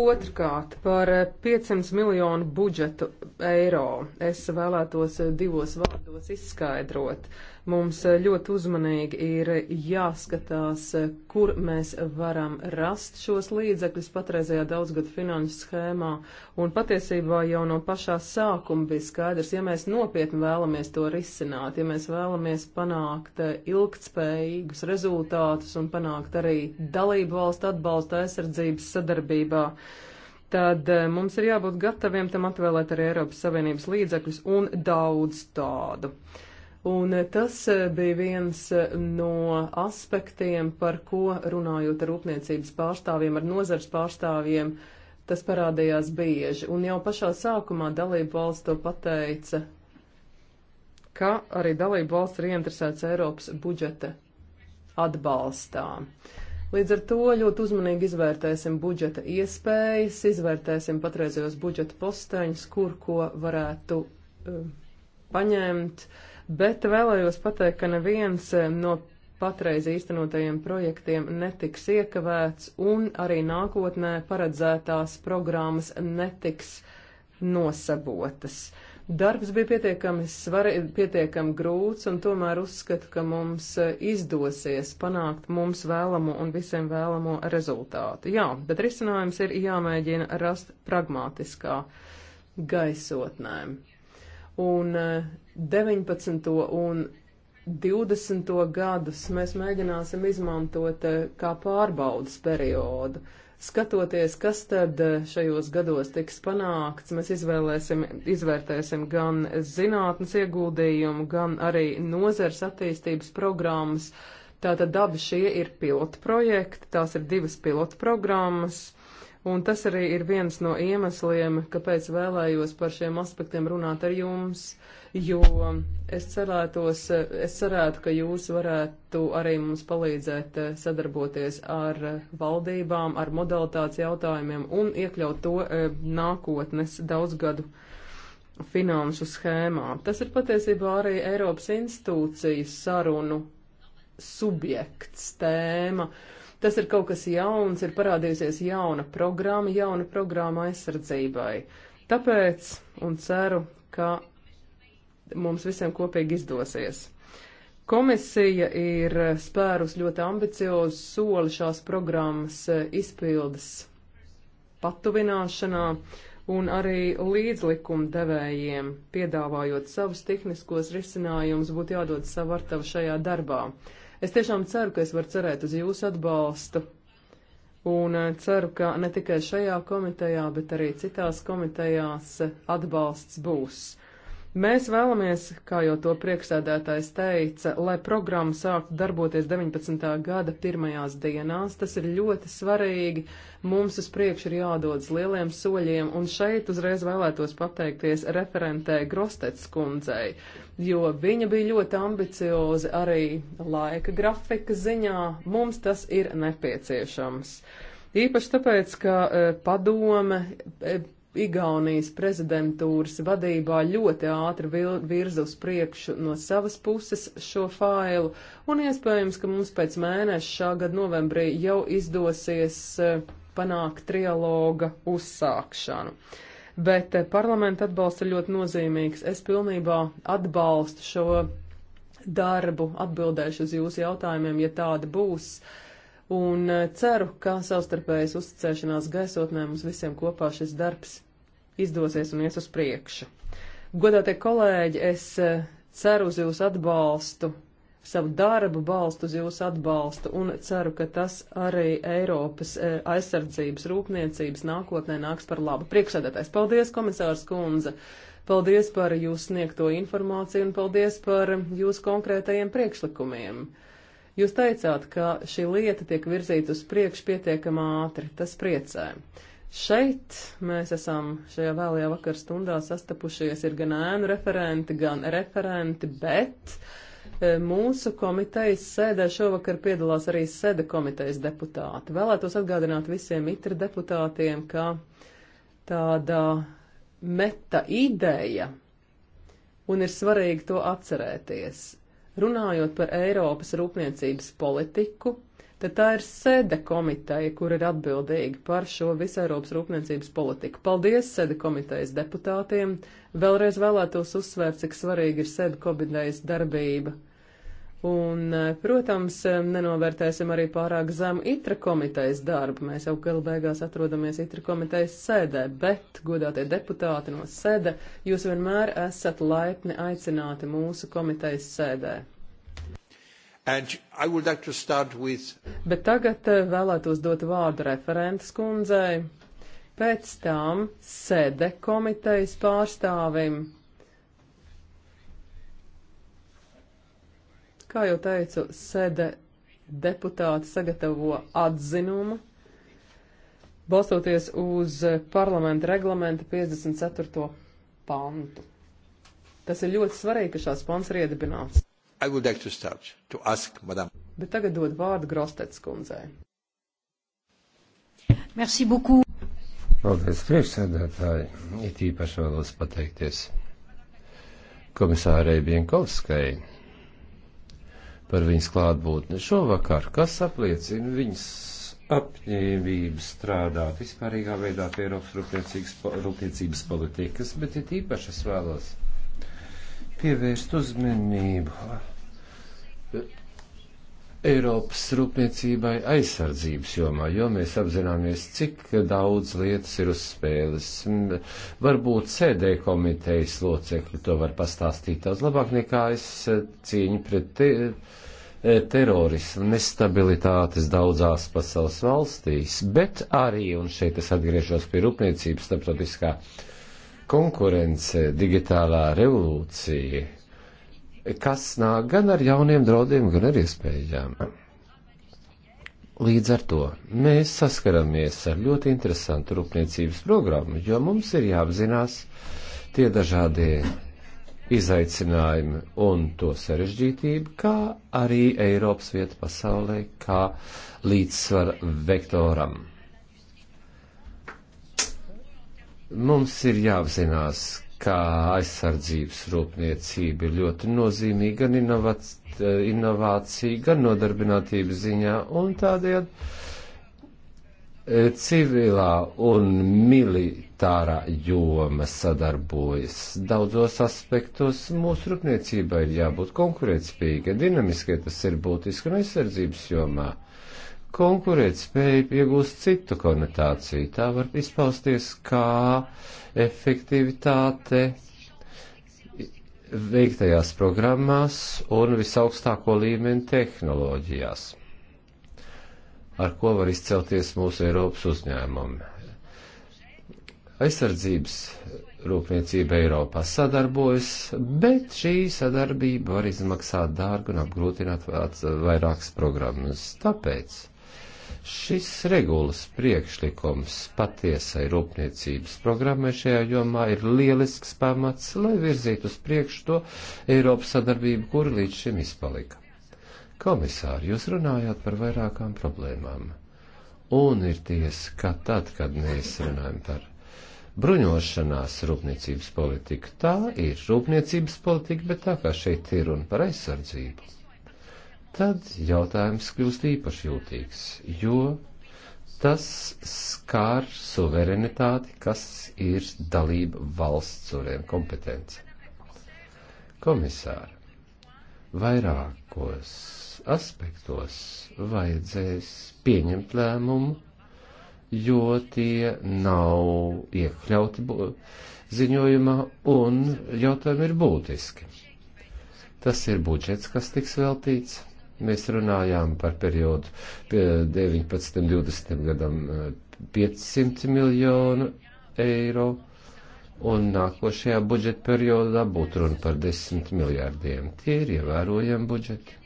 Otrkārt, par 500 uh, miljonu budžetu eiro es vēlētos uh, divos vārdos izskaidrot. Mums eh, ļoti uzmanīgi ir jāskatās, eh, kur mēs varam rast šos līdzekļus patreizajā daudzgadu finanšu schēmā. Un patiesībā jau no pašā sākuma bija skaidrs, ja mēs nopietni vēlamies to risināt, ja mēs vēlamies panākt eh, ilgtspējīgus rezultātus un panākt arī dalību valstu atbalsta aizsardzības sadarbībā tad mums ir jābūt gataviem tam atvēlēt arī Eiropas Savienības līdzekļus un daudz tādu. Uh, Un eh, tas eh, bija viens eh, no aspektiem, par ko runājot ar rūpniecības pārstāvjiem, ar nozars pārstāvjiem, tas parādījās bieži. Un jau pašā sākumā dalību valsts to pateica, ka arī dalību valsts ir ieinteresēts Eiropas budžeta atbalstā. Līdz ar to ļoti uzmanīgi izvērtēsim budžeta iespējas, izvērtēsim patreizējos budžeta posteņus, kur ko varētu uh, paņemt. Uh, bet vēlējos pateikt, ka neviens eh, no patreiz īstenotajiem projektiem netiks iekavēts un arī nākotnē paredzētās programmas netiks nosabotas. Darbs bija pietiekami, svari, pietiekami grūts, un tomēr uzskatu, ka mums eh, izdosies panākt mums vēlamo un visiem vēlamo rezultātu. Jā, bet risinājums ir jāmēģina rast pragmatiskā gaisotnēm un 19. Eh, un 20. gadus mēs mēģināsim izmantot eh, kā pārbaudas periodu. Skatoties, kas tad eh, šajos gados tiks panākts, mēs izvērtēsim gan zinātnes ieguldījumu, gan arī nozars attīstības programmas. Tātad abi šie ir pilotprojekti, tās ir divas pilotprogrammas Un tas arī ir viens no iemesliem, kāpēc vēlējos par šiem aspektiem runāt ar jums, jo es, cerētos, es cerētu, ka jūs varētu arī mums palīdzēt eh, sadarboties ar valdībām, ar modalitātes jautājumiem un iekļaut to eh, nākotnes daudzgadu finanšu schēmā. Tas ir patiesībā arī Eiropas institūcijas sarunu subjekts, tēma. Uh, Tas ir kaut kas jauns, ir parādījusies jauna programma, jauna programma aizsardzībai. Tāpēc un ceru, ka mums visiem kopīgi izdosies. Komisija ir spērus ļoti ambiciozu soli šās programmas izpildes patuvināšanā un arī līdzlikuma devējiem, piedāvājot savus tehniskos risinājumus, būtu jādod savu artavu šajā darbā. Es tiešām ceru, ka es varu cerēt uz jūsu atbalstu. Un eh, ceru, ka ne tikai šajā komitejā, bet arī citās komitejās eh, atbalsts būs. Mēs vēlamies, kā jau to priekšsēdētājs teica, lai programma sāktu darboties 19. gada pirmajās dienās. Tas ir ļoti svarīgi. Mums uz priekšu ir jādodas lieliem soļiem, un šeit uzreiz vēlētos pateikties referentē Grostets kundzei, jo viņa bija ļoti ambiciozi arī laika grafika ziņā. Mums tas ir nepieciešams. Īpaši tāpēc, ka e, padome. E, Igaunijas prezidentūras vadībā ļoti ātri virza uz priekšu no savas puses šo failu, un iespējams, ka mums pēc mēneša šā gada novembrī jau izdosies eh, panākt trialoga uzsākšanu. Bet eh, parlamenta atbalsts ir ļoti nozīmīgs. Es pilnībā atbalstu šo darbu, atbildēšu uz jūsu jautājumiem, ja tāda būs. Uh, un eh, ceru, ka savstarpējas uzticēšanās gaisotnē mums visiem kopā šis darbs izdosies un ies uz priekšu. Godātie kolēģi, es eh, ceru uz jūsu atbalstu, savu darbu balstu uz jūsu atbalstu un ceru, ka tas arī Eiropas eh, aizsardzības rūpniecības nākotnē nāks par labu. Priekšsēdētājs, paldies, komisārs Kunze! Paldies par jūsu sniegto informāciju un paldies par jūsu konkrētajiem priekšlikumiem! Jūs teicāt, ka šī lieta tiek virzīta uz priekšu pietiekamā ātri. Tas priecē. Šeit mēs esam šajā vēlajā vakar stundā sastapušies ir gan ēnu referenti, gan referenti, bet e, mūsu komitejas sēdē šovakar piedalās arī sēde komitejas deputāti. Vēlētos atgādināt visiem itra deputātiem, ka tāda meta ideja, un ir svarīgi to atcerēties. Runājot par Eiropas rūpniecības politiku, tad tā ir sēde komiteja, kur ir atbildīga par šo visu Eiropas rūpniecības politiku. Paldies sēde komitejas deputātiem. Vēlreiz vēlētos uzsvērt, cik svarīga ir sēde komitejas darbība Un, eh, protams, eh, nenovērtēsim arī pārāk zemu itra komitejas darbu. Mēs jau gala beigās atrodamies itra komitejas sēdē, bet, godātie deputāti no sēde, jūs vienmēr esat laipni aicināti mūsu komitejas sēdē. Like with... Bet tagad eh, vēlētos dot vārdu referentes kundzei, pēc tam sēde komitejas pārstāvim Kā jau teicu, sēde deputāti sagatavo atzinumu, balstoties uz parlamenta reglamenta 54. pantu. Tas ir ļoti svarīgi, ka šāds pants ir iedibināts. Like to start, to ask, madame. Bet tagad dod vārdu Grostets kundzei. Merci beaucoup. Paldies, priekšsēdētāji. It īpaši vēlos pateikties komisārei Bienkovskai par viņas klātbūtni šovakar, kas apliecina viņas apņēmību strādāt vispārīgā veidā pie Eiropas rūpniecības, rūpniecības politikas, bet ir īpaši es vēlos pievērst uzmanību Eiropas rūpniecībai aizsardzības jomā, jo mēs apzināmies, cik daudz lietas ir uz spēles. Varbūt sēdē komitejas locekļi to var pastāstīt daudz labāk nekā es eh, cīņu pret te, eh, terorismu, nestabilitātes daudzās pasaules valstīs, bet arī, un šeit es atgriežos pie rūpniecības starptautiskā konkurence, digitālā revolūcija, kas nāk gan ar jauniem draudiem, gan ar iespējām. Līdz ar to mēs saskaramies ar ļoti interesantu rūpniecības programmu, jo mums ir jāapzinās tie dažādie izaicinājumi un to sarežģītību, kā arī Eiropas vieta pasaulē, kā līdzsvara vektoram mums ir jāapzinās, ka aizsardzības rūpniecība ir ļoti nozīmīga gan inovāc, eh, inovācija, gan nodarbinātības ziņā, un tādējādi eh, civilā un militārā joma sadarbojas. Daudzos aspektos mūsu rūpniecībai ir jābūt konkurētspīga, dinamiskai tas ir būtiski un aizsardzības jomā konkurētspēja iegūst citu konotāciju. Tā var izpausties kā efektivitāte veiktajās programmās un visaugstāko līmeni tehnoloģijās, ar ko var izcelties mūsu Eiropas uzņēmumi. Aizsardzības rūpniecība Eiropā sadarbojas, bet šī sadarbība var izmaksāt dārgu un apgrūtināt vairākas programmas. Tāpēc Šis regulas priekšlikums patiesai rūpniecības programmai šajā jomā ir lielisks pamats, lai virzītu uz priekšu to Eiropas sadarbību, kura līdz šim izpalika. Komisāri, jūs runājāt par vairākām problēmām. Un ir tiesa, ka tad, kad mēs runājam par bruņošanās rūpniecības politika. Tā ir rūpniecības politika, bet tā kā šeit ir un par aizsardzību tad jautājums kļūst īpaši jūtīgs, jo tas skār suverenitāti, kas ir dalība valsts suverēna kompetence. Komisāri, vairākos aspektos vajadzēs pieņemt lēmumu, jo tie nav iekļauti ziņojumā un jautājumi ir būtiski. Tas ir budžets, kas tiks veltīts Mēs runājām par periodu 19. un 20. gadam 500 eh, miljonu eiro, un nākošajā budžeta periodā būtu runa par 10 miljārdiem. Tie ir ievērojami budžeti.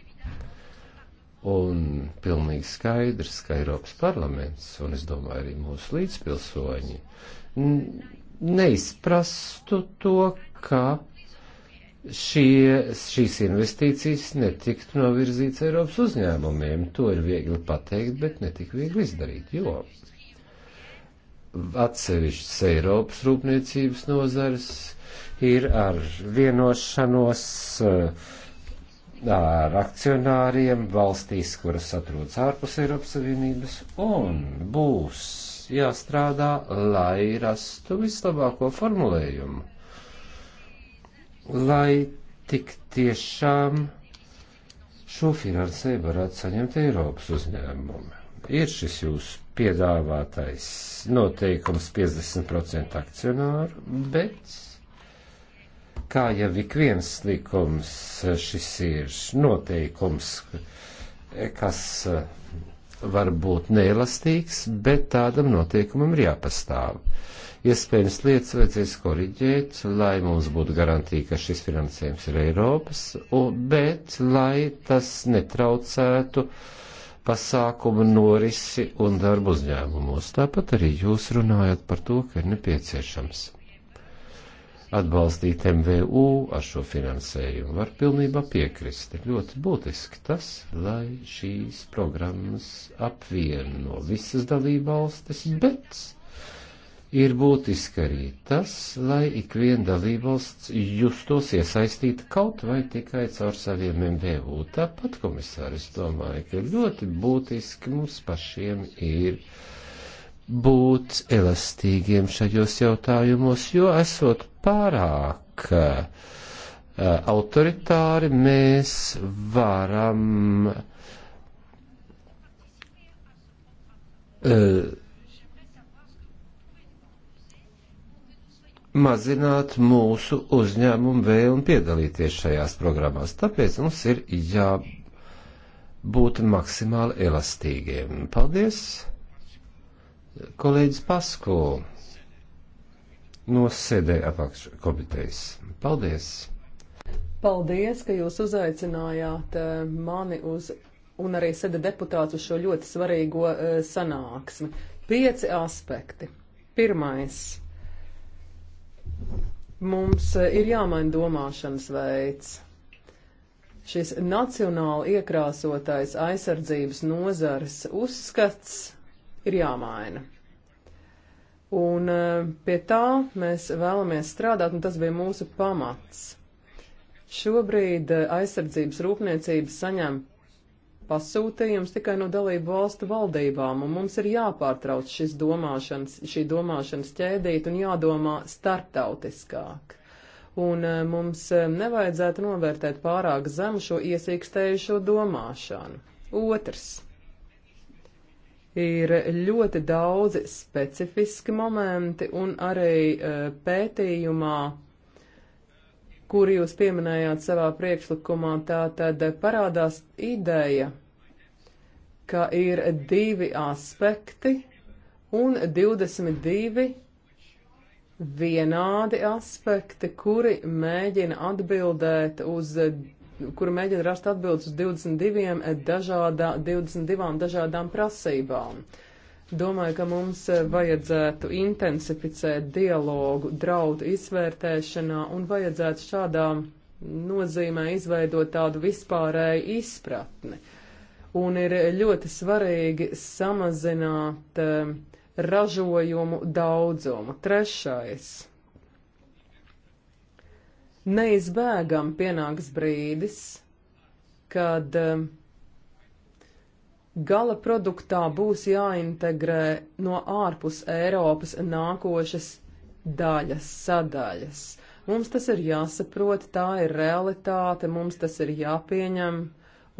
Un pilnīgi skaidrs, ka Eiropas parlaments, un es domāju arī mūsu līdzpilsoņi, neizprastu to, ka šie, šīs investīcijas netiktu novirzīts Eiropas uzņēmumiem. To ir viegli pateikt, bet netik viegli izdarīt, jo atsevišķas Eiropas rūpniecības nozars ir ar vienošanos eh, ar akcionāriem valstīs, kuras atrodas ārpus Eiropas Savienības, un būs jāstrādā, lai rastu vislabāko formulējumu lai tik tiešām šo finansējumu varētu saņemt Eiropas uzņēmumi. Ir šis jūsu piedāvātais noteikums 50% akcionāru, bet kā jau ik viens likums, šis ir noteikums, kas eh, var būt neelastīgs, bet tādam noteikumam ir jāpastāv iespējams lietas vajadzēs koriģēt, lai mums būtu garantīja, ka šis finansējums ir Eiropas, bet lai tas netraucētu pasākumu norisi un darbu uzņēmumos. Tāpat arī jūs runājat par to, ka ir nepieciešams atbalstīt MVU ar šo finansējumu. Var pilnībā piekrist. Ir ļoti būtiski tas, lai šīs programmas apvieno visas dalībvalstis, bet ir būtiski arī tas, lai ikviena dalībvalsts justos iesaistīta kaut vai tikai caur saviem MVU. Tāpat, komisāris, domāju, ka ļoti būtiski mums pašiem ir būt elastīgiem šajos jautājumos, jo esot pārāk autoritāri, mēs varam uh, mazināt mūsu uzņēmumu vēlmi piedalīties šajās programmās. Tāpēc mums ir jābūt maksimāli elastīgiem. Paldies, kolēģis Pasko no sēdē apakškomitejas. Paldies! Paldies, ka jūs uzaicinājāt eh, mani uz, un arī sēde deputātu uz šo ļoti svarīgo eh, sanāksmi. Pieci aspekti. Pirmais Mums eh, ir jāmaina domāšanas veids. Šis nacionāli iekrāsotais aizsardzības nozares uzskats ir jāmaina. Un eh, pie tā mēs vēlamies strādāt, un tas bija mūsu pamats. Šobrīd eh, aizsardzības rūpniecība saņem pasūtījums tikai no dalību valstu valdībām, un mums ir jāpārtrauc šis domāšanas, šī domāšanas ķēdīt un jādomā startautiskāk. Un eh, mums eh, nevajadzētu novērtēt pārāk zemu šo iesīkstējušo domāšanu. Otrs. Ir ļoti daudzi specifiski momenti un arī eh, pētījumā kur jūs pieminējāt savā priekšlikumā, tā tad parādās ideja, ka ir divi aspekti un 22 vienādi aspekti, kuri mēģina atbildēt uz kuri mēģina rast atbildes uz 22, dažādā, 22 dažādām prasībām. Domāju, ka mums eh, vajadzētu intensificēt dialogu draudu izvērtēšanā un vajadzētu šādā nozīmē izveidot tādu vispārēju izpratni. Un ir ļoti svarīgi samazināt eh, ražojumu daudzumu. Trešais. Neizbēgam pienāks brīdis, kad uh, Gala produktā būs jāintegrē no ārpus Eiropas nākošas daļas, sadaļas. Mums tas ir jāsaprot, tā ir realitāte, mums tas ir jāpieņem,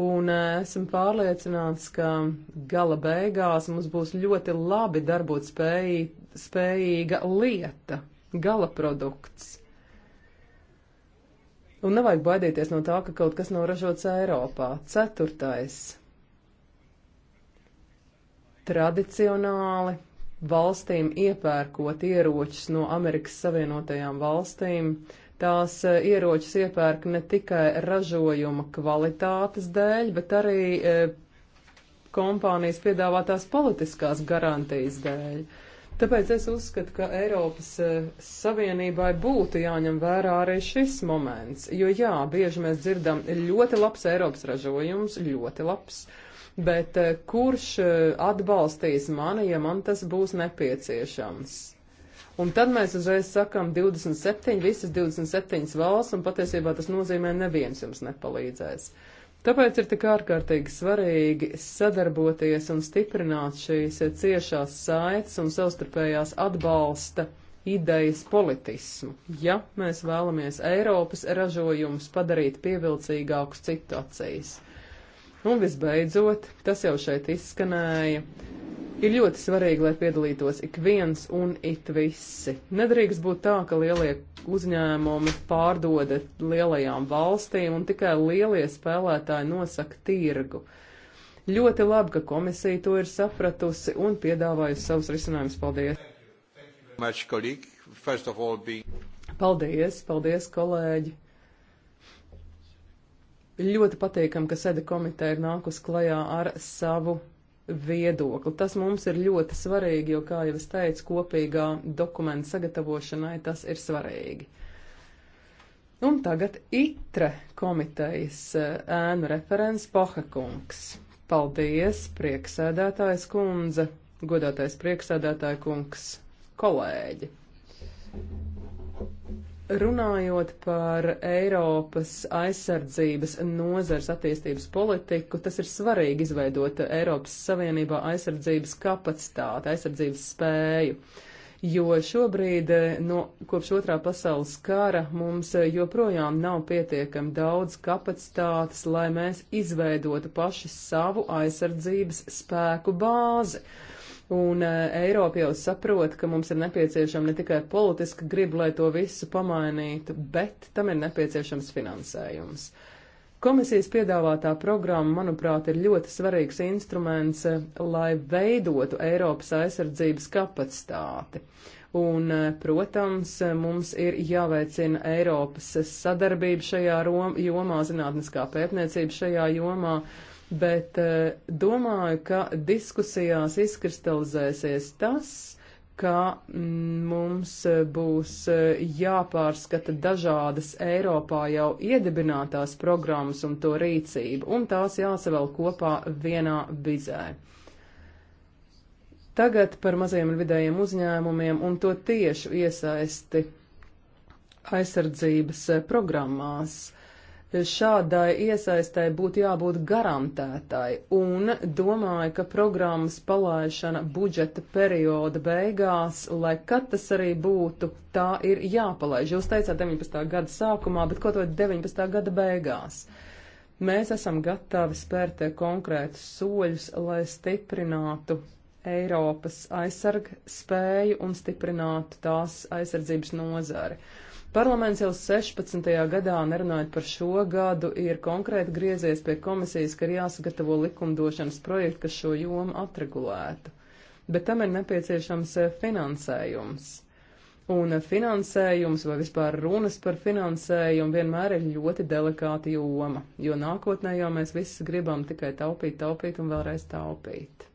un e, esam pārliecināts, ka gala beigās mums būs ļoti labi darbot spēj, spējīga lieta, gala produkts. Un nevajag baidīties no tā, ka kaut kas nav ražots Eiropā. Ceturtais tradicionāli valstīm iepērkot ieročus no Amerikas Savienotajām valstīm. Tās e, ieročus iepērk ne tikai ražojuma kvalitātes dēļ, bet arī e, kompānijas piedāvātās politiskās garantijas dēļ. Tāpēc es uzskatu, ka Eiropas e, Savienībai būtu jāņem vērā arī šis moments, jo jā, bieži mēs dzirdam ļoti labs Eiropas ražojums, ļoti labs, uh, bet eh, kurš eh, atbalstīs mani, ja man tas būs nepieciešams? Un tad mēs uzreiz sakam 27, visas 27 valsts, un patiesībā tas nozīmē neviens jums nepalīdzēs. Tāpēc ir tik ārkārtīgi svarīgi sadarboties un stiprināt šīs eh, ciešās saites un savstarpējās atbalsta idejas politismu, ja mēs vēlamies Eiropas ražojumus padarīt pievilcīgākus citu acīs. Un visbeidzot, tas jau šeit izskanēja, ir ļoti svarīgi, lai piedalītos ik viens un it visi. Nedrīkst būt tā, ka lielie uzņēmumi pārdod lielajām valstīm un tikai lielie spēlētāji nosaka tirgu. Ļoti labi, ka komisija to ir sapratusi un piedāvājusi savus risinājumus. Paldies! Thank you. Thank you much, being... Paldies, paldies, kolēģi! Ļoti patīkam, ka sēde komiteja ir nākus klajā ar savu viedokli. Tas mums ir ļoti svarīgi, jo, kā jau es teicu, kopīgā dokumenta sagatavošanai tas ir svarīgi. Un tagad itre komitejas eh, ēnu referents Pohakungs. Paldies, prieksēdētājs kundze, godātais prieksēdētāja kungs, kolēģi! Runājot par Eiropas aizsardzības nozars attīstības politiku, tas ir svarīgi izveidot Eiropas Savienībā aizsardzības kapacitāti, aizsardzības spēju, jo šobrīd no kopš otrā pasaules kara mums joprojām nav pietiekami daudz kapacitātes, lai mēs izveidotu paši savu aizsardzības spēku bāzi. Uh, Un eh, Eiropa jau saprot, ka mums ir nepieciešama ne tikai politiska griba, lai to visu pamainītu, bet tam ir nepieciešams finansējums. Komisijas piedāvātā programma, manuprāt, ir ļoti svarīgs instruments, eh, lai veidotu Eiropas aizsardzības kapacitāti. Un, eh, protams, mums ir jāveicina Eiropas sadarbība šajā jomā, zinātniskā pētniecība šajā jomā. Uh, bet eh, domāju, ka diskusijās izkristalizēsies tas, ka mm, mums eh, būs eh, jāpārskata dažādas Eiropā jau iedibinātās programmas un to rīcību, un tās jāsavēl kopā vienā bizē. Tagad par maziem un vidējiem uzņēmumiem un to tiešu iesaisti aizsardzības programmās. Uh, šādai iesaistē būtu jābūt garantētai, un domāju, ka programmas palaišana budžeta perioda beigās, lai kad tas arī būtu, tā ir jāpalaiž. Jūs teicāt 19. gada sākumā, bet ko to 19. gada beigās? Mēs esam gatavi spērt konkrētus soļus, lai stiprinātu Eiropas aizsarg spēju un stiprinātu tās aizsardzības nozari. Uh, Parlaments jau 16. gadā, nerunājot par šo gadu, ir konkrēti griezies pie komisijas, ka ir jāsagatavo likumdošanas projekti, kas šo jomu atregulētu. Bet tam ir nepieciešams eh, finansējums. Un eh, finansējums vai vispār runas par finansējumu vienmēr ir ļoti delikāta joma, jo nākotnē jau mēs visi gribam tikai taupīt, taupīt un vēlreiz taupīt.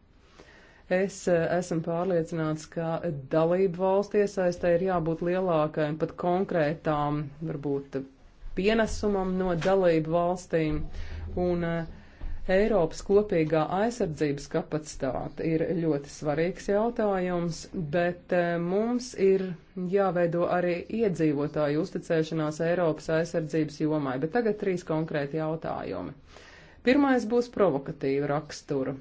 Es eh, esmu pārliecināts, ka dalību valsts iesaistē ir jābūt lielākai un pat konkrētām, varbūt, pienesumam no dalību valstīm. Un, uh, Eiropas kopīgā aizsardzības kapacitāte ir ļoti svarīgs jautājums, bet eh, mums ir jāveido arī iedzīvotāju uzticēšanās Eiropas aizsardzības jomai. Bet tagad trīs konkrēti jautājumi. Pirmais būs provokatīva rakstura.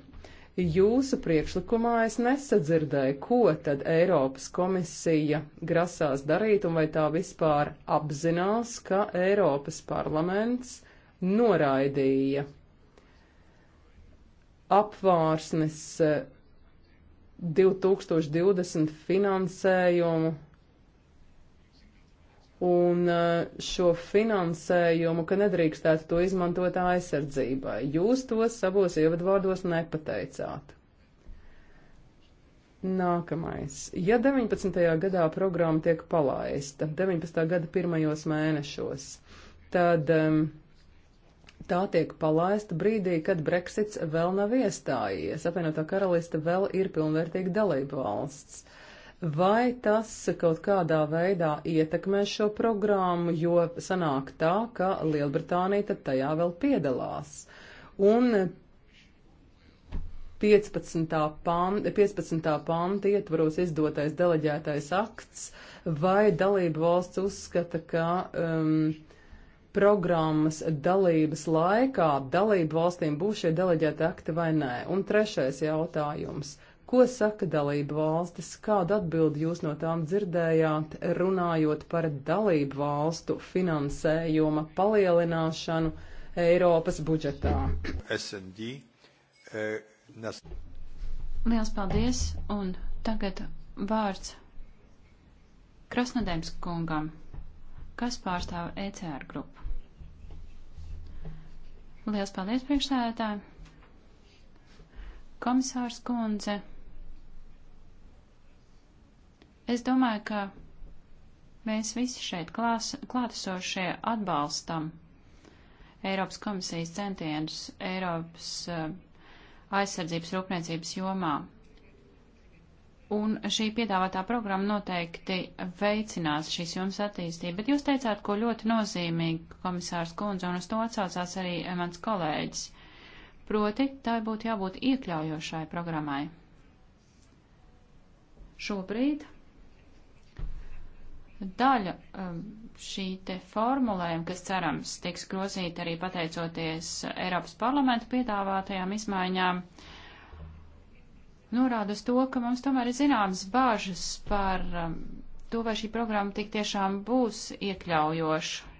Jūsu priekšlikumā es nesadzirdēju, ko tad Eiropas komisija grasās darīt un vai tā vispār apzinās, ka Eiropas parlaments noraidīja apvārsnes 2020 eh, finansējumu un eh, šo finansējumu, ka nedrīkstētu to izmantot aizsardzībai. Jūs to savos ievadvārdos nepateicāt. Nākamais. Ja 19. gadā programma tiek palaista, 19. gada pirmajos mēnešos, tad um, tā tiek palaista brīdī, kad Brexits vēl nav iestājies. Apvienotā karaliste vēl ir pilnvērtīga dalība valsts. Uh, Vai tas kaut kādā veidā ietekmē šo programmu, jo sanāk tā, ka Lielbritānija tad tajā vēl piedalās? Un 15. Panta, 15. panta ietvaros izdotais deleģētais akts, vai dalība valsts uzskata, ka um, programmas dalības laikā dalību valstīm būs šie deleģēti akti vai nē? Un trešais jautājums. Ko saka dalību valstis? Kādu atbildi jūs no tām dzirdējāt, runājot par dalību valstu finansējuma palielināšanu Eiropas budžetā? SND. E, eh, nas... Liels paldies, un tagad vārds Krasnodēms kungam, kas pārstāv ECR grupu. Liels paldies, priekšsēdētāji! Komisārs kundze! Es domāju, ka mēs visi šeit klās, klātesošie atbalstam Eiropas komisijas centienus Eiropas uh, aizsardzības rūpniecības jomā. Un šī piedāvātā programma noteikti veicinās šīs jums attīstību, bet jūs teicāt, ko ļoti nozīmīgi komisārs kundze, un uz to atsaucās arī mans kolēģis. Proti, tā būtu jābūt iekļaujošai programmai. Šobrīd daļa um, šī te formulējuma, kas cerams tiks grozīta arī pateicoties Eiropas parlamentu piedāvātajām izmaiņām, norāda uz to, ka mums tomēr ir zināmas bāžas par um, to, vai šī programma tik tiešām būs iekļaujoša.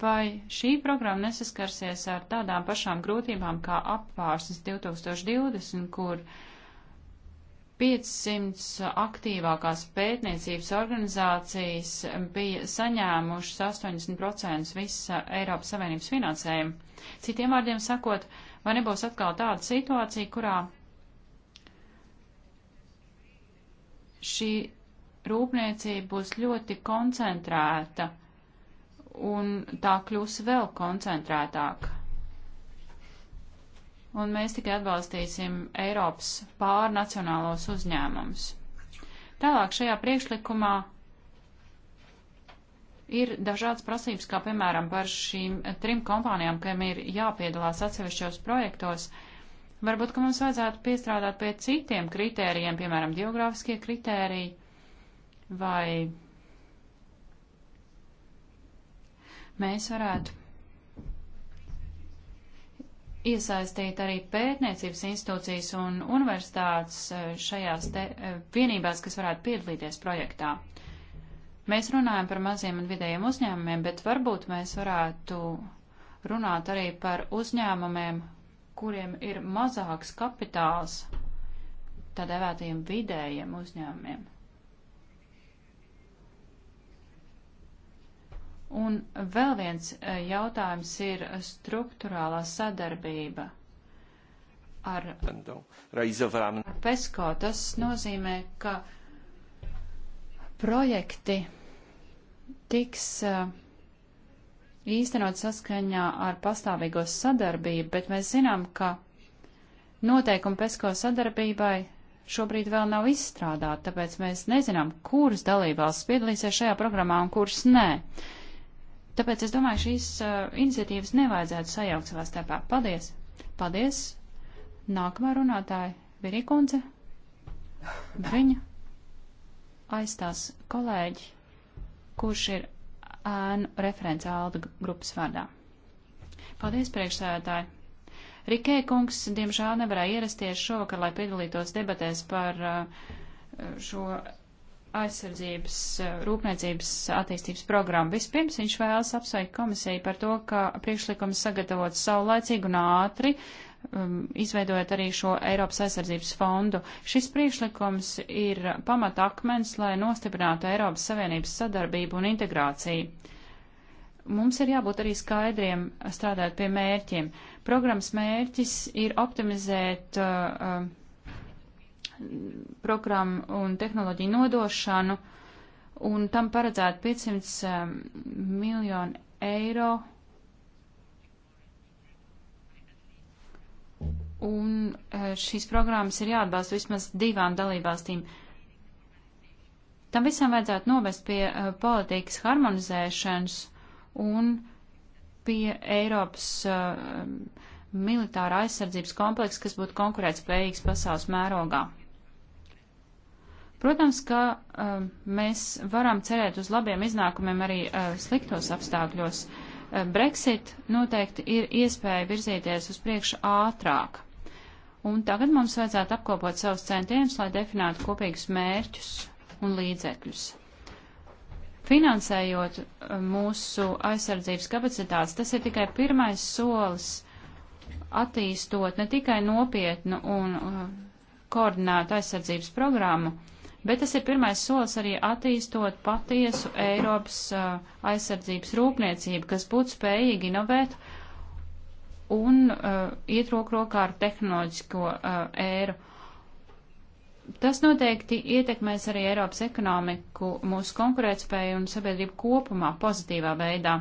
Vai šī programma nesaskarsies ar tādām pašām grūtībām kā apvārsnes 2020, kur uh, 500 aktīvākās pētniecības organizācijas bija saņēmušas 80% visa uh, Eiropas Savienības finansējuma. Citiem vārdiem sakot, vai nebūs atkal tāda situācija, kurā šī rūpniecība būs ļoti koncentrēta un tā kļūs vēl koncentrētāka? un mēs tikai atbalstīsim Eiropas pārnacionālos uzņēmumus. Tālāk šajā priekšlikumā ir dažādas prasības, kā piemēram par šīm trim kompānijām, kam ir jāpiedalās atsevišķos projektos. Varbūt, ka mums vajadzētu piestrādāt pie citiem kritērijiem, piemēram, geogrāfiskie kritēriji vai mēs varētu iesaistīt arī pētniecības institūcijas un universitātes eh, šajās te, eh, vienībās, kas varētu piedalīties projektā. Mēs runājam par maziem un vidējiem uzņēmumiem, bet varbūt mēs varētu runāt arī par uzņēmumiem, kuriem ir mazāks kapitāls, tā devētajiem vidējiem uzņēmumiem. Un vēl viens e, jautājums ir struktūrālā sadarbība ar, ar PESCO. Tas nozīmē, ka projekti tiks e, īstenot saskaņā ar pastāvīgo sadarbību, bet mēs zinām, ka noteikumi PESCO sadarbībai šobrīd vēl nav izstrādāti, tāpēc mēs nezinām, kuras dalībvalsts piedalīsies šajā programmā un kuras nē. Uh, Tāpēc es domāju, šīs uh, iniciatīvas nevajadzētu sajaukt savā starpā. Paldies! Paldies! Nākamā runātāja Virikundze. Viņa aizstās kolēģi, kurš ir ēnu referents Alda grupas vārdā. Paldies, priekšsēdētāji! Rikē kungs, diemžēl, nevarēja ierasties šovakar, lai piedalītos debatēs par uh, šo aizsardzības eh, rūpniecības attīstības programmu. Vispirms viņš vēlas apsveikt komisiju par to, ka priekšlikums sagatavots saulaicīgi un ātri, um, izveidojot arī šo Eiropas aizsardzības fondu. Šis priekšlikums ir pamatakmens, lai nostiprinātu Eiropas Savienības sadarbību un integrāciju. Mums ir jābūt arī skaidriem strādājot pie mērķiem. Programmas mērķis ir optimizēt uh, uh programmu un tehnoloģiju nodošanu, un tam paredzētu 500 um, miljonu eiro. Un uh, šīs programmas ir jāatbalsta vismaz divām dalībvalstīm. Tam visam vajadzētu novest pie uh, politikas harmonizēšanas un pie Eiropas uh, militāra aizsardzības kompleksa, kas būtu konkurētspējīgs pasaules mērogā. Protams, ka uh, mēs varam cerēt uz labiem iznākumiem arī uh, sliktos apstākļos. Uh, Brexit noteikti ir iespēja virzīties uz priekšu ātrāk. Un tagad mums vajadzētu apkopot savus centienus, lai definētu kopīgus mērķus un līdzekļus. Finansējot uh, mūsu aizsardzības kapacitātes, tas ir tikai pirmais solis attīstot ne tikai nopietnu un uh, koordinētu aizsardzības programmu, uh, bet tas ir pirmais solis arī attīstot patiesu Eiropas uh, aizsardzības rūpniecību, kas būtu spējīgi inovēt un uh, iet roku rokā ar tehnoloģisko uh, ēru. Tas noteikti ietekmēs arī Eiropas ekonomiku, mūsu konkurētspēju un sabiedrību kopumā pozitīvā veidā.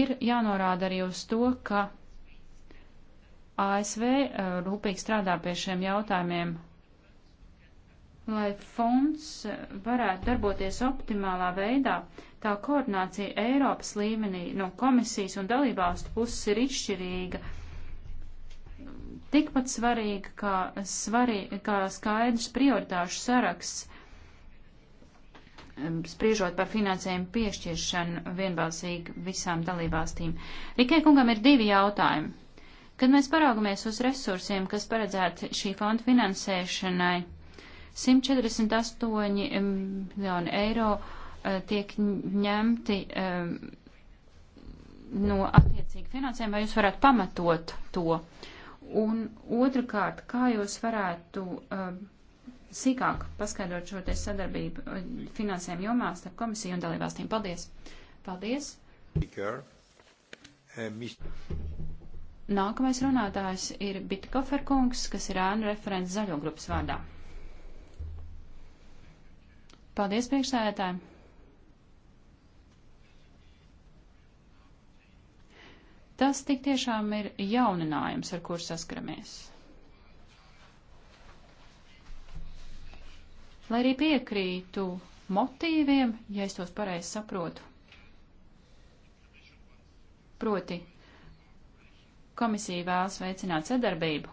Ir jānorāda arī uz to, ka ASV uh, rūpīgi strādā pie šiem jautājumiem Lai fonds varētu darboties optimālā veidā, tā koordinācija Eiropas līmenī no komisijas un dalībvalstu puses ir izšķirīga. Tikpat svarīga kā, svarī, kā skaidrs prioritāšu saraksts, spriežot par finansējumu piešķiršanu vienbalsīgi visām dalībvalstīm. Rikai kungam ir divi jautājumi. Kad mēs paraugamies uz resursiem, kas paredzēti šī fonda finansēšanai, 148 miljoni eiro eh, tiek ņemti no attiecīgi finansēm, vai jūs varētu pamatot to? Un otrkārt, kā jūs varētu sīkāk paskaidrot šo te sadarbību eh, finansēm jomā starp komisiju un dalībvalstīm? Paldies! Paldies! Eh, Nākamais runātājs ir Bitkofer kungs, kas ir ēnu referents zaļo grupas vārdā. Paldies, priekšsēdētāji! Tas tik tiešām ir jauninājums, ar kur saskaramies. Lai arī piekrītu motīviem, ja es tos pareizi saprotu, proti komisija vēlas veicināt sadarbību,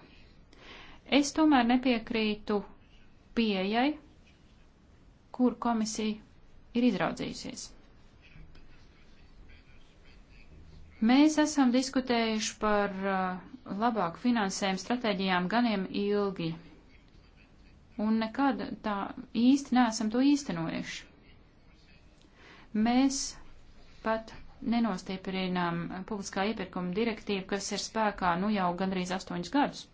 es tomēr nepiekrītu pieejai, kur komisija ir izraudzījusies. Mēs esam diskutējuši par uh, labāku finansējumu stratēģijām ganiem ilgi, un nekad tā īsti neesam to īstenojuši. Mēs pat nenostieprinām publiskā iepirkuma direktīvu, kas ir spēkā nu jau gandrīz astoņus gadus.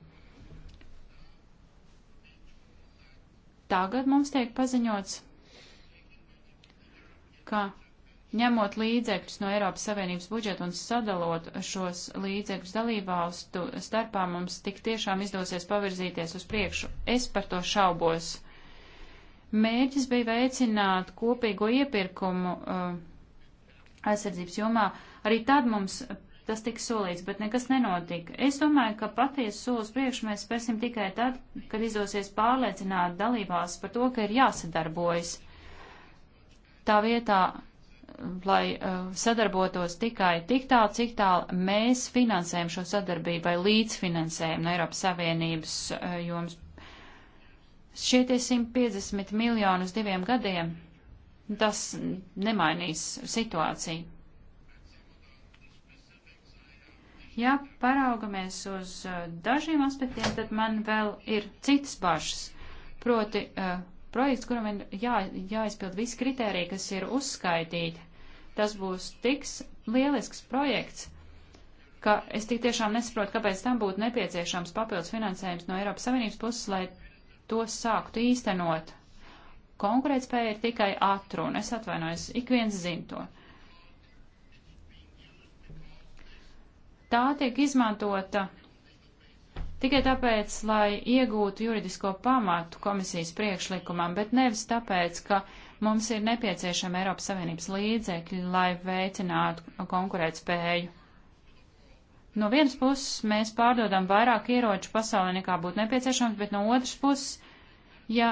Tagad mums tiek paziņots, ka ņemot līdzekļus no Eiropas Savienības budžeta un sadalot šos līdzekļus dalībvalstu starpā, mums tik tiešām izdosies pavirzīties uz priekšu. Es par to šaubos. Mērķis bija veicināt kopīgo iepirkumu uh, aizsardzības jomā. Arī tad mums tas tika solīts, bet nekas nenotika. Es domāju, ka patiesu solis priekšu mēs spēsim tikai tad, kad izdosies pārliecināt dalībās par to, ka ir jāsadarbojas. Uh, tā vietā, lai uh, sadarbotos tikai tik tālu, cik tālu mēs finansējam šo sadarbību vai līdzfinansējam no Eiropas Savienības uh, joms. Šie tie 150 miljoni uz diviem gadiem, tas nemainīs situāciju. Ja paraugamies uz uh, dažiem aspektiem, tad man vēl ir citas bažas, proti uh, projekts, kuram ir jā, jāizpild visi kriteriji, kas ir uzskaitīti. Tas būs tiks lielisks projekts, ka es tik tiešām nesaprotu, kāpēc tam būtu nepieciešams papildus finansējums no Eiropas Savienības puses, lai to sāktu īstenot. Konkurētspēja ir tikai atruna, es atvainojos, ik viens zin to. Tā tiek izmantota tikai tāpēc, lai iegūtu juridisko pamatu komisijas priekšlikumam, bet nevis tāpēc, ka mums ir nepieciešama Eiropas Savienības līdzekļi, lai veicinātu konkurētspēju. No vienas puses mēs pārdodam vairāk ieroču pasaulē nekā būtu nepieciešams, bet no otras puses, ja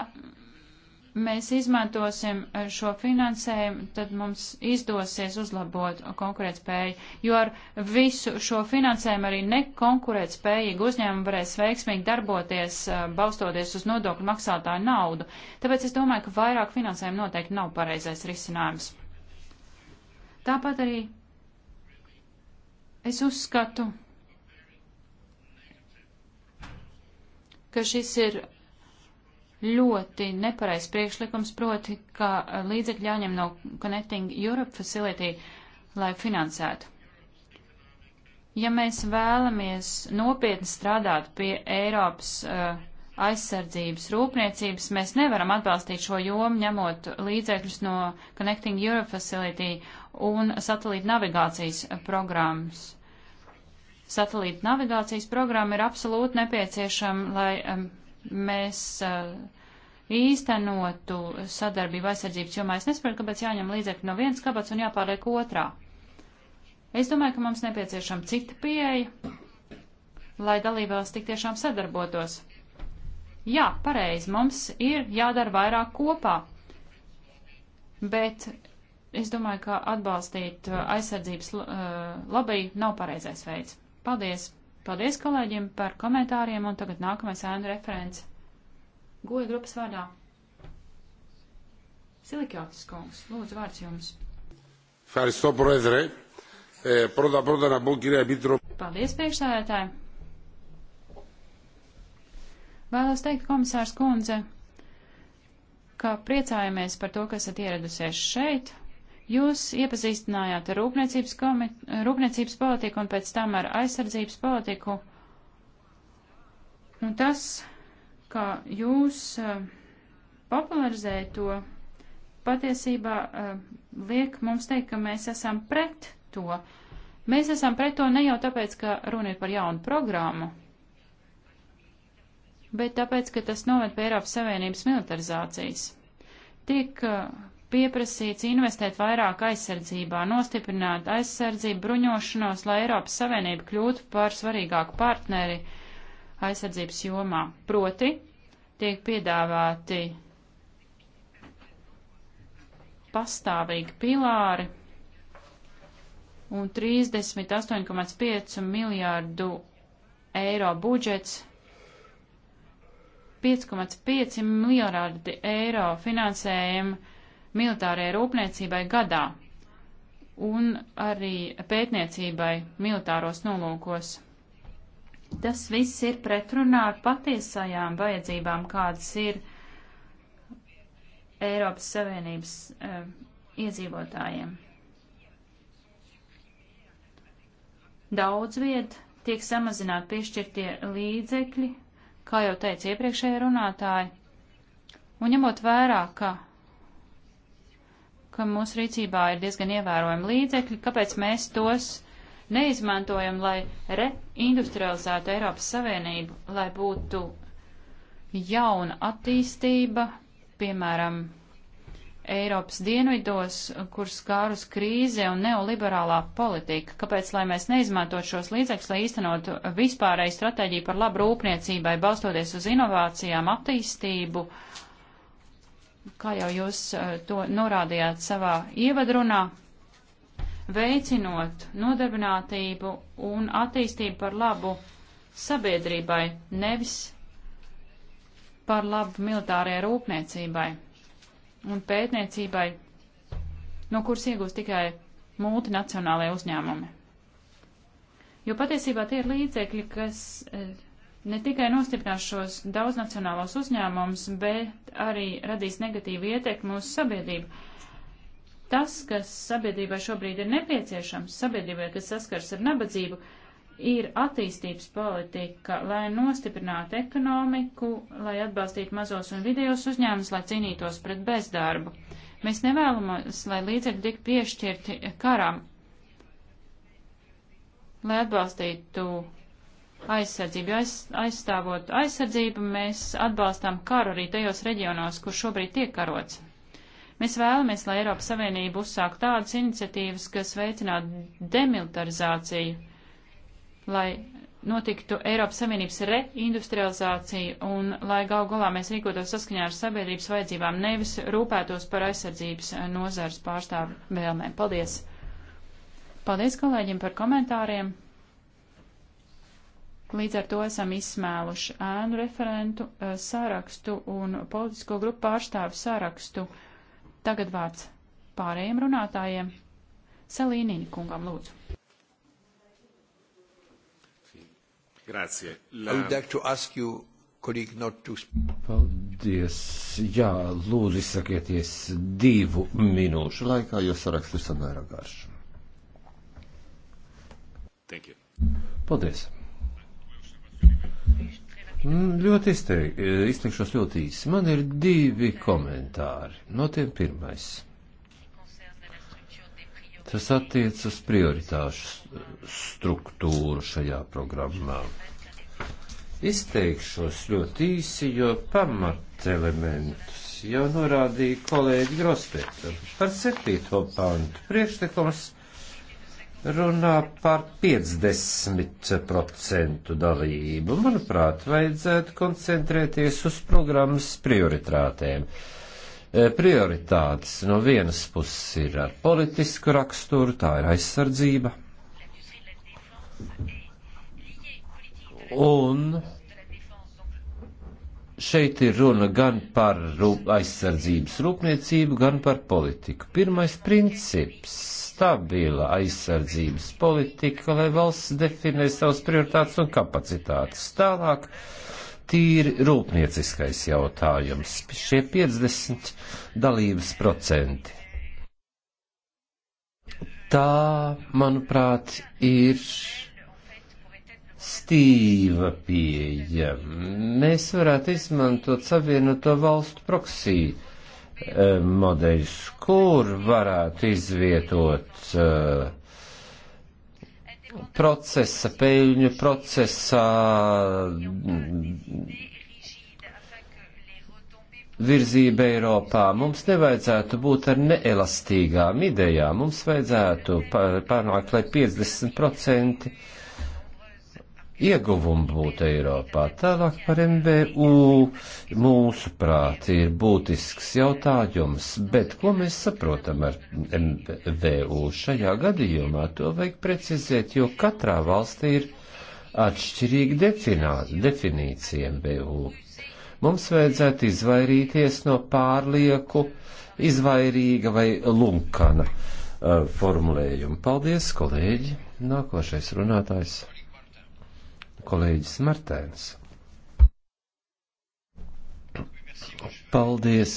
mēs izmantosim e, šo finansējumu, tad mums izdosies uzlabot konkurētspēju, jo ar visu šo finansējumu arī nekonkurētspējīgi uzņēmumi varēs veiksmīgi darboties, e, balstoties uz nodokļu maksātāju naudu. Tāpēc es domāju, ka vairāk finansējumu noteikti nav pareizais risinājums. Tāpat arī es uzskatu, ka šis ir ļoti nepareizs priekšlikums, proti, ka eh, līdzekļi jāņem no Connecting Europe Facility, lai finansētu. Ja mēs vēlamies nopietni strādāt pie Eiropas uh, aizsardzības rūpniecības, mēs nevaram atbalstīt šo jomu, ņemot līdzekļus no Connecting Europe Facility un satelīta navigācijas eh, programmas. Satelīta navigācijas programma ir absolūti nepieciešama, lai um, mēs uh, īstenotu sadarbību aizsardzības jomā. Es nesaprotu, kāpēc jāņem līdzekļi no vienas kabats un jāpārliek otrā. Es domāju, ka mums nepieciešama cita pieeja, lai dalībvalsts tik tiešām sadarbotos. Jā, pareizi, mums ir jādara vairāk kopā, bet es domāju, ka atbalstīt aizsardzības uh, labī nav pareizais veids. Paldies! Paldies kolēģiem par komentāriem, un tagad nākamais ēnu referents. Goja grupas vārdā. Silikjotis kungs, lūdzu vārds jums. Ευχαριστώ, Πρόεδρε. Ε, πρώτα πρώτα να πω, κυρία Επίτροπε. Paldies, priekšsēdētāji. Vēlos teikt, komisārs kundze, ka priecājamies par to, ka esat ieradusies šeit Jūs iepazīstinājāt ar rūpniecības, komit, rūpniecības politiku un pēc tam ar aizsardzības politiku. Un tas, kā jūs eh, popularizējat to, patiesībā eh, liek mums teikt, ka mēs esam pret to. Mēs esam pret to ne jau tāpēc, ka runa ir par jaunu programmu, bet tāpēc, ka tas noved pie Eiropas Savienības militarizācijas. Tiek uh, pieprasīts investēt vairāk aizsardzībā, nostiprināt aizsardzību, bruņošanos, lai Eiropas Savienība kļūtu par svarīgāku partneri aizsardzības jomā. Proti, tiek piedāvāti pastāvīgi pilāri un 38,5 miljārdu eiro budžets 5,5 miljārdi eiro finansējumu militārajai rūpniecībai gadā un arī pētniecībai militāros nolūkos. Tas viss ir pretrunā ar patiesajām vajadzībām, kādas ir Eiropas Savienības uh, iedzīvotājiem. Daudz viet tiek samazināti piešķirtie līdzekļi, kā jau teica iepriekšējā runātāja, un ņemot vērā, ka ka mūsu rīcībā ir diezgan ievērojami līdzekļi, kāpēc mēs tos neizmantojam, lai reindustrializētu Eiropas Savienību, lai būtu jauna attīstība, piemēram, Eiropas dienvidos, kur skārus krīze un neoliberālā politika. Kāpēc, lai mēs neizmantot šos līdzekļus, lai īstenotu vispārēju stratēģiju par labu rūpniecībai, balstoties uz inovācijām, attīstību kā jau jūs eh, to norādījāt savā ievadrunā, veicinot nodarbinātību un attīstību par labu sabiedrībai, nevis par labu militārajai rūpniecībai un pētniecībai, no kuras iegūs tikai multinacionālajie uzņēmumi. Jo patiesībā tie ir līdzekļi, kas eh, ne tikai nostiprinās šos daudznacionālos uzņēmumus, bet arī radīs negatīvu ietekmi uz sabiedrību. Tas, kas sabiedrībai šobrīd ir nepieciešams, sabiedrībai, kas saskars ar nabadzību, ir attīstības politika, lai nostiprinātu ekonomiku, lai atbalstītu mazos un vidējos uzņēmumus, lai cīnītos pret bezdarbu. Mēs nevēlamies, lai līdzekļi tik piešķirti karam, lai atbalstītu aizsardzību. Aiz, aizstāvot aizsardzību, mēs atbalstām karu arī tajos reģionos, kur šobrīd tiek karots. Mēs vēlamies, lai Eiropas Savienība uzsāk tādas iniciatīvas, kas veicinātu demilitarizāciju, lai notiktu Eiropas Savienības reindustrializācija un lai gal galā mēs rīkotos saskaņā ar sabiedrības vajadzībām, nevis rūpētos par aizsardzības nozars pārstāvu vēlmēm. Paldies! Paldies kolēģim par komentāriem! Līdz ar to esam izsmēluši ēnu referentu eh, sārakstu un politisko grupu pārstāvu sārakstu. Tagad vārds pārējiem runātājiem. Salīniņa kungam lūdzu. Grazie. La... I would like to ask you, colleague, not to... Paldies. Jā, lūdzu izsakieties divu minūšu laikā, jo saraksts ir samērā garš. Thank you. Paldies. Mm, ļoti izteik, eh, izteikšos ļoti īsi. Man ir divi komentāri. No tiem pirmais. Tas attiec uz prioritāšu struktūru šajā programmā. Izteikšos ļoti īsi, jo pamatelementus jau norādīja kolēģi Grospēta. Par septīto pantu priekšlikums runā par 50% dalību. Manuprāt, vajadzētu koncentrēties uz programmas prioritātēm. E, prioritātes no vienas puses ir ar politisku raksturu, tā ir aizsardzība. Un Šeit ir runa gan par rūp, aizsardzības rūpniecību, gan par politiku. Pirmais princips - stabila aizsardzības politika, lai valsts definē savas prioritātes un kapacitātes. Tālāk tīri rūpnieciskais jautājums - šie 50 dalības procenti. Tā, manuprāt, ir stīva pieeja. Mēs varētu izmantot savienoto valstu proksī eh, modeļus, kur varētu izvietot eh, procesa, peļņu procesā mm, virzība Eiropā. Mums nevajadzētu būt ar neelastīgām idejām. Mums vajadzētu panākt, lai 50% ieguvumu būtu Eiropā. Tālāk par MVU mūsu prāti ir būtisks jautājums, bet ko mēs saprotam ar MVU šajā gadījumā, to vajag precizēt, jo katrā valstī ir atšķirīga definā, definīcija MVU. Mums vajadzētu izvairīties no pārlieku, izvairīga vai lunkana uh, formulējuma. Paldies, kolēģi! Nākošais runātājs kolēģis Martēns. Paldies.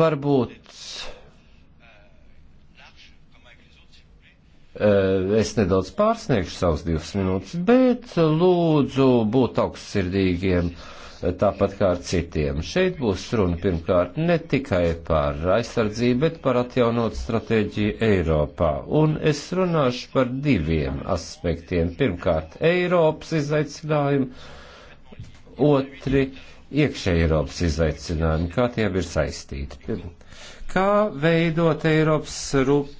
Varbūt eh, es nedaudz pārsniegšu savus divas minūtes, bet lūdzu būt augstsirdīgiem. Uh, tāpat kā ar citiem. Šeit būs runa pirmkārt ne tikai par aizsardzību, bet par atjaunot stratēģiju Eiropā. Un es runāšu par diviem aspektiem. Pirmkārt, Eiropas izaicinājumu, otri iekšēja Eiropas izaicinājumi, kā tie ir saistīti. Kā veidot Eiropas rūp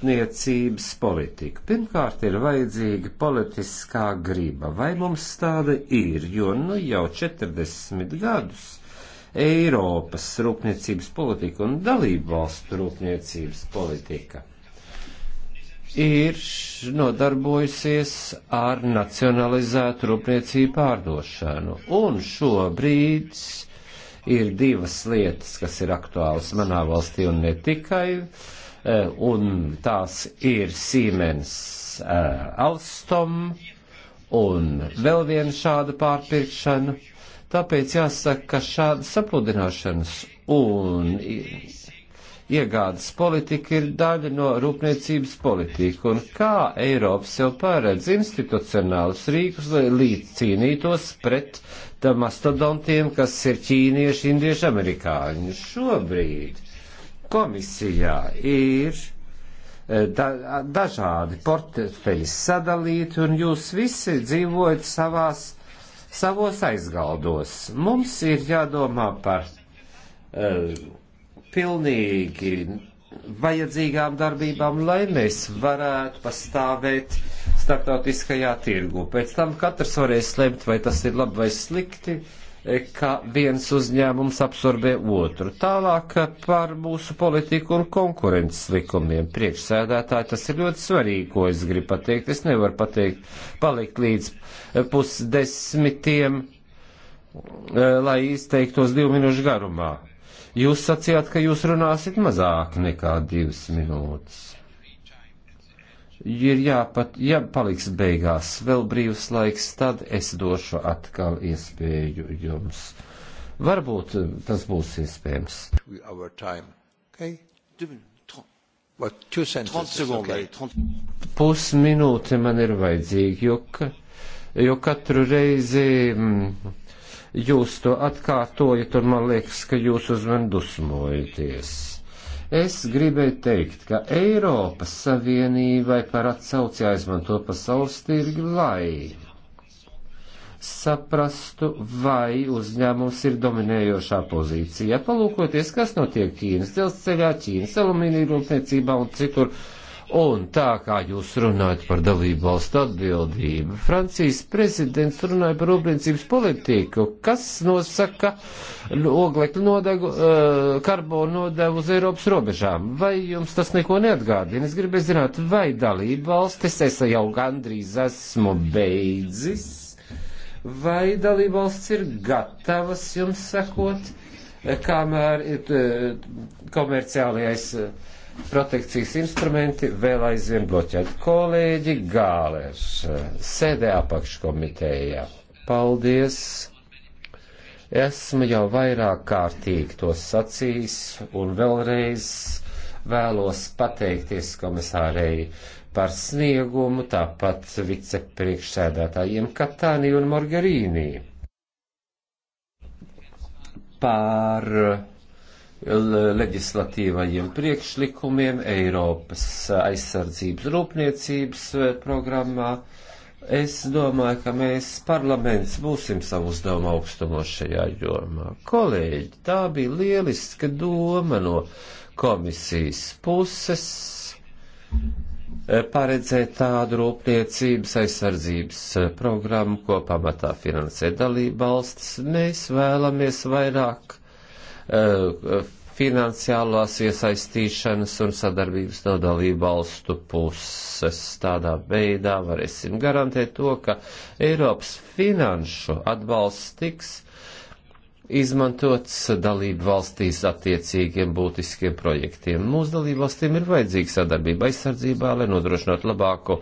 pētniecības politika. Pirmkārt, ir vajadzīga politiskā griba. Vai mums tāda ir? Jo nu jau 40 gadus Eiropas rūpniecības politika un dalību valstu rūpniecības politika ir nodarbojusies ar nacionalizētu rūpniecību pārdošanu. Un šobrīd ir divas lietas, kas ir aktuālas manā valstī un ne tikai. Uh, Eh, un tās ir Siemens eh, Alstom un vēl viena šāda pārpirkšana. Tāpēc jāsaka, ka šāda sapludināšanas un iegādes politika ir daļa no rūpniecības politika, un kā Eiropas jau pārēdz institucionālus rīkus, lai līdz cīnītos pret tam mastodontiem, kas ir ķīnieši, indieši, amerikāņi. Šobrīd komisijā ir e, da, dažādi portfeļi sadalīti, un jūs visi dzīvojat savās, savos aizgaldos. Mums ir jādomā par uh, pilnīgi vajadzīgām darbībām, lai mēs varētu pastāvēt starptautiskajā tirgu. Pēc tam katrs varēs lemt, vai tas ir labi vai slikti. Uh, ka viens uzņēmums absorbē otru. Tālāk par mūsu politiku un konkurences likumiem. Priekšsēdētāji, tas ir ļoti svarīgi, ko es gribu pateikt. Es nevaru pateikt, palikt līdz eh, pusdesmitiem, eh, lai izteiktos divu minūšu garumā. Jūs sacījāt, ka jūs runāsit mazāk nekā divas minūtes ir jāpat, ja paliks beigās vēl brīvs laiks, tad es došu atkal iespēju jums. Varbūt eh, tas būs iespējams. Okay. Okay. Pusminūte man ir vajadzīga, jo, ka, jo katru reizi mm, jūs to atkārtojat, un man liekas, ka jūs uz mani dusmojaties. Es gribēju teikt, ka Eiropas Savienībai par atsauci jāizmanto pasaules tirgi, lai saprastu, vai uzņēmums ir dominējošā pozīcijā. Palūkoties, kas notiek Ķīnas dzelzceļā, Ķīnas alumīnija rūpniecībā un citur Un tā kā jūs runājat par dalību valstu atbildību, Francijas prezidents runāja par rūpniecības politiku, kas nosaka oglekļu nodegu, eh, karbonu nodevu uz Eiropas robežām. Vai jums tas neko neatgādina? Es gribēju zināt, vai dalību valstis, es jau gandrīz esmu beidzis, vai dalību valsts ir gatavas jums sekot, eh, kamēr ir eh, komerciālais protekcijas instrumenti vēl aizvien bloķēti. Kolēģi Gālers sēdē apakškomitējā. Paldies! Esmu jau vairāk kārtīgi to sacījis un vēlreiz vēlos pateikties komisārei par sniegumu, tāpat vicepriekšsēdētājiem Katāni un Margarīnī. Par leģislatīvajiem priekšlikumiem Eiropas aizsardzības rūpniecības eh, programmā. Es domāju, ka mēs parlaments būsim savu uzdevumu augstumos šajā jomā. Kolēģi, tā bija lieliska doma no komisijas puses eh, paredzēt tādu rūpniecības aizsardzības eh, programmu, ko pamatā finansē dalība valstis. Mēs vēlamies vairāk Eh, finansiālās iesaistīšanas un sadarbības no dalību valstu puses. Tādā veidā varēsim garantēt to, ka Eiropas finanšu atbalsts tiks izmantots dalību valstīs attiecīgiem būtiskiem projektiem. Mūsu dalību valstīm ir vajadzīga sadarbība aizsardzībā, lai nodrošinātu labāku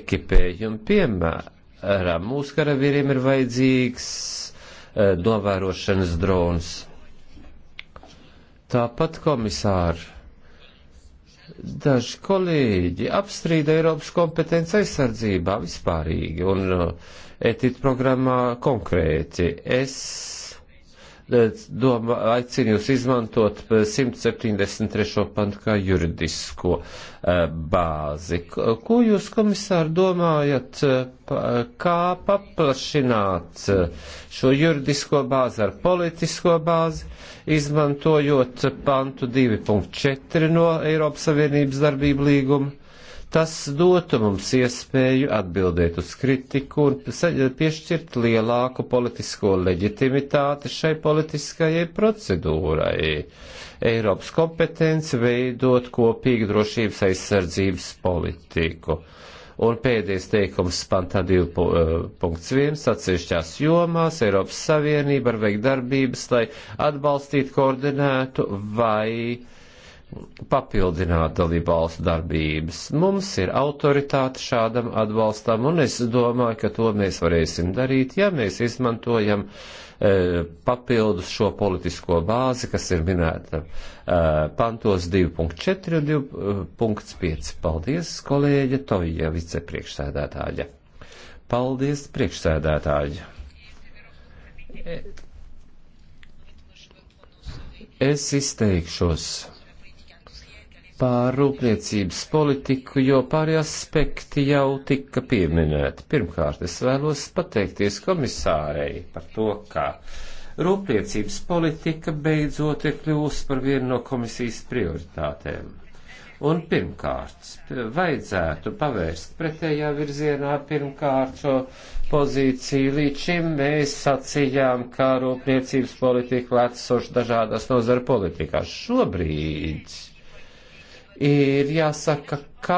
ekipējumu. Piemēram, mūsu karavīriem ir vajadzīgs eh, novērošanas drons Tāpat komisāri, daži kolēģi apstrīda Eiropas kompetenci aizsardzībā vispārīgi un uh, etit programmā konkrēti. Es uh, doma, aicinu jūs izmantot 173. Uh, pantu kā juridisko bāzi. Ko jūs, komisāri, domājat, kā paplašināt šo juridisko bāzi ar politisko bāzi, izmantojot pantu 2.4 no Eiropas Savienības darbību līguma. Tas dotu mums iespēju atbildēt uz kritiku un piešķirt lielāku politisko leģitimitāti šai politiskajai procedūrai. Eiropas kompetence veidot kopīgu drošības aizsardzības politiku. Un pēdējais teikums pantā 2.1. Eh, atsevišķās jomās Eiropas Savienība var veikt darbības, lai atbalstītu, koordinētu vai papildinātu dalību valstu darbības. Mums ir autoritāte šādam atbalstam, un es domāju, ka to mēs varēsim darīt, ja mēs izmantojam uh, E, papildus šo politisko bāzi, kas ir minēta e, pantos 2.4 un 2.5. Paldies, kolēģe Toja, vicepriekšsēdētāja. Paldies, priekšsēdētāja. Es izteikšos pār rūpniecības politiku, jo pārējie aspekti jau tika pieminēti. Pirmkārt, es vēlos pateikties komisārei par to, ka rūpniecības politika beidzot ir kļūst par vienu no komisijas prioritātēm. Un pirmkārt, vajadzētu pavērst pretējā virzienā pirmkārt šo pozīciju. Līdz šim mēs sacījām, ka rūpniecības politika lēca soši dažādās nozara politikās. Šobrīd ir jāsaka, ka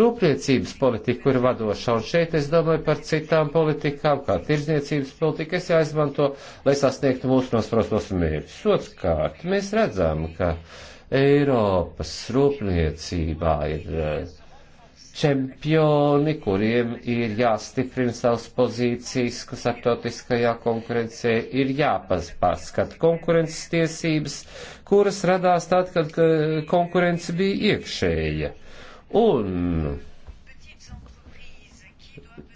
rūpniecības politika ir vadošā, un šeit es domāju par citām politikām, kā tirzniecības politika, kas jāizmanto, lai sasniegtu mūsu nosprostos mērķus. Otrkārt, mēs redzam, ka Eiropas rūpniecībā ir. Uh, čempioni, kuriem ir jāstiprina savas pozīcijas, kas starptautiskajā konkurencē ir jāpaskat konkurences tiesības, kuras radās tad, kad konkurence bija iekšēja. Un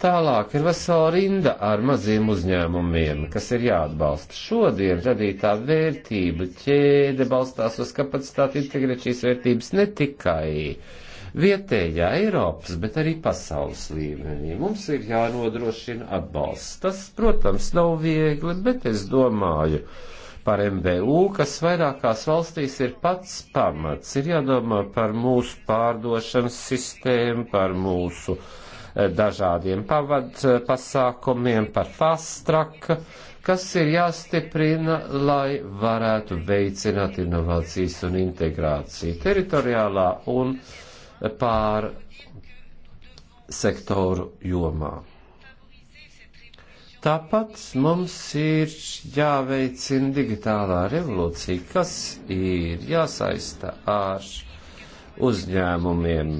tālāk ir vesela rinda ar maziem uzņēmumiem, kas ir jāatbalsta. Šodien radītā vērtība ķēde balstās uz kapacitāti integrēt šīs vērtības ne tikai uh, vietējā Eiropas, bet arī pasaules līmenī. Mums ir jānodrošina atbalsts. Tas, protams, nav viegli, bet es domāju par MBU, kas vairākās valstīs ir pats pamats. Ir jādomā par mūsu pārdošanas sistēmu, par mūsu eh, dažādiem pavad eh, pasākumiem, par fast track kas ir jāstiprina, lai varētu veicināt inovācijas un integrāciju teritoriālā un uh, pār sektoru jomā. Tāpat mums ir jāveicina digitālā revolūcija, kas ir jāsaista ar uzņēmumiem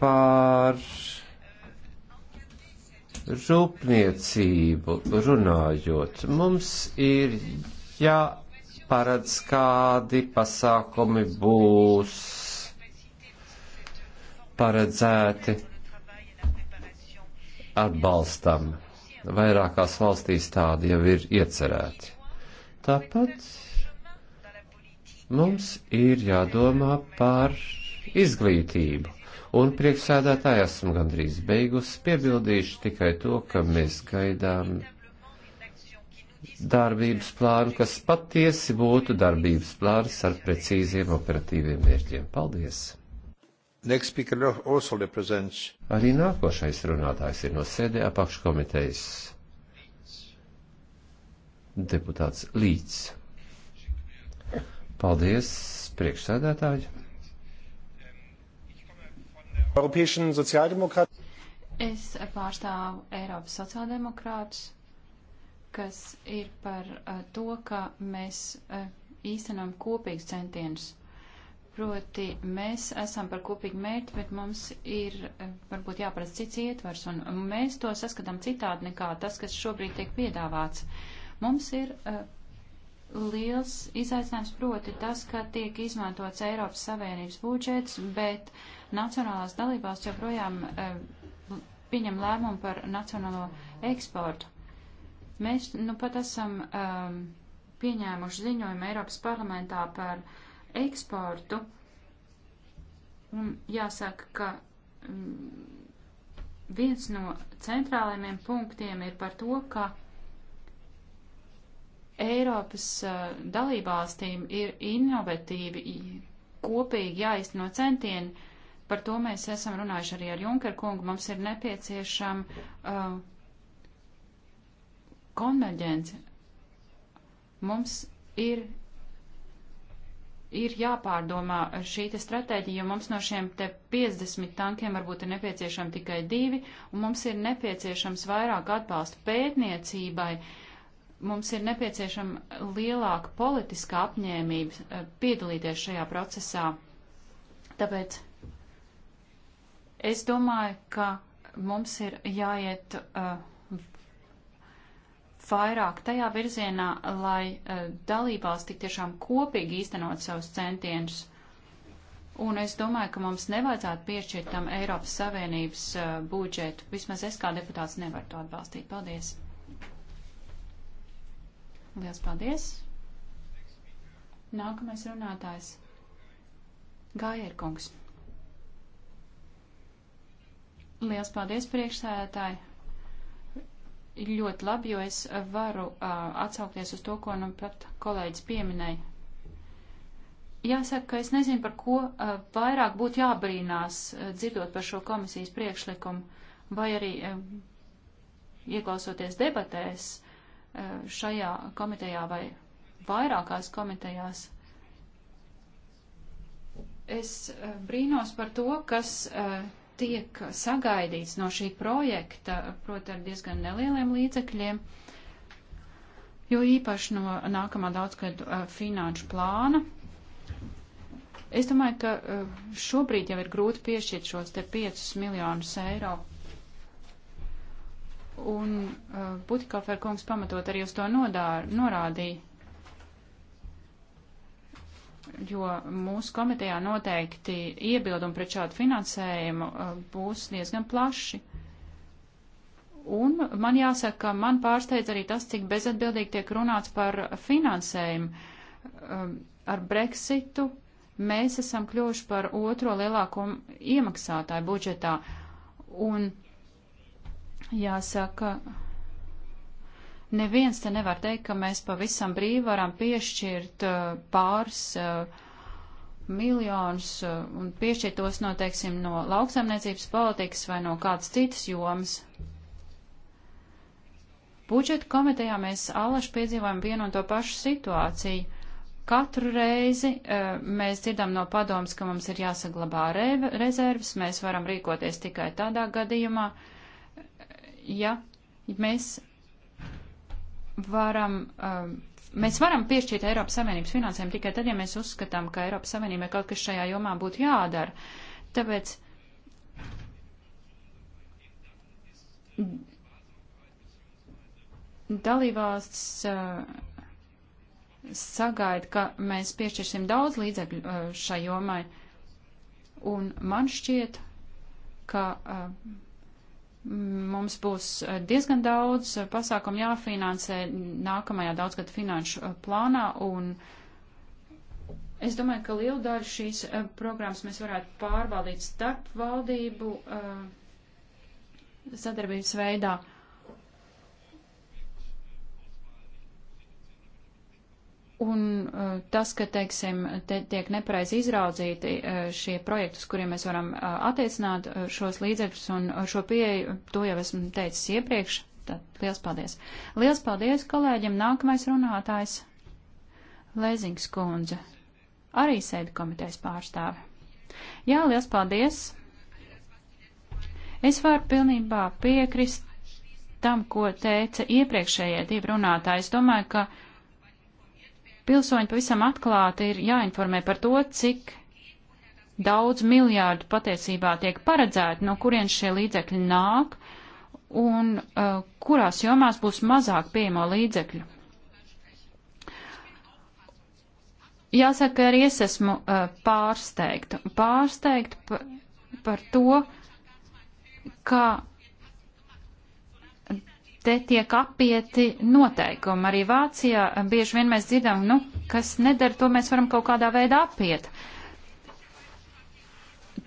pār rūpniecību runājot. Mums ir jā jāparedz, kādi pasākumi būs paredzēti atbalstam. Vairākās valstīs tādi jau ir iecerēti. Tāpat mums ir jādomā par izglītību. Un priekšsēdētāji esmu gandrīz beigusi, piebildīšu tikai to, ka mēs gaidām darbības plānu, kas patiesi būtu darbības plāns ar precīziem operatīviem mērķiem. Paldies! Arī nākošais runātājs ir no sēdē apakškomitejas deputāts Līdz. Paldies, priekšsēdētāji! Es pārstāvu Eiropas sociāldemokrātus kas ir par uh, to, ka mēs uh, eh, īstenām kopīgus centienus. Proti, mēs esam par kopīgu mērķi, bet mums ir uh, varbūt jāparedz cits ietvars, un mēs to saskatām citādi nekā tas, kas šobrīd tiek piedāvāts. Mums ir uh, liels izaicinājums proti tas, ka tiek izmantots Eiropas Savienības budžets, bet nacionālās dalībās joprojām uh, pieņem lēmumu par nacionālo eksportu. Mēs nu pat esam um, pieņēmuši ziņojumu Eiropas parlamentā par eksportu. Un jāsaka, ka um, viens no centrālajiem punktiem ir par to, ka Eiropas uh, dalībvalstīm ir inovatīvi kopīgi jāizteno centieni. Par to mēs esam runājuši arī ar Junker kungu. Mums ir nepieciešama uh, konverģenci, mums ir, ir jāpārdomā šī te stratēģija, jo mums no šiem te 50 tankiem varbūt ir nepieciešami tikai divi, un mums ir nepieciešams vairāk atbalsta pētniecībai, mums ir nepieciešama lielāka politiskā apņēmība eh, piedalīties šajā procesā. Tāpēc es domāju, ka mums ir jāiet uh, vairāk tajā virzienā, lai uh, eh, dalībās tik tiešām kopīgi īstenot savus centienus. Un es domāju, ka mums nevajadzētu piešķirt tam Eiropas Savienības uh, budžetu. Vismaz es kā deputāts nevaru to atbalstīt. Paldies! Lielas paldies! Nākamais runātājs - Gājērkungs. Lielas paldies priekšsēdētāji! ļoti labi, jo es varu uh, atsaukties uz to, ko nu pat kolēģis pieminēja. Jāsaka, ka es nezinu, par ko uh, vairāk būtu jābrīnās uh, dzirdot par šo komisijas priekšlikumu, vai arī uh, ieklausoties debatēs uh, šajā komitejā vai vairākās komitejās. Es uh, brīnos par to, kas. Uh, tiek sagaidīts no šī projekta, proti ar diezgan nelieliem līdzekļiem, jo īpaši no nākamā daudzgadu eh, finanšu plāna. Es domāju, ka eh, šobrīd jau ir grūti piešķirt šos te 5 miljonus eiro. Un eh, Butikofer kungs pamatot arī uz to nodār, norādīja jo mūsu komitejā noteikti iebildumi pret šādu finansējumu uh, būs diezgan plaši. Un man jāsaka, ka man pārsteidz arī tas, cik bezatbildīgi tiek runāts par finansējumu. Um, ar Brexitu mēs esam kļuvuši par otro lielāko iemaksātāju budžetā. Un jāsaka, Neviens te nevar teikt, ka mēs pavisam brīvi varam piešķirt uh, pāris uh, miljonus uh, un piešķirt tos noteiksim nu, no lauksaimniecības politikas vai no kādas citas jomas. Budžeta komitejā mēs alaši piedzīvojam vienu un to pašu situāciju. Katru reizi mēs dzirdam no padoms, ka mums ir jāsaglabā re rezerves, mēs varam rīkoties tikai tādā gadījumā, ja mēs varam. Um, Mēs varam piešķirt Eiropas Savienības finansēm tikai tad, ja mēs uzskatām, ka Eiropas Savienībai kaut kas šajā jomā būtu jādara. Tāpēc dalībvalsts uh, sagaida, ka mēs piešķirsim daudz līdzekļu uh, šai jomai, un man šķiet, ka uh, Mums būs eh, diezgan daudz eh, pasākumu jāfinansē nākamajā daudzgada finanšu eh, plānā, un es domāju, ka lielu daļu šīs programmas mēs varētu pārvaldīt starp valdību sadarbības veidā. Uh, Un eh, tas, ka, teiksim, te tiek nepareizi izraudzīti eh, šie projekti, uz kuriem mēs varam eh, attiecināt šos līdzekļus un šo pieeju, to jau esmu teicis iepriekš. Tad liels paldies. Liels paldies kolēģim. Nākamais runātājs - Lezings kundze. Arī sēdi komitejas pārstāve. Jā, liels paldies. Es varu pilnībā piekrist tam, ko teica iepriekšējie divi runātāji. Es domāju, ka Pilsoņi pavisam atklāti ir jāinformē par to, cik daudz miljārdu patiesībā tiek paredzēti, no kurien šie līdzekļi nāk un uh, kurās jomās būs mazāk pieejamo līdzekļu. Jāsaka, arī es esmu uh, pārsteigta. Pārsteigta pa, par to, ka te tiek apieti noteikumi. Arī Vācijā bieži vien mēs dzirdam, nu, kas nedara, to mēs varam kaut kādā veidā apiet.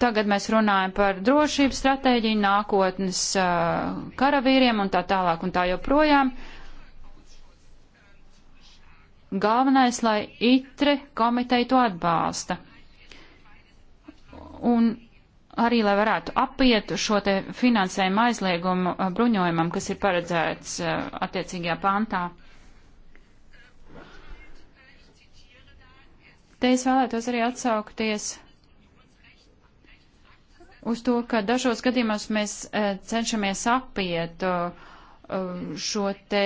Tagad mēs runājam par drošības stratēģiju, nākotnes uh, karavīriem un tā tālāk un tā joprojām. Galvenais, lai itre komiteja to atbalsta. Un arī, lai varētu apiet šo te finansējumu aizliegumu uh, bruņojumam, kas ir paredzēts uh, attiecīgajā pantā. Te es vēlētos arī atsaukties uz to, ka dažos gadījumos mēs uh, cenšamies apiet šo te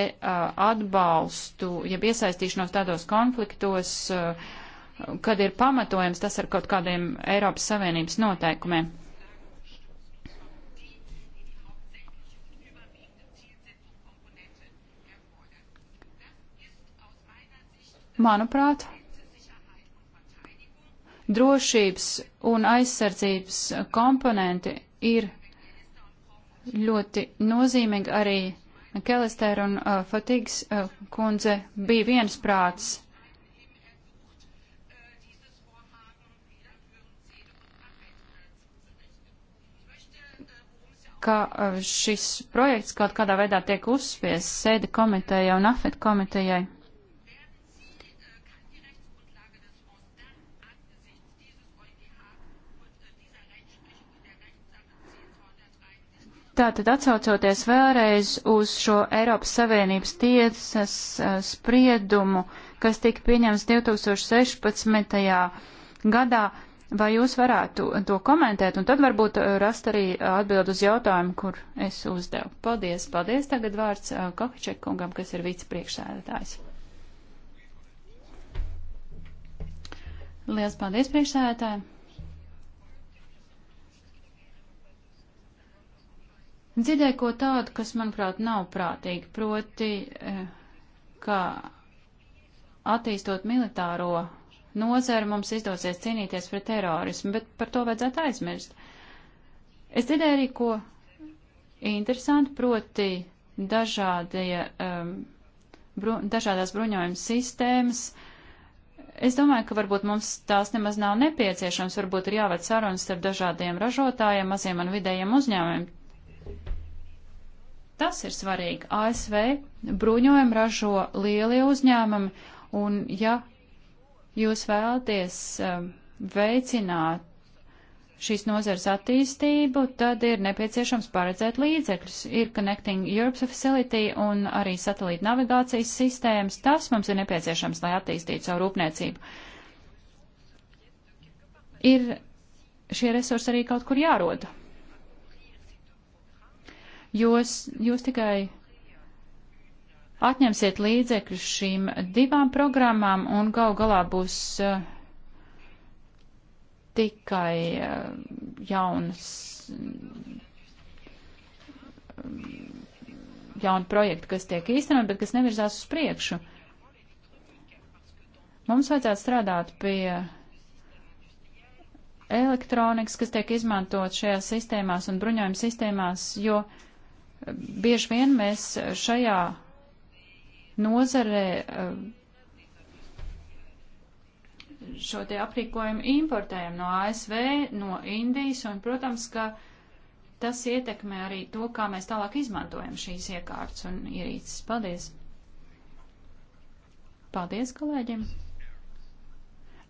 atbalstu, jeb iesaistīšanos tādos konfliktos, uh, kad ir pamatojams tas ar kaut kādiem Eiropas Savienības noteikumiem. Manuprāt, drošības un aizsardzības komponenti ir ļoti nozīmīgi arī Kelester un uh, Fatigs uh, kundze bija viensprāts ka eh, šis projekts kaut kādā veidā tiek uzspies sēdi komitejai un afet komitejai. Tātad atsaucoties vēlreiz uz šo Eiropas Savienības tiesas eh, spriedumu, kas tika pieņems 2016. gadā, Vai jūs varētu to komentēt un tad varbūt eh, rast arī eh, atbild uz jautājumu, kur es uzdevu? Paldies, paldies. Tagad vārds eh, Kohaček kungam, kas ir vicepriekšsēdētājs. Liels paldies priekšsēdētājiem. Dzirdēju ko tādu, kas, manuprāt, nav prātīgi, proti, ka attīstot militāro nozaru mums izdosies cīnīties pret terorismu, bet par to vajadzētu aizmirst. Es dzirdēju arī ko interesantu, proti dažādie, um, bru, dažādās bruņojuma sistēmas. Es domāju, ka varbūt mums tās nemaz nav nepieciešams, varbūt ir jāved sarunas starp dažādiem ražotājiem, maziem un vidējiem uzņēmumiem. Tas ir svarīgi. ASV bruņojumu ražo lielie uzņēmumi, un ja jūs vēlaties um, veicināt šīs nozars attīstību, tad ir nepieciešams paredzēt līdzekļus. Ir Connecting Europe Facility un arī satelīta navigācijas sistēmas. Tas mums ir nepieciešams, lai attīstītu savu rūpniecību. Ir šie resursi arī kaut kur jāroda. Jūs, jūs tikai atņemsiet līdzekļus šīm divām programmām un gal galā būs uh, tikai uh, jaunas, eh, jauni projekti, kas tiek īstenot, bet kas nevirzās uz priekšu. Mums vajadzētu strādāt pie elektronikas, kas tiek izmantot šajās sistēmās un bruņojuma sistēmās, jo bieži vien mēs šajā nozarē eh, šo te aprīkojumu importējam no ASV, no Indijas, un, protams, ka tas ietekmē arī to, kā mēs tālāk izmantojam šīs iekārtas un ierīces. Paldies! Paldies kolēģiem!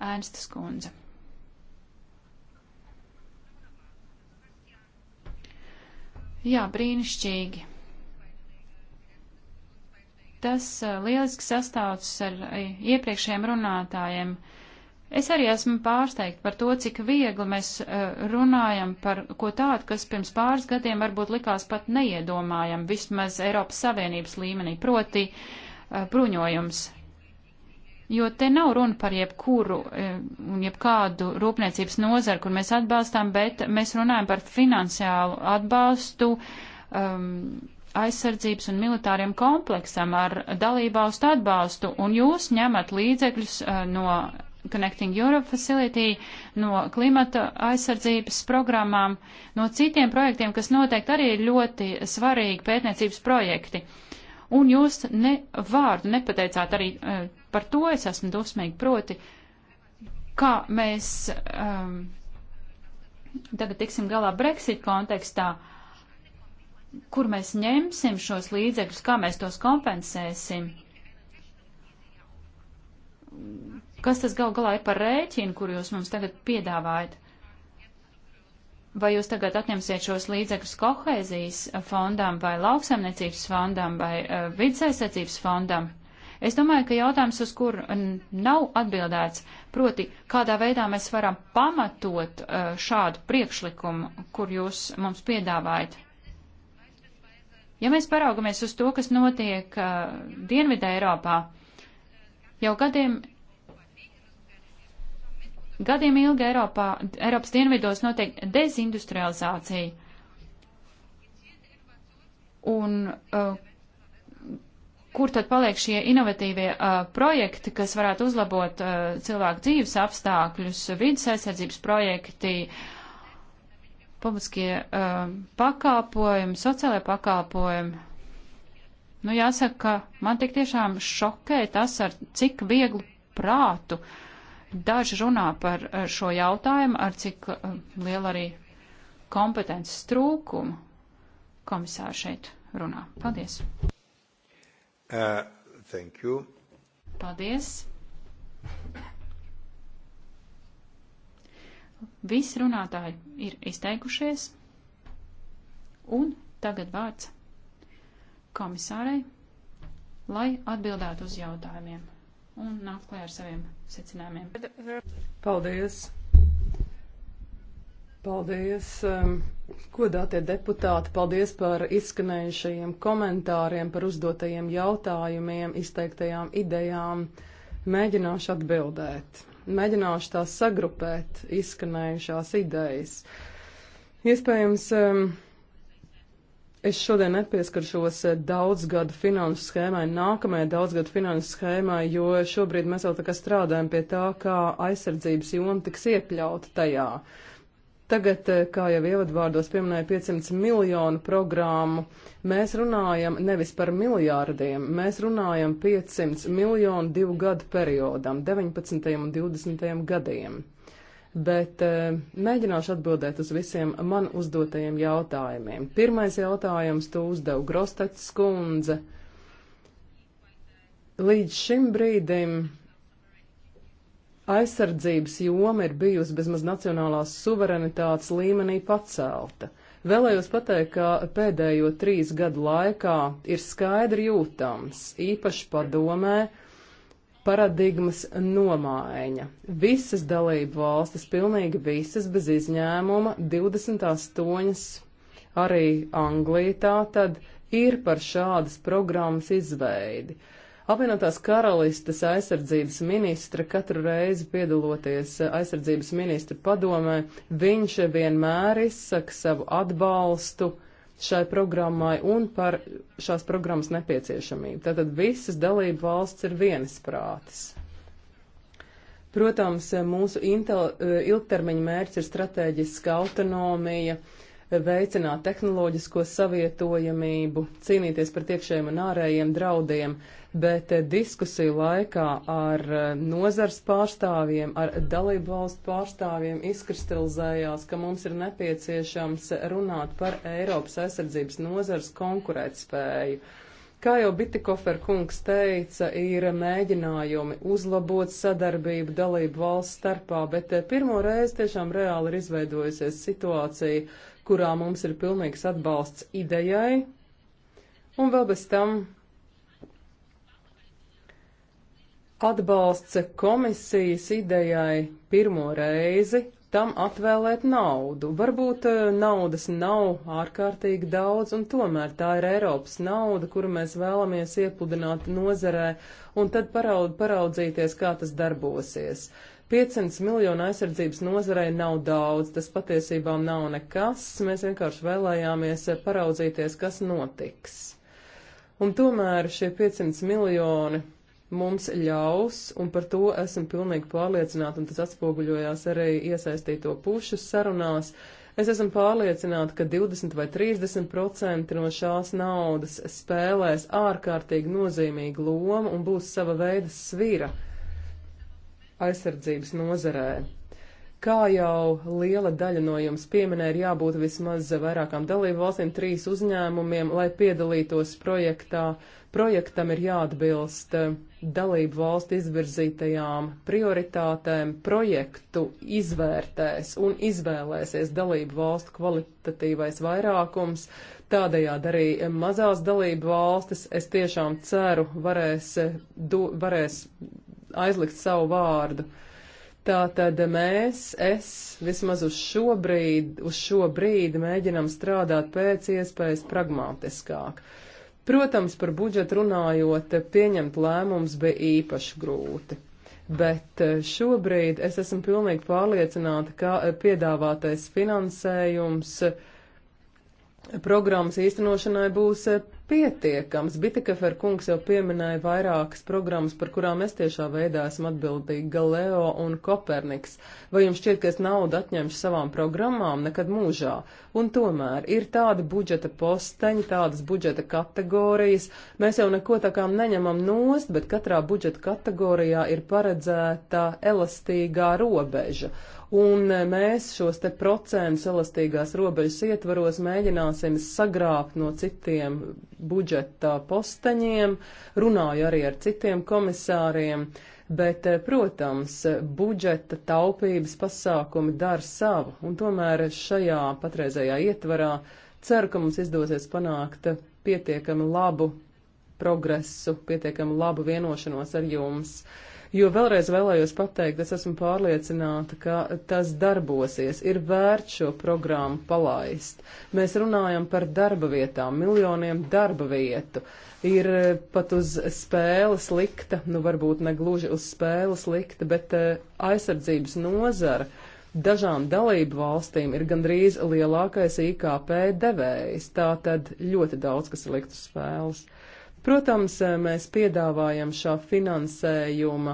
Ērnstas kundze. Jā, brīnišķīgi. Tas lieliski sastāvs ar iepriekšējiem runātājiem. Es arī esmu pārsteigta par to, cik viegli mēs runājam par ko tādu, kas pirms pāris gadiem varbūt likās pat neiedomājam, vismaz Eiropas Savienības līmenī, proti bruņojums. Jo te nav runa par jebkuru un jebkādu rūpniecības nozaru, kur mēs atbalstām, bet mēs runājam par finansiālu atbalstu um, aizsardzības un militāriem kompleksam ar dalībvalstu atbalstu, un jūs ņemat līdzekļus uh, no Connecting Europe Facility, no klimata aizsardzības programmām, no citiem projektiem, kas noteikti arī ir ļoti svarīgi pētniecības projekti. Un jūs ne vārdu nepateicāt arī uh, par to, es esmu dosmīgi proti, kā mēs um, tagad tiksim galā Brexit kontekstā. Uh, kur mēs ņemsim šos līdzekļus, kā mēs tos kompensēsim. Kas tas gal galā ir par rēķinu, kur jūs mums tagad piedāvājat? Vai jūs tagad atņemsiet šos līdzekļus kohēzijas fondam vai lauksaimniecības fondam vai uh, eh, vidsaisacības fondam? Es domāju, ka jautājums, uz kur nav atbildēts, proti, kādā veidā mēs varam pamatot uh, šādu priekšlikumu, kur jūs mums piedāvājat. Ja mēs paraugamies uz to, kas notiek uh, Dienvidē Eiropā, jau gadiem, gadiem ilgi Eiropā, Eiropas dienvidos notiek dezindustrializācija. Un uh, kur tad paliek šie inovatīvie uh, projekti, kas varētu uzlabot uh, cilvēku dzīves apstākļus, vidas aizsardzības projekti, uh, publiskie uh, pakāpojumi, sociālai pakāpojumi. Nu, jāsaka, ka man tik tiešām šokē tas, ar cik vieglu prātu daži runā par šo jautājumu, ar cik uh, lielu arī kompetences trūkumu komisāri šeit runā. Paldies! Uh, thank you. Paldies! Visi runātāji ir izteikušies. Un tagad vārds komisārai, lai atbildētu uz jautājumiem un nāk klajā ar saviem secinājumiem. Paldies! Paldies, um, godātie deputāti, paldies par izskanējušajiem komentāriem, par uzdotajiem jautājumiem, izteiktajām idejām. Mēģināšu atbildēt. Mēģināšu tās sagrupēt izskanējušās idejas. Iespējams, es šodien nepieskaršos eh, daudzgadu finanšu schēmai, nākamajai daudzgadu finanšu schēmai, jo šobrīd mēs vēl tā kā strādājam pie tā, kā aizsardzības joma tiks iekļauta tajā. Uh, Tagad, eh, kā jau ievadvārdos pieminēja 500 miljonu programmu, mēs runājam nevis par miljārdiem, mēs runājam 500 miljonu divu gadu periodam, 19. un 20. gadiem. Bet eh, mēģināšu atbildēt uz visiem man uzdotajiem jautājumiem. Pirmais jautājums tu uzdev Grostets kundze. Līdz šim brīdim Aizsardzības joma ir bijusi bezmaz nacionālās suverenitātes līmenī pacelta. Vēlējos pateikt, ka pēdējo trīs gadu laikā ir skaidri jūtams, īpaši padomē, paradigmas nomaiņa. Visas dalību valstis, pilnīgi visas bez izņēmuma, 28, arī Anglija tātad, ir par šādas programmas izveidi. Apvienotās karalistes aizsardzības ministra katru reizi piedaloties aizsardzības ministra padomē, viņš vienmēr izsaka savu atbalstu šai programmai un par šās programmas nepieciešamību. Tātad visas dalību valsts ir vienisprātis. Protams, mūsu ilgtermiņa mērķis ir strateģiska autonomija veicināt tehnoloģisko savietojamību, cīnīties pret iekšējiem un ārējiem draudiem, bet eh, diskusiju laikā ar eh, nozars pārstāvjiem, ar dalību valstu pārstāvjiem izkristalizējās, ka mums ir nepieciešams runāt par Eiropas aizsardzības nozars konkurētspēju. Kā jau Bitikofer kungs teica, ir mēģinājumi uzlabot sadarbību dalību valsts starpā, bet eh, pirmo reizi tiešām reāli ir izveidojusies situācija, kurā mums ir pilnīgs atbalsts idejai, un vēl bez tam atbalsts komisijas idejai pirmo reizi tam atvēlēt naudu. Varbūt eh, naudas nav ārkārtīgi daudz, un tomēr tā ir Eiropas nauda, kuru mēs vēlamies iepludināt nozarē, un tad paraud, paraudzīties, kā tas darbosies. 500 miljonu aizsardzības nozarei nav daudz, tas patiesībā nav nekas, mēs vienkārši vēlējāmies paraudzīties, kas notiks. Un tomēr šie 500 miljoni mums ļaus, un par to esam pilnīgi pārliecināti, un tas atspoguļojās arī iesaistīto pušu sarunās. Es esmu pārliecināta, ka 20 vai 30 procenti no šās naudas spēlēs ārkārtīgi nozīmīgu lomu un būs sava veida svira aizsardzības nozarē. Kā jau liela daļa no jums pieminēja, ir jābūt vismaz vairākām dalību valstīm, trīs uzņēmumiem, lai piedalītos projektā. Projektam ir jāatbilst dalību valstu izvirzītajām prioritātēm, projektu izvērtēs un izvēlēsies dalību valstu kvalitatīvais vairākums. Tādējādi arī mazās dalību valstis, es tiešām ceru, varēs, do, varēs aizlikt savu vārdu. Tātad mēs, es vismaz uz šo brīdi, uz šo brīdi mēģinam strādāt pēc iespējas pragmātiskāk. Protams, par budžetu runājot, pieņemt lēmums bija īpaši grūti. Bet eh, šobrīd es esmu pilnīgi pārliecināta, ka eh, piedāvātais finansējums eh, programmas īstenošanai būs pietiekams. Bitekafer kungs jau pieminēja vairākas programmas, par kurām es tiešā veidā esmu atbildīgi - Galeo un Koperniks. Vai jums šķiet, ka es naudu atņemšu savām programmām nekad mūžā? Un tomēr ir tādi budžeta posteņi, tādas budžeta kategorijas. Mēs jau neko tā kā neņemam nost, bet katrā budžeta kategorijā ir paredzēta elastīgā robeža un eh, mēs šos te procentus elastīgās robežas ietvaros mēģināsim sagrābt no citiem budžeta posteņiem, runāju arī ar citiem komisāriem, bet, eh, protams, budžeta taupības pasākumi dar savu, un tomēr šajā patreizējā ietvarā ceru, ka mums izdosies panākt pietiekami labu progresu, pietiekami labu vienošanos ar jums. Uh, jo vēlreiz vēlējos pateikt, es esmu pārliecināta, ka tas darbosies, ir vērts šo programmu palaist. Mēs runājam par darba vietām, miljoniem darba vietu. Ir pat uz spēles likta, nu varbūt ne gluži uz spēles likta, bet eh, aizsardzības nozara dažām dalību valstīm ir gandrīz lielākais IKP devējs. Tā tad ļoti daudz, kas ir likt uz spēles. Protams, eh, mēs piedāvājam šā finansējuma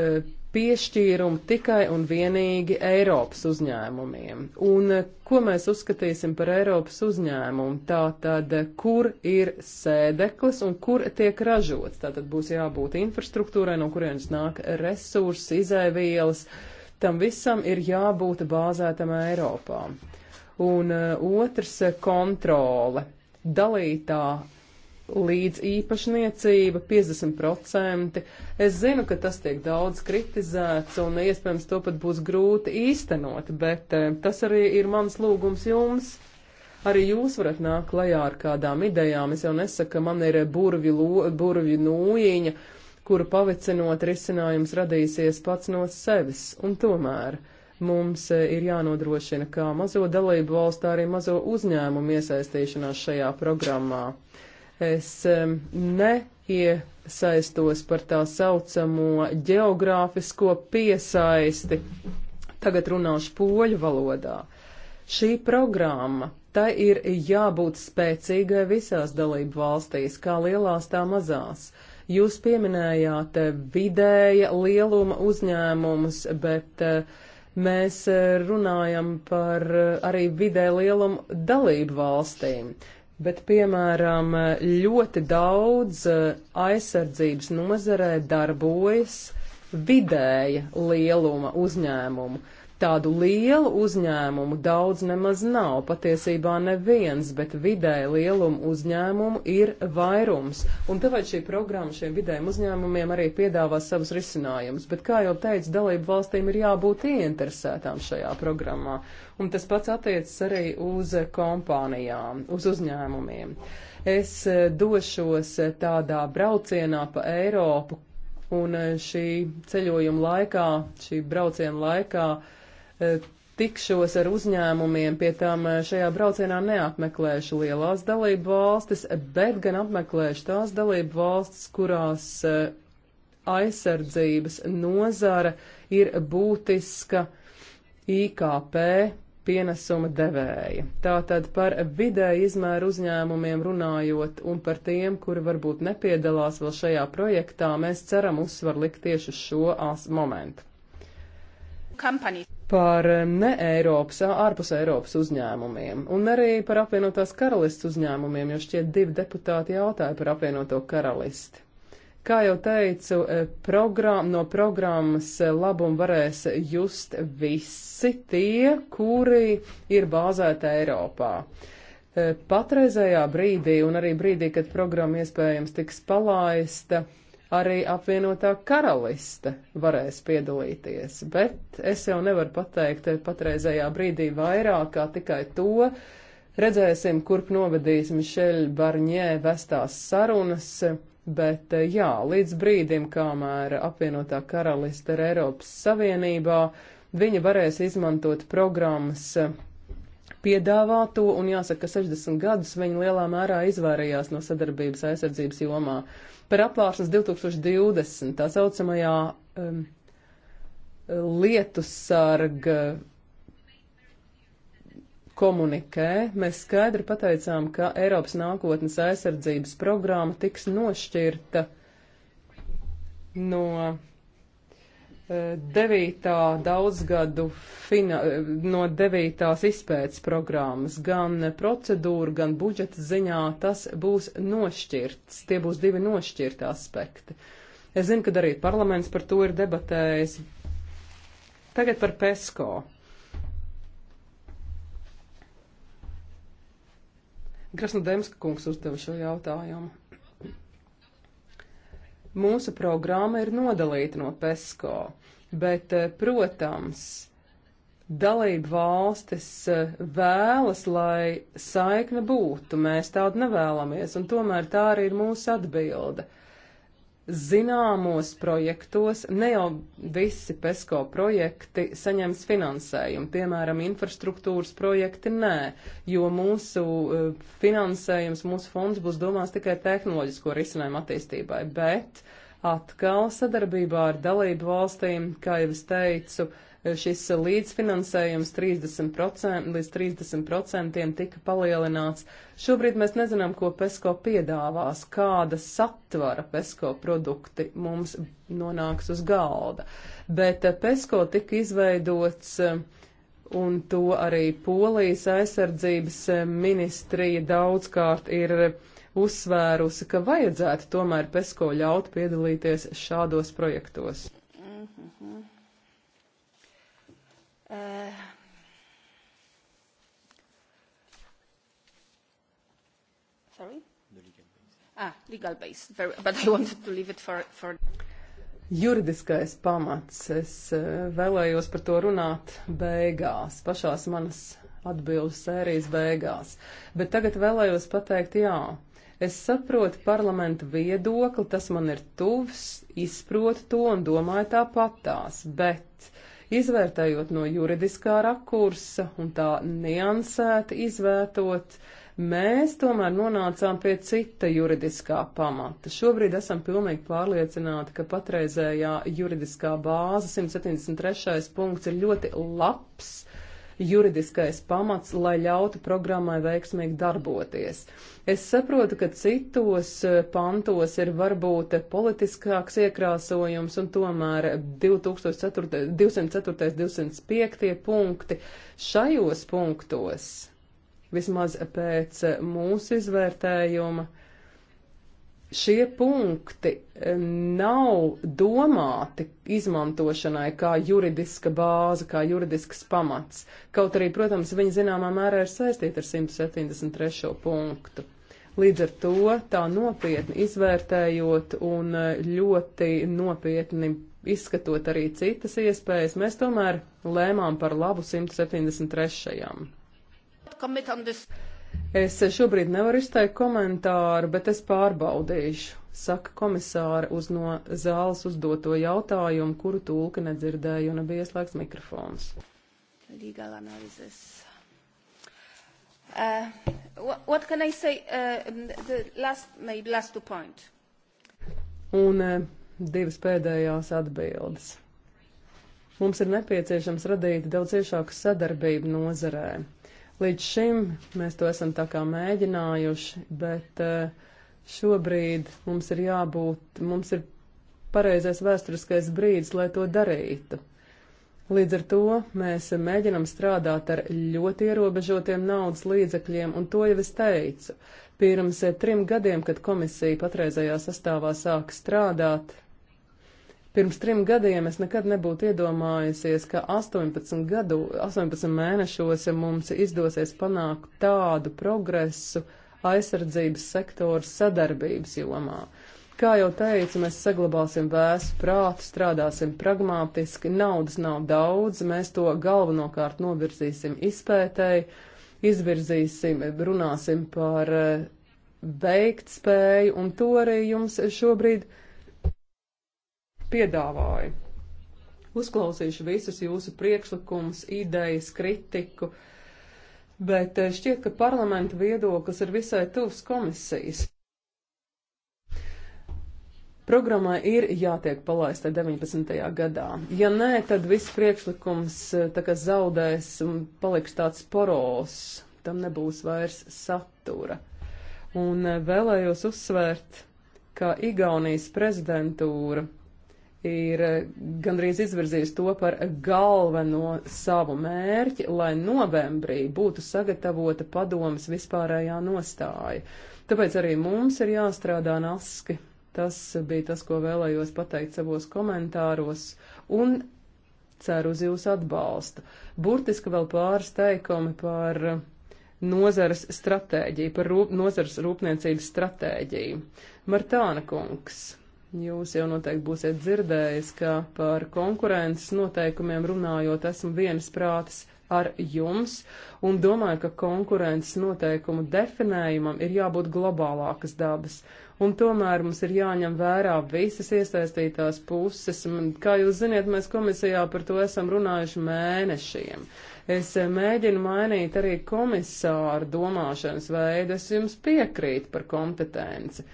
eh, piešķīrumu tikai un vienīgi Eiropas uzņēmumiem. Un eh, ko mēs uzskatīsim par Eiropas uzņēmumu? Tā tad, kur ir sēdeklis un kur tiek ražots? Tā tad būs jābūt infrastruktūrai, no kurienes nāk resursi, izēvielas. Tam visam ir jābūt bāzētam Eiropā. Un uh, otrs - kontrole. Dalītā līdz īpašniecība 50%. Es zinu, ka tas tiek daudz kritizēts un iespējams to pat būs grūti īstenot, bet eh, tas arī ir mans lūgums jums. Arī jūs varat nākt klajā ar kādām idejām. Es jau nesaku, ka man ir burvi, lo, burvi nūjiņa, kuru pavicinot risinājums radīsies pats no sevis. Un tomēr mums eh, ir jānodrošina kā mazo dalību valstā arī mazo uzņēmumu iesaistīšanās šajā programmā. Uh, Es neiesaistos par tā saucamo geogrāfisko piesaisti. Tagad runāšu poļu valodā. Šī programma, tai ir jābūt spēcīgai visās dalību valstīs, kā lielās, tā mazās. Jūs pieminējāt eh, vidēja lieluma uzņēmumus, bet uh, mēs eh, runājam par arī vidē lielumu dalību valstīm. Bet, piemēram, ļoti daudz eh, aizsardzības nozarē darbojas vidēja lieluma uzņēmumu. Tādu lielu uzņēmumu daudz nemaz nav, patiesībā neviens, bet vidēji lielumu uzņēmumu ir vairums. Un tāpēc šī programma šiem vidējiem uzņēmumiem arī piedāvā savus risinājumus. Bet, kā jau teicu, dalību valstīm ir jābūt ieinteresētām šajā programmā. Un tas pats attiecas arī uz kompānijām, uz uzņēmumiem. Es eh, došos eh, tādā braucienā pa Eiropu, un eh, šī ceļojuma laikā, šī brauciena laikā, uh, Eh, tikšos ar uzņēmumiem, pie tām eh, šajā braucienā neapmeklēšu lielās dalību valstis, bet gan apmeklēšu tās dalību valstis, kurās eh, aizsardzības nozara ir būtiska IKP pienesuma devēja. Tātad par vidēji izmēru uzņēmumiem runājot un par tiem, kuri varbūt nepiedalās vēl šajā projektā, mēs ceram uzsvar likt tieši uz šo momentu. Kampaņas par eh, ne Eiropas, ārpus Eiropas uzņēmumiem un arī par apvienotās karalists uzņēmumiem, jo šķiet divi deputāti jautāja par apvienoto karalisti. Kā jau teicu, eh, program, no programmas eh, labumu varēs just visi tie, kuri ir bāzēti Eiropā. Patreizējā brīdī un arī brīdī, kad programma iespējams tiks palaista, arī apvienotā karaliste varēs piedalīties, bet es jau nevaru pateikt patreizējā brīdī vairāk kā tikai to. Redzēsim, kurp novedīs Mišeļa Barņē vestās sarunas, bet jā, līdz brīdim, kamēr apvienotā karaliste ir Eiropas Savienībā, viņa varēs izmantot programmas piedāvāto, un jāsaka, ka 60 gadus viņa lielā mērā izvairījās no sadarbības aizsardzības jomā par apvārsnes 2020, tā saucamajā um, lietu sarga komunikē. Mēs skaidri pateicām, ka Eiropas nākotnes aizsardzības programma tiks nošķirta no devītā daudzgadu fina, no devītās izpētes programmas, gan procedūra, gan budžeta ziņā tas būs nošķirts. Tie būs divi nošķirti aspekti. Es zinu, ka arī parlaments par to ir debatējis. Tagad par PESCO. Krasnodemska kungs uzdeva šo jautājumu. Mūsu programma ir nodalīta no PESCO, bet, eh, protams, dalību valstis eh, vēlas, lai saikne būtu. Mēs tādu nevēlamies, un tomēr tā arī ir mūsu atbilde. Uh, zināmos projektos, ne jau visi PESCO projekti saņems finansējumu, piemēram, infrastruktūras projekti nē, jo mūsu e, finansējums, mūsu fonds būs domās tikai tehnoloģisko risinājumu attīstībai, bet atkal sadarbībā ar dalību valstīm, kā jau es teicu, šis līdzfinansējums 30% līdz 30% tika palielināts. Šobrīd mēs nezinām, ko PESCO piedāvās, kāda satvara PESCO produkti mums nonāks uz galda. Bet eh, PESCO tika izveidots. Eh, un to arī Polijas aizsardzības eh, ministrija daudzkārt ir uzsvērusi, ka vajadzētu tomēr PESCO ļaut piedalīties šādos projektos. Uh, sorry? The legal base. Ah, legal base. Very, but I wanted to leave it for... for... Juridiskais pamats. Es uh, vēlējos par to runāt beigās, pašās manas atbildes sērijas beigās. Bet tagad vēlējos pateikt jā. Es saprotu parlamentu viedokli, tas man ir tuvs, izprotu to un domāju tāpatās, bet uh, Izvērtējot no juridiskā rakursa un tā niansēti izvērtot, mēs tomēr nonācām pie cita juridiskā pamata. Šobrīd esam pilnīgi pārliecināti, ka patreizējā juridiskā bāze 173. punkts ir ļoti labs juridiskais pamats, lai ļautu programmai veiksmīgi darboties. Es saprotu, ka citos e, pantos ir varbūt politiskāks iekrāsojums, un tomēr 2004, 204, 205 punkti šajos punktos, vismaz pēc mūsu izvērtējuma, šie punkti eh, nav domāti izmantošanai kā juridiska bāze, kā juridisks pamats. Kaut arī, protams, viņi zināmā mērā ir saistīti ar 173. punktu. Līdz ar to tā nopietni izvērtējot un eh, ļoti nopietni izskatot arī citas iespējas, mēs tomēr lēmām par labu 173. Es šobrīd nevaru izteikt komentāru, bet es pārbaudīšu, saka komisāra uz no zāles uzdoto jautājumu, kuru tulka nedzirdēja un bija ieslēgts mikrofons. Legal analysis. Uh, what can I say? Uh, the last, maybe last two point. Un uh, divas pēdējās atbildes. Mums ir nepieciešams radīt daudz ciešāku sadarbību nozarē. Līdz šim mēs to esam tā kā mēģinājuši, bet eh, šobrīd mums ir jābūt, mums ir pareizais vēsturiskais brīdis, lai to darītu. Līdz ar to mēs mēģinam strādāt ar ļoti ierobežotiem naudas līdzekļiem, un to jau es teicu. Pirms eh, trim gadiem, kad komisija patreizajā sastāvā sāka strādāt, Pirms trim gadiem es nekad nebūtu iedomājusies, ka 18, gadu, 18 mēnešos mums izdosies panākt tādu progresu aizsardzības sektora sadarbības jomā. Kā jau teicu, mēs saglabāsim vēstu prātu, strādāsim pragmātiski, naudas nav daudz, mēs to galvenokārt novirzīsim izpētēji, izvirzīsim, runāsim par eh, veiktspēju, un to arī jums šobrīd ir piedāvāja. Uzklausīšu visus jūsu priekšlikumus, idejas, kritiku, bet eh, šķiet, ka parlamenta viedoklis ir visai tuvs komisijas. Programmai ir jātiek palaista 19. gadā. Ja nē, tad viss priekšlikums eh, tā kā zaudēs un paliks tāds poros, tam nebūs vairs satura. Un eh, vēlējos uzsvērt, ka Igaunijas prezidentūra ir eh, gandrīz izvirzījis to par galveno savu mērķi, lai novembrī būtu sagatavota padomas vispārējā nostāja. Tāpēc arī mums ir jāstrādā naski. Tas bija tas, ko vēlējos pateikt savos komentāros, un ceru uz jūsu atbalstu. Burtiski vēl pāris teikumi par nozares stratēģiju, par rūp, nozares rūpniecības stratēģiju. Martāna kungs Jūs jau noteikti būsiet dzirdējis, ka par konkurences noteikumiem runājot esmu vienas prātas ar jums un domāju, ka konkurences noteikumu definējumam ir jābūt globālākas dabas. Un tomēr mums ir jāņem vērā visas iesaistītās puses. Kā jūs ziniet, mēs komisijā par to esam runājuši mēnešiem. Es mēģinu mainīt arī komisāru domāšanas veidu. Es jums piekrītu par kompetenci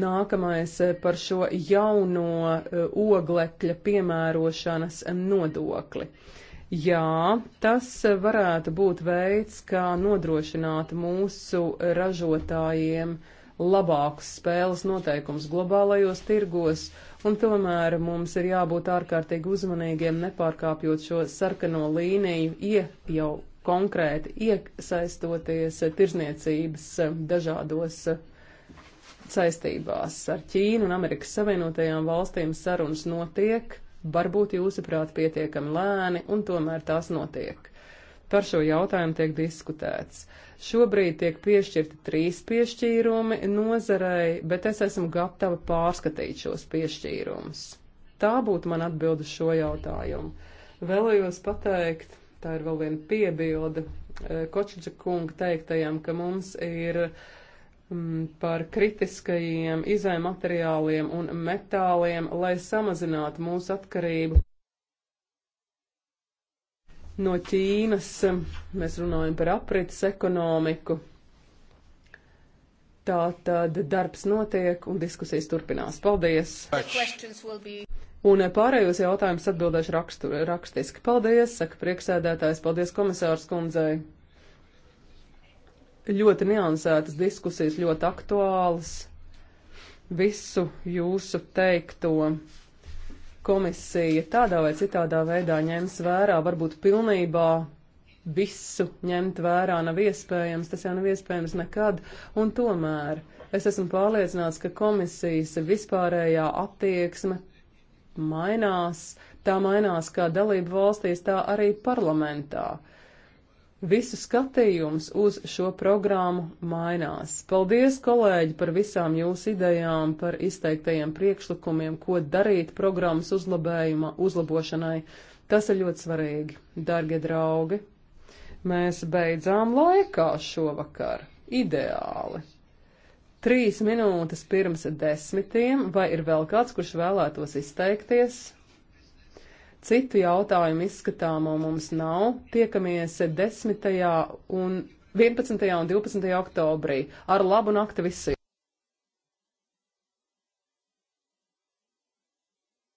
Nākamais eh, par šo jauno eh, oglekļa piemērošanas nodokli. Jā, tas varētu būt veids, kā nodrošināt mūsu ražotājiem labākus spēles noteikumus globālajos tirgos, un tomēr mums ir jābūt ārkārtīgi uzmanīgiem, nepārkāpjot šo sarkano līniju, ie, jau konkrēti iesaistoties tirzniecības eh, dažādos uh, saistībās ar Ķīnu un Amerikas Savienotajām valstīm sarunas notiek, varbūt jūsuprāt pietiekami lēni, un tomēr tās notiek. Par šo jautājumu tiek diskutēts. Šobrīd tiek piešķirti trīs piešķīrumi nozarei, bet es esmu gatava pārskatīt šos piešķīrumus. Tā būtu man atbilde šo jautājumu. Vēlējos pateikt, tā ir vēl viena piebilde eh, Kočiča kunga teiktajam, ka mums ir uh, Mm, par kritiskajiem izaimateriāliem un metāliem, lai samazinātu mūsu atkarību no Ķīnas. Mēs runājam par aprites ekonomiku. Tā tad darbs notiek un diskusijas turpinās. Paldies! Un pārējos jautājumus atbildēšu rakstu, rakstiski. Paldies, saka prieksēdētājs, paldies komisārs kundzei! ļoti niansētas diskusijas, ļoti aktuālas. Visu jūsu teikto komisija tādā vai citādā veidā ņems vērā, varbūt pilnībā visu ņemt vērā nav iespējams, tas jau nav iespējams nekad, un tomēr es esmu pārliecināts, ka komisijas vispārējā attieksme mainās, tā mainās kā dalību valstīs, tā arī parlamentā. Uh, visu skatījums uz šo programmu mainās. Paldies, kolēģi, par visām jūsu idejām, par izteiktajiem priekšlikumiem, ko darīt programmas uzlabējuma, uzlabošanai. Tas ir ļoti svarīgi, darbie draugi. Mēs beidzām laikā šovakar. Ideāli. Trīs minūtes pirms desmitiem, vai ir vēl kāds, kurš vēlētos izteikties? Citu jautājumu izskatāmo mums nav. Tiekamies 10. un 11. un 12. oktobrī. Ar labu nakti visiem!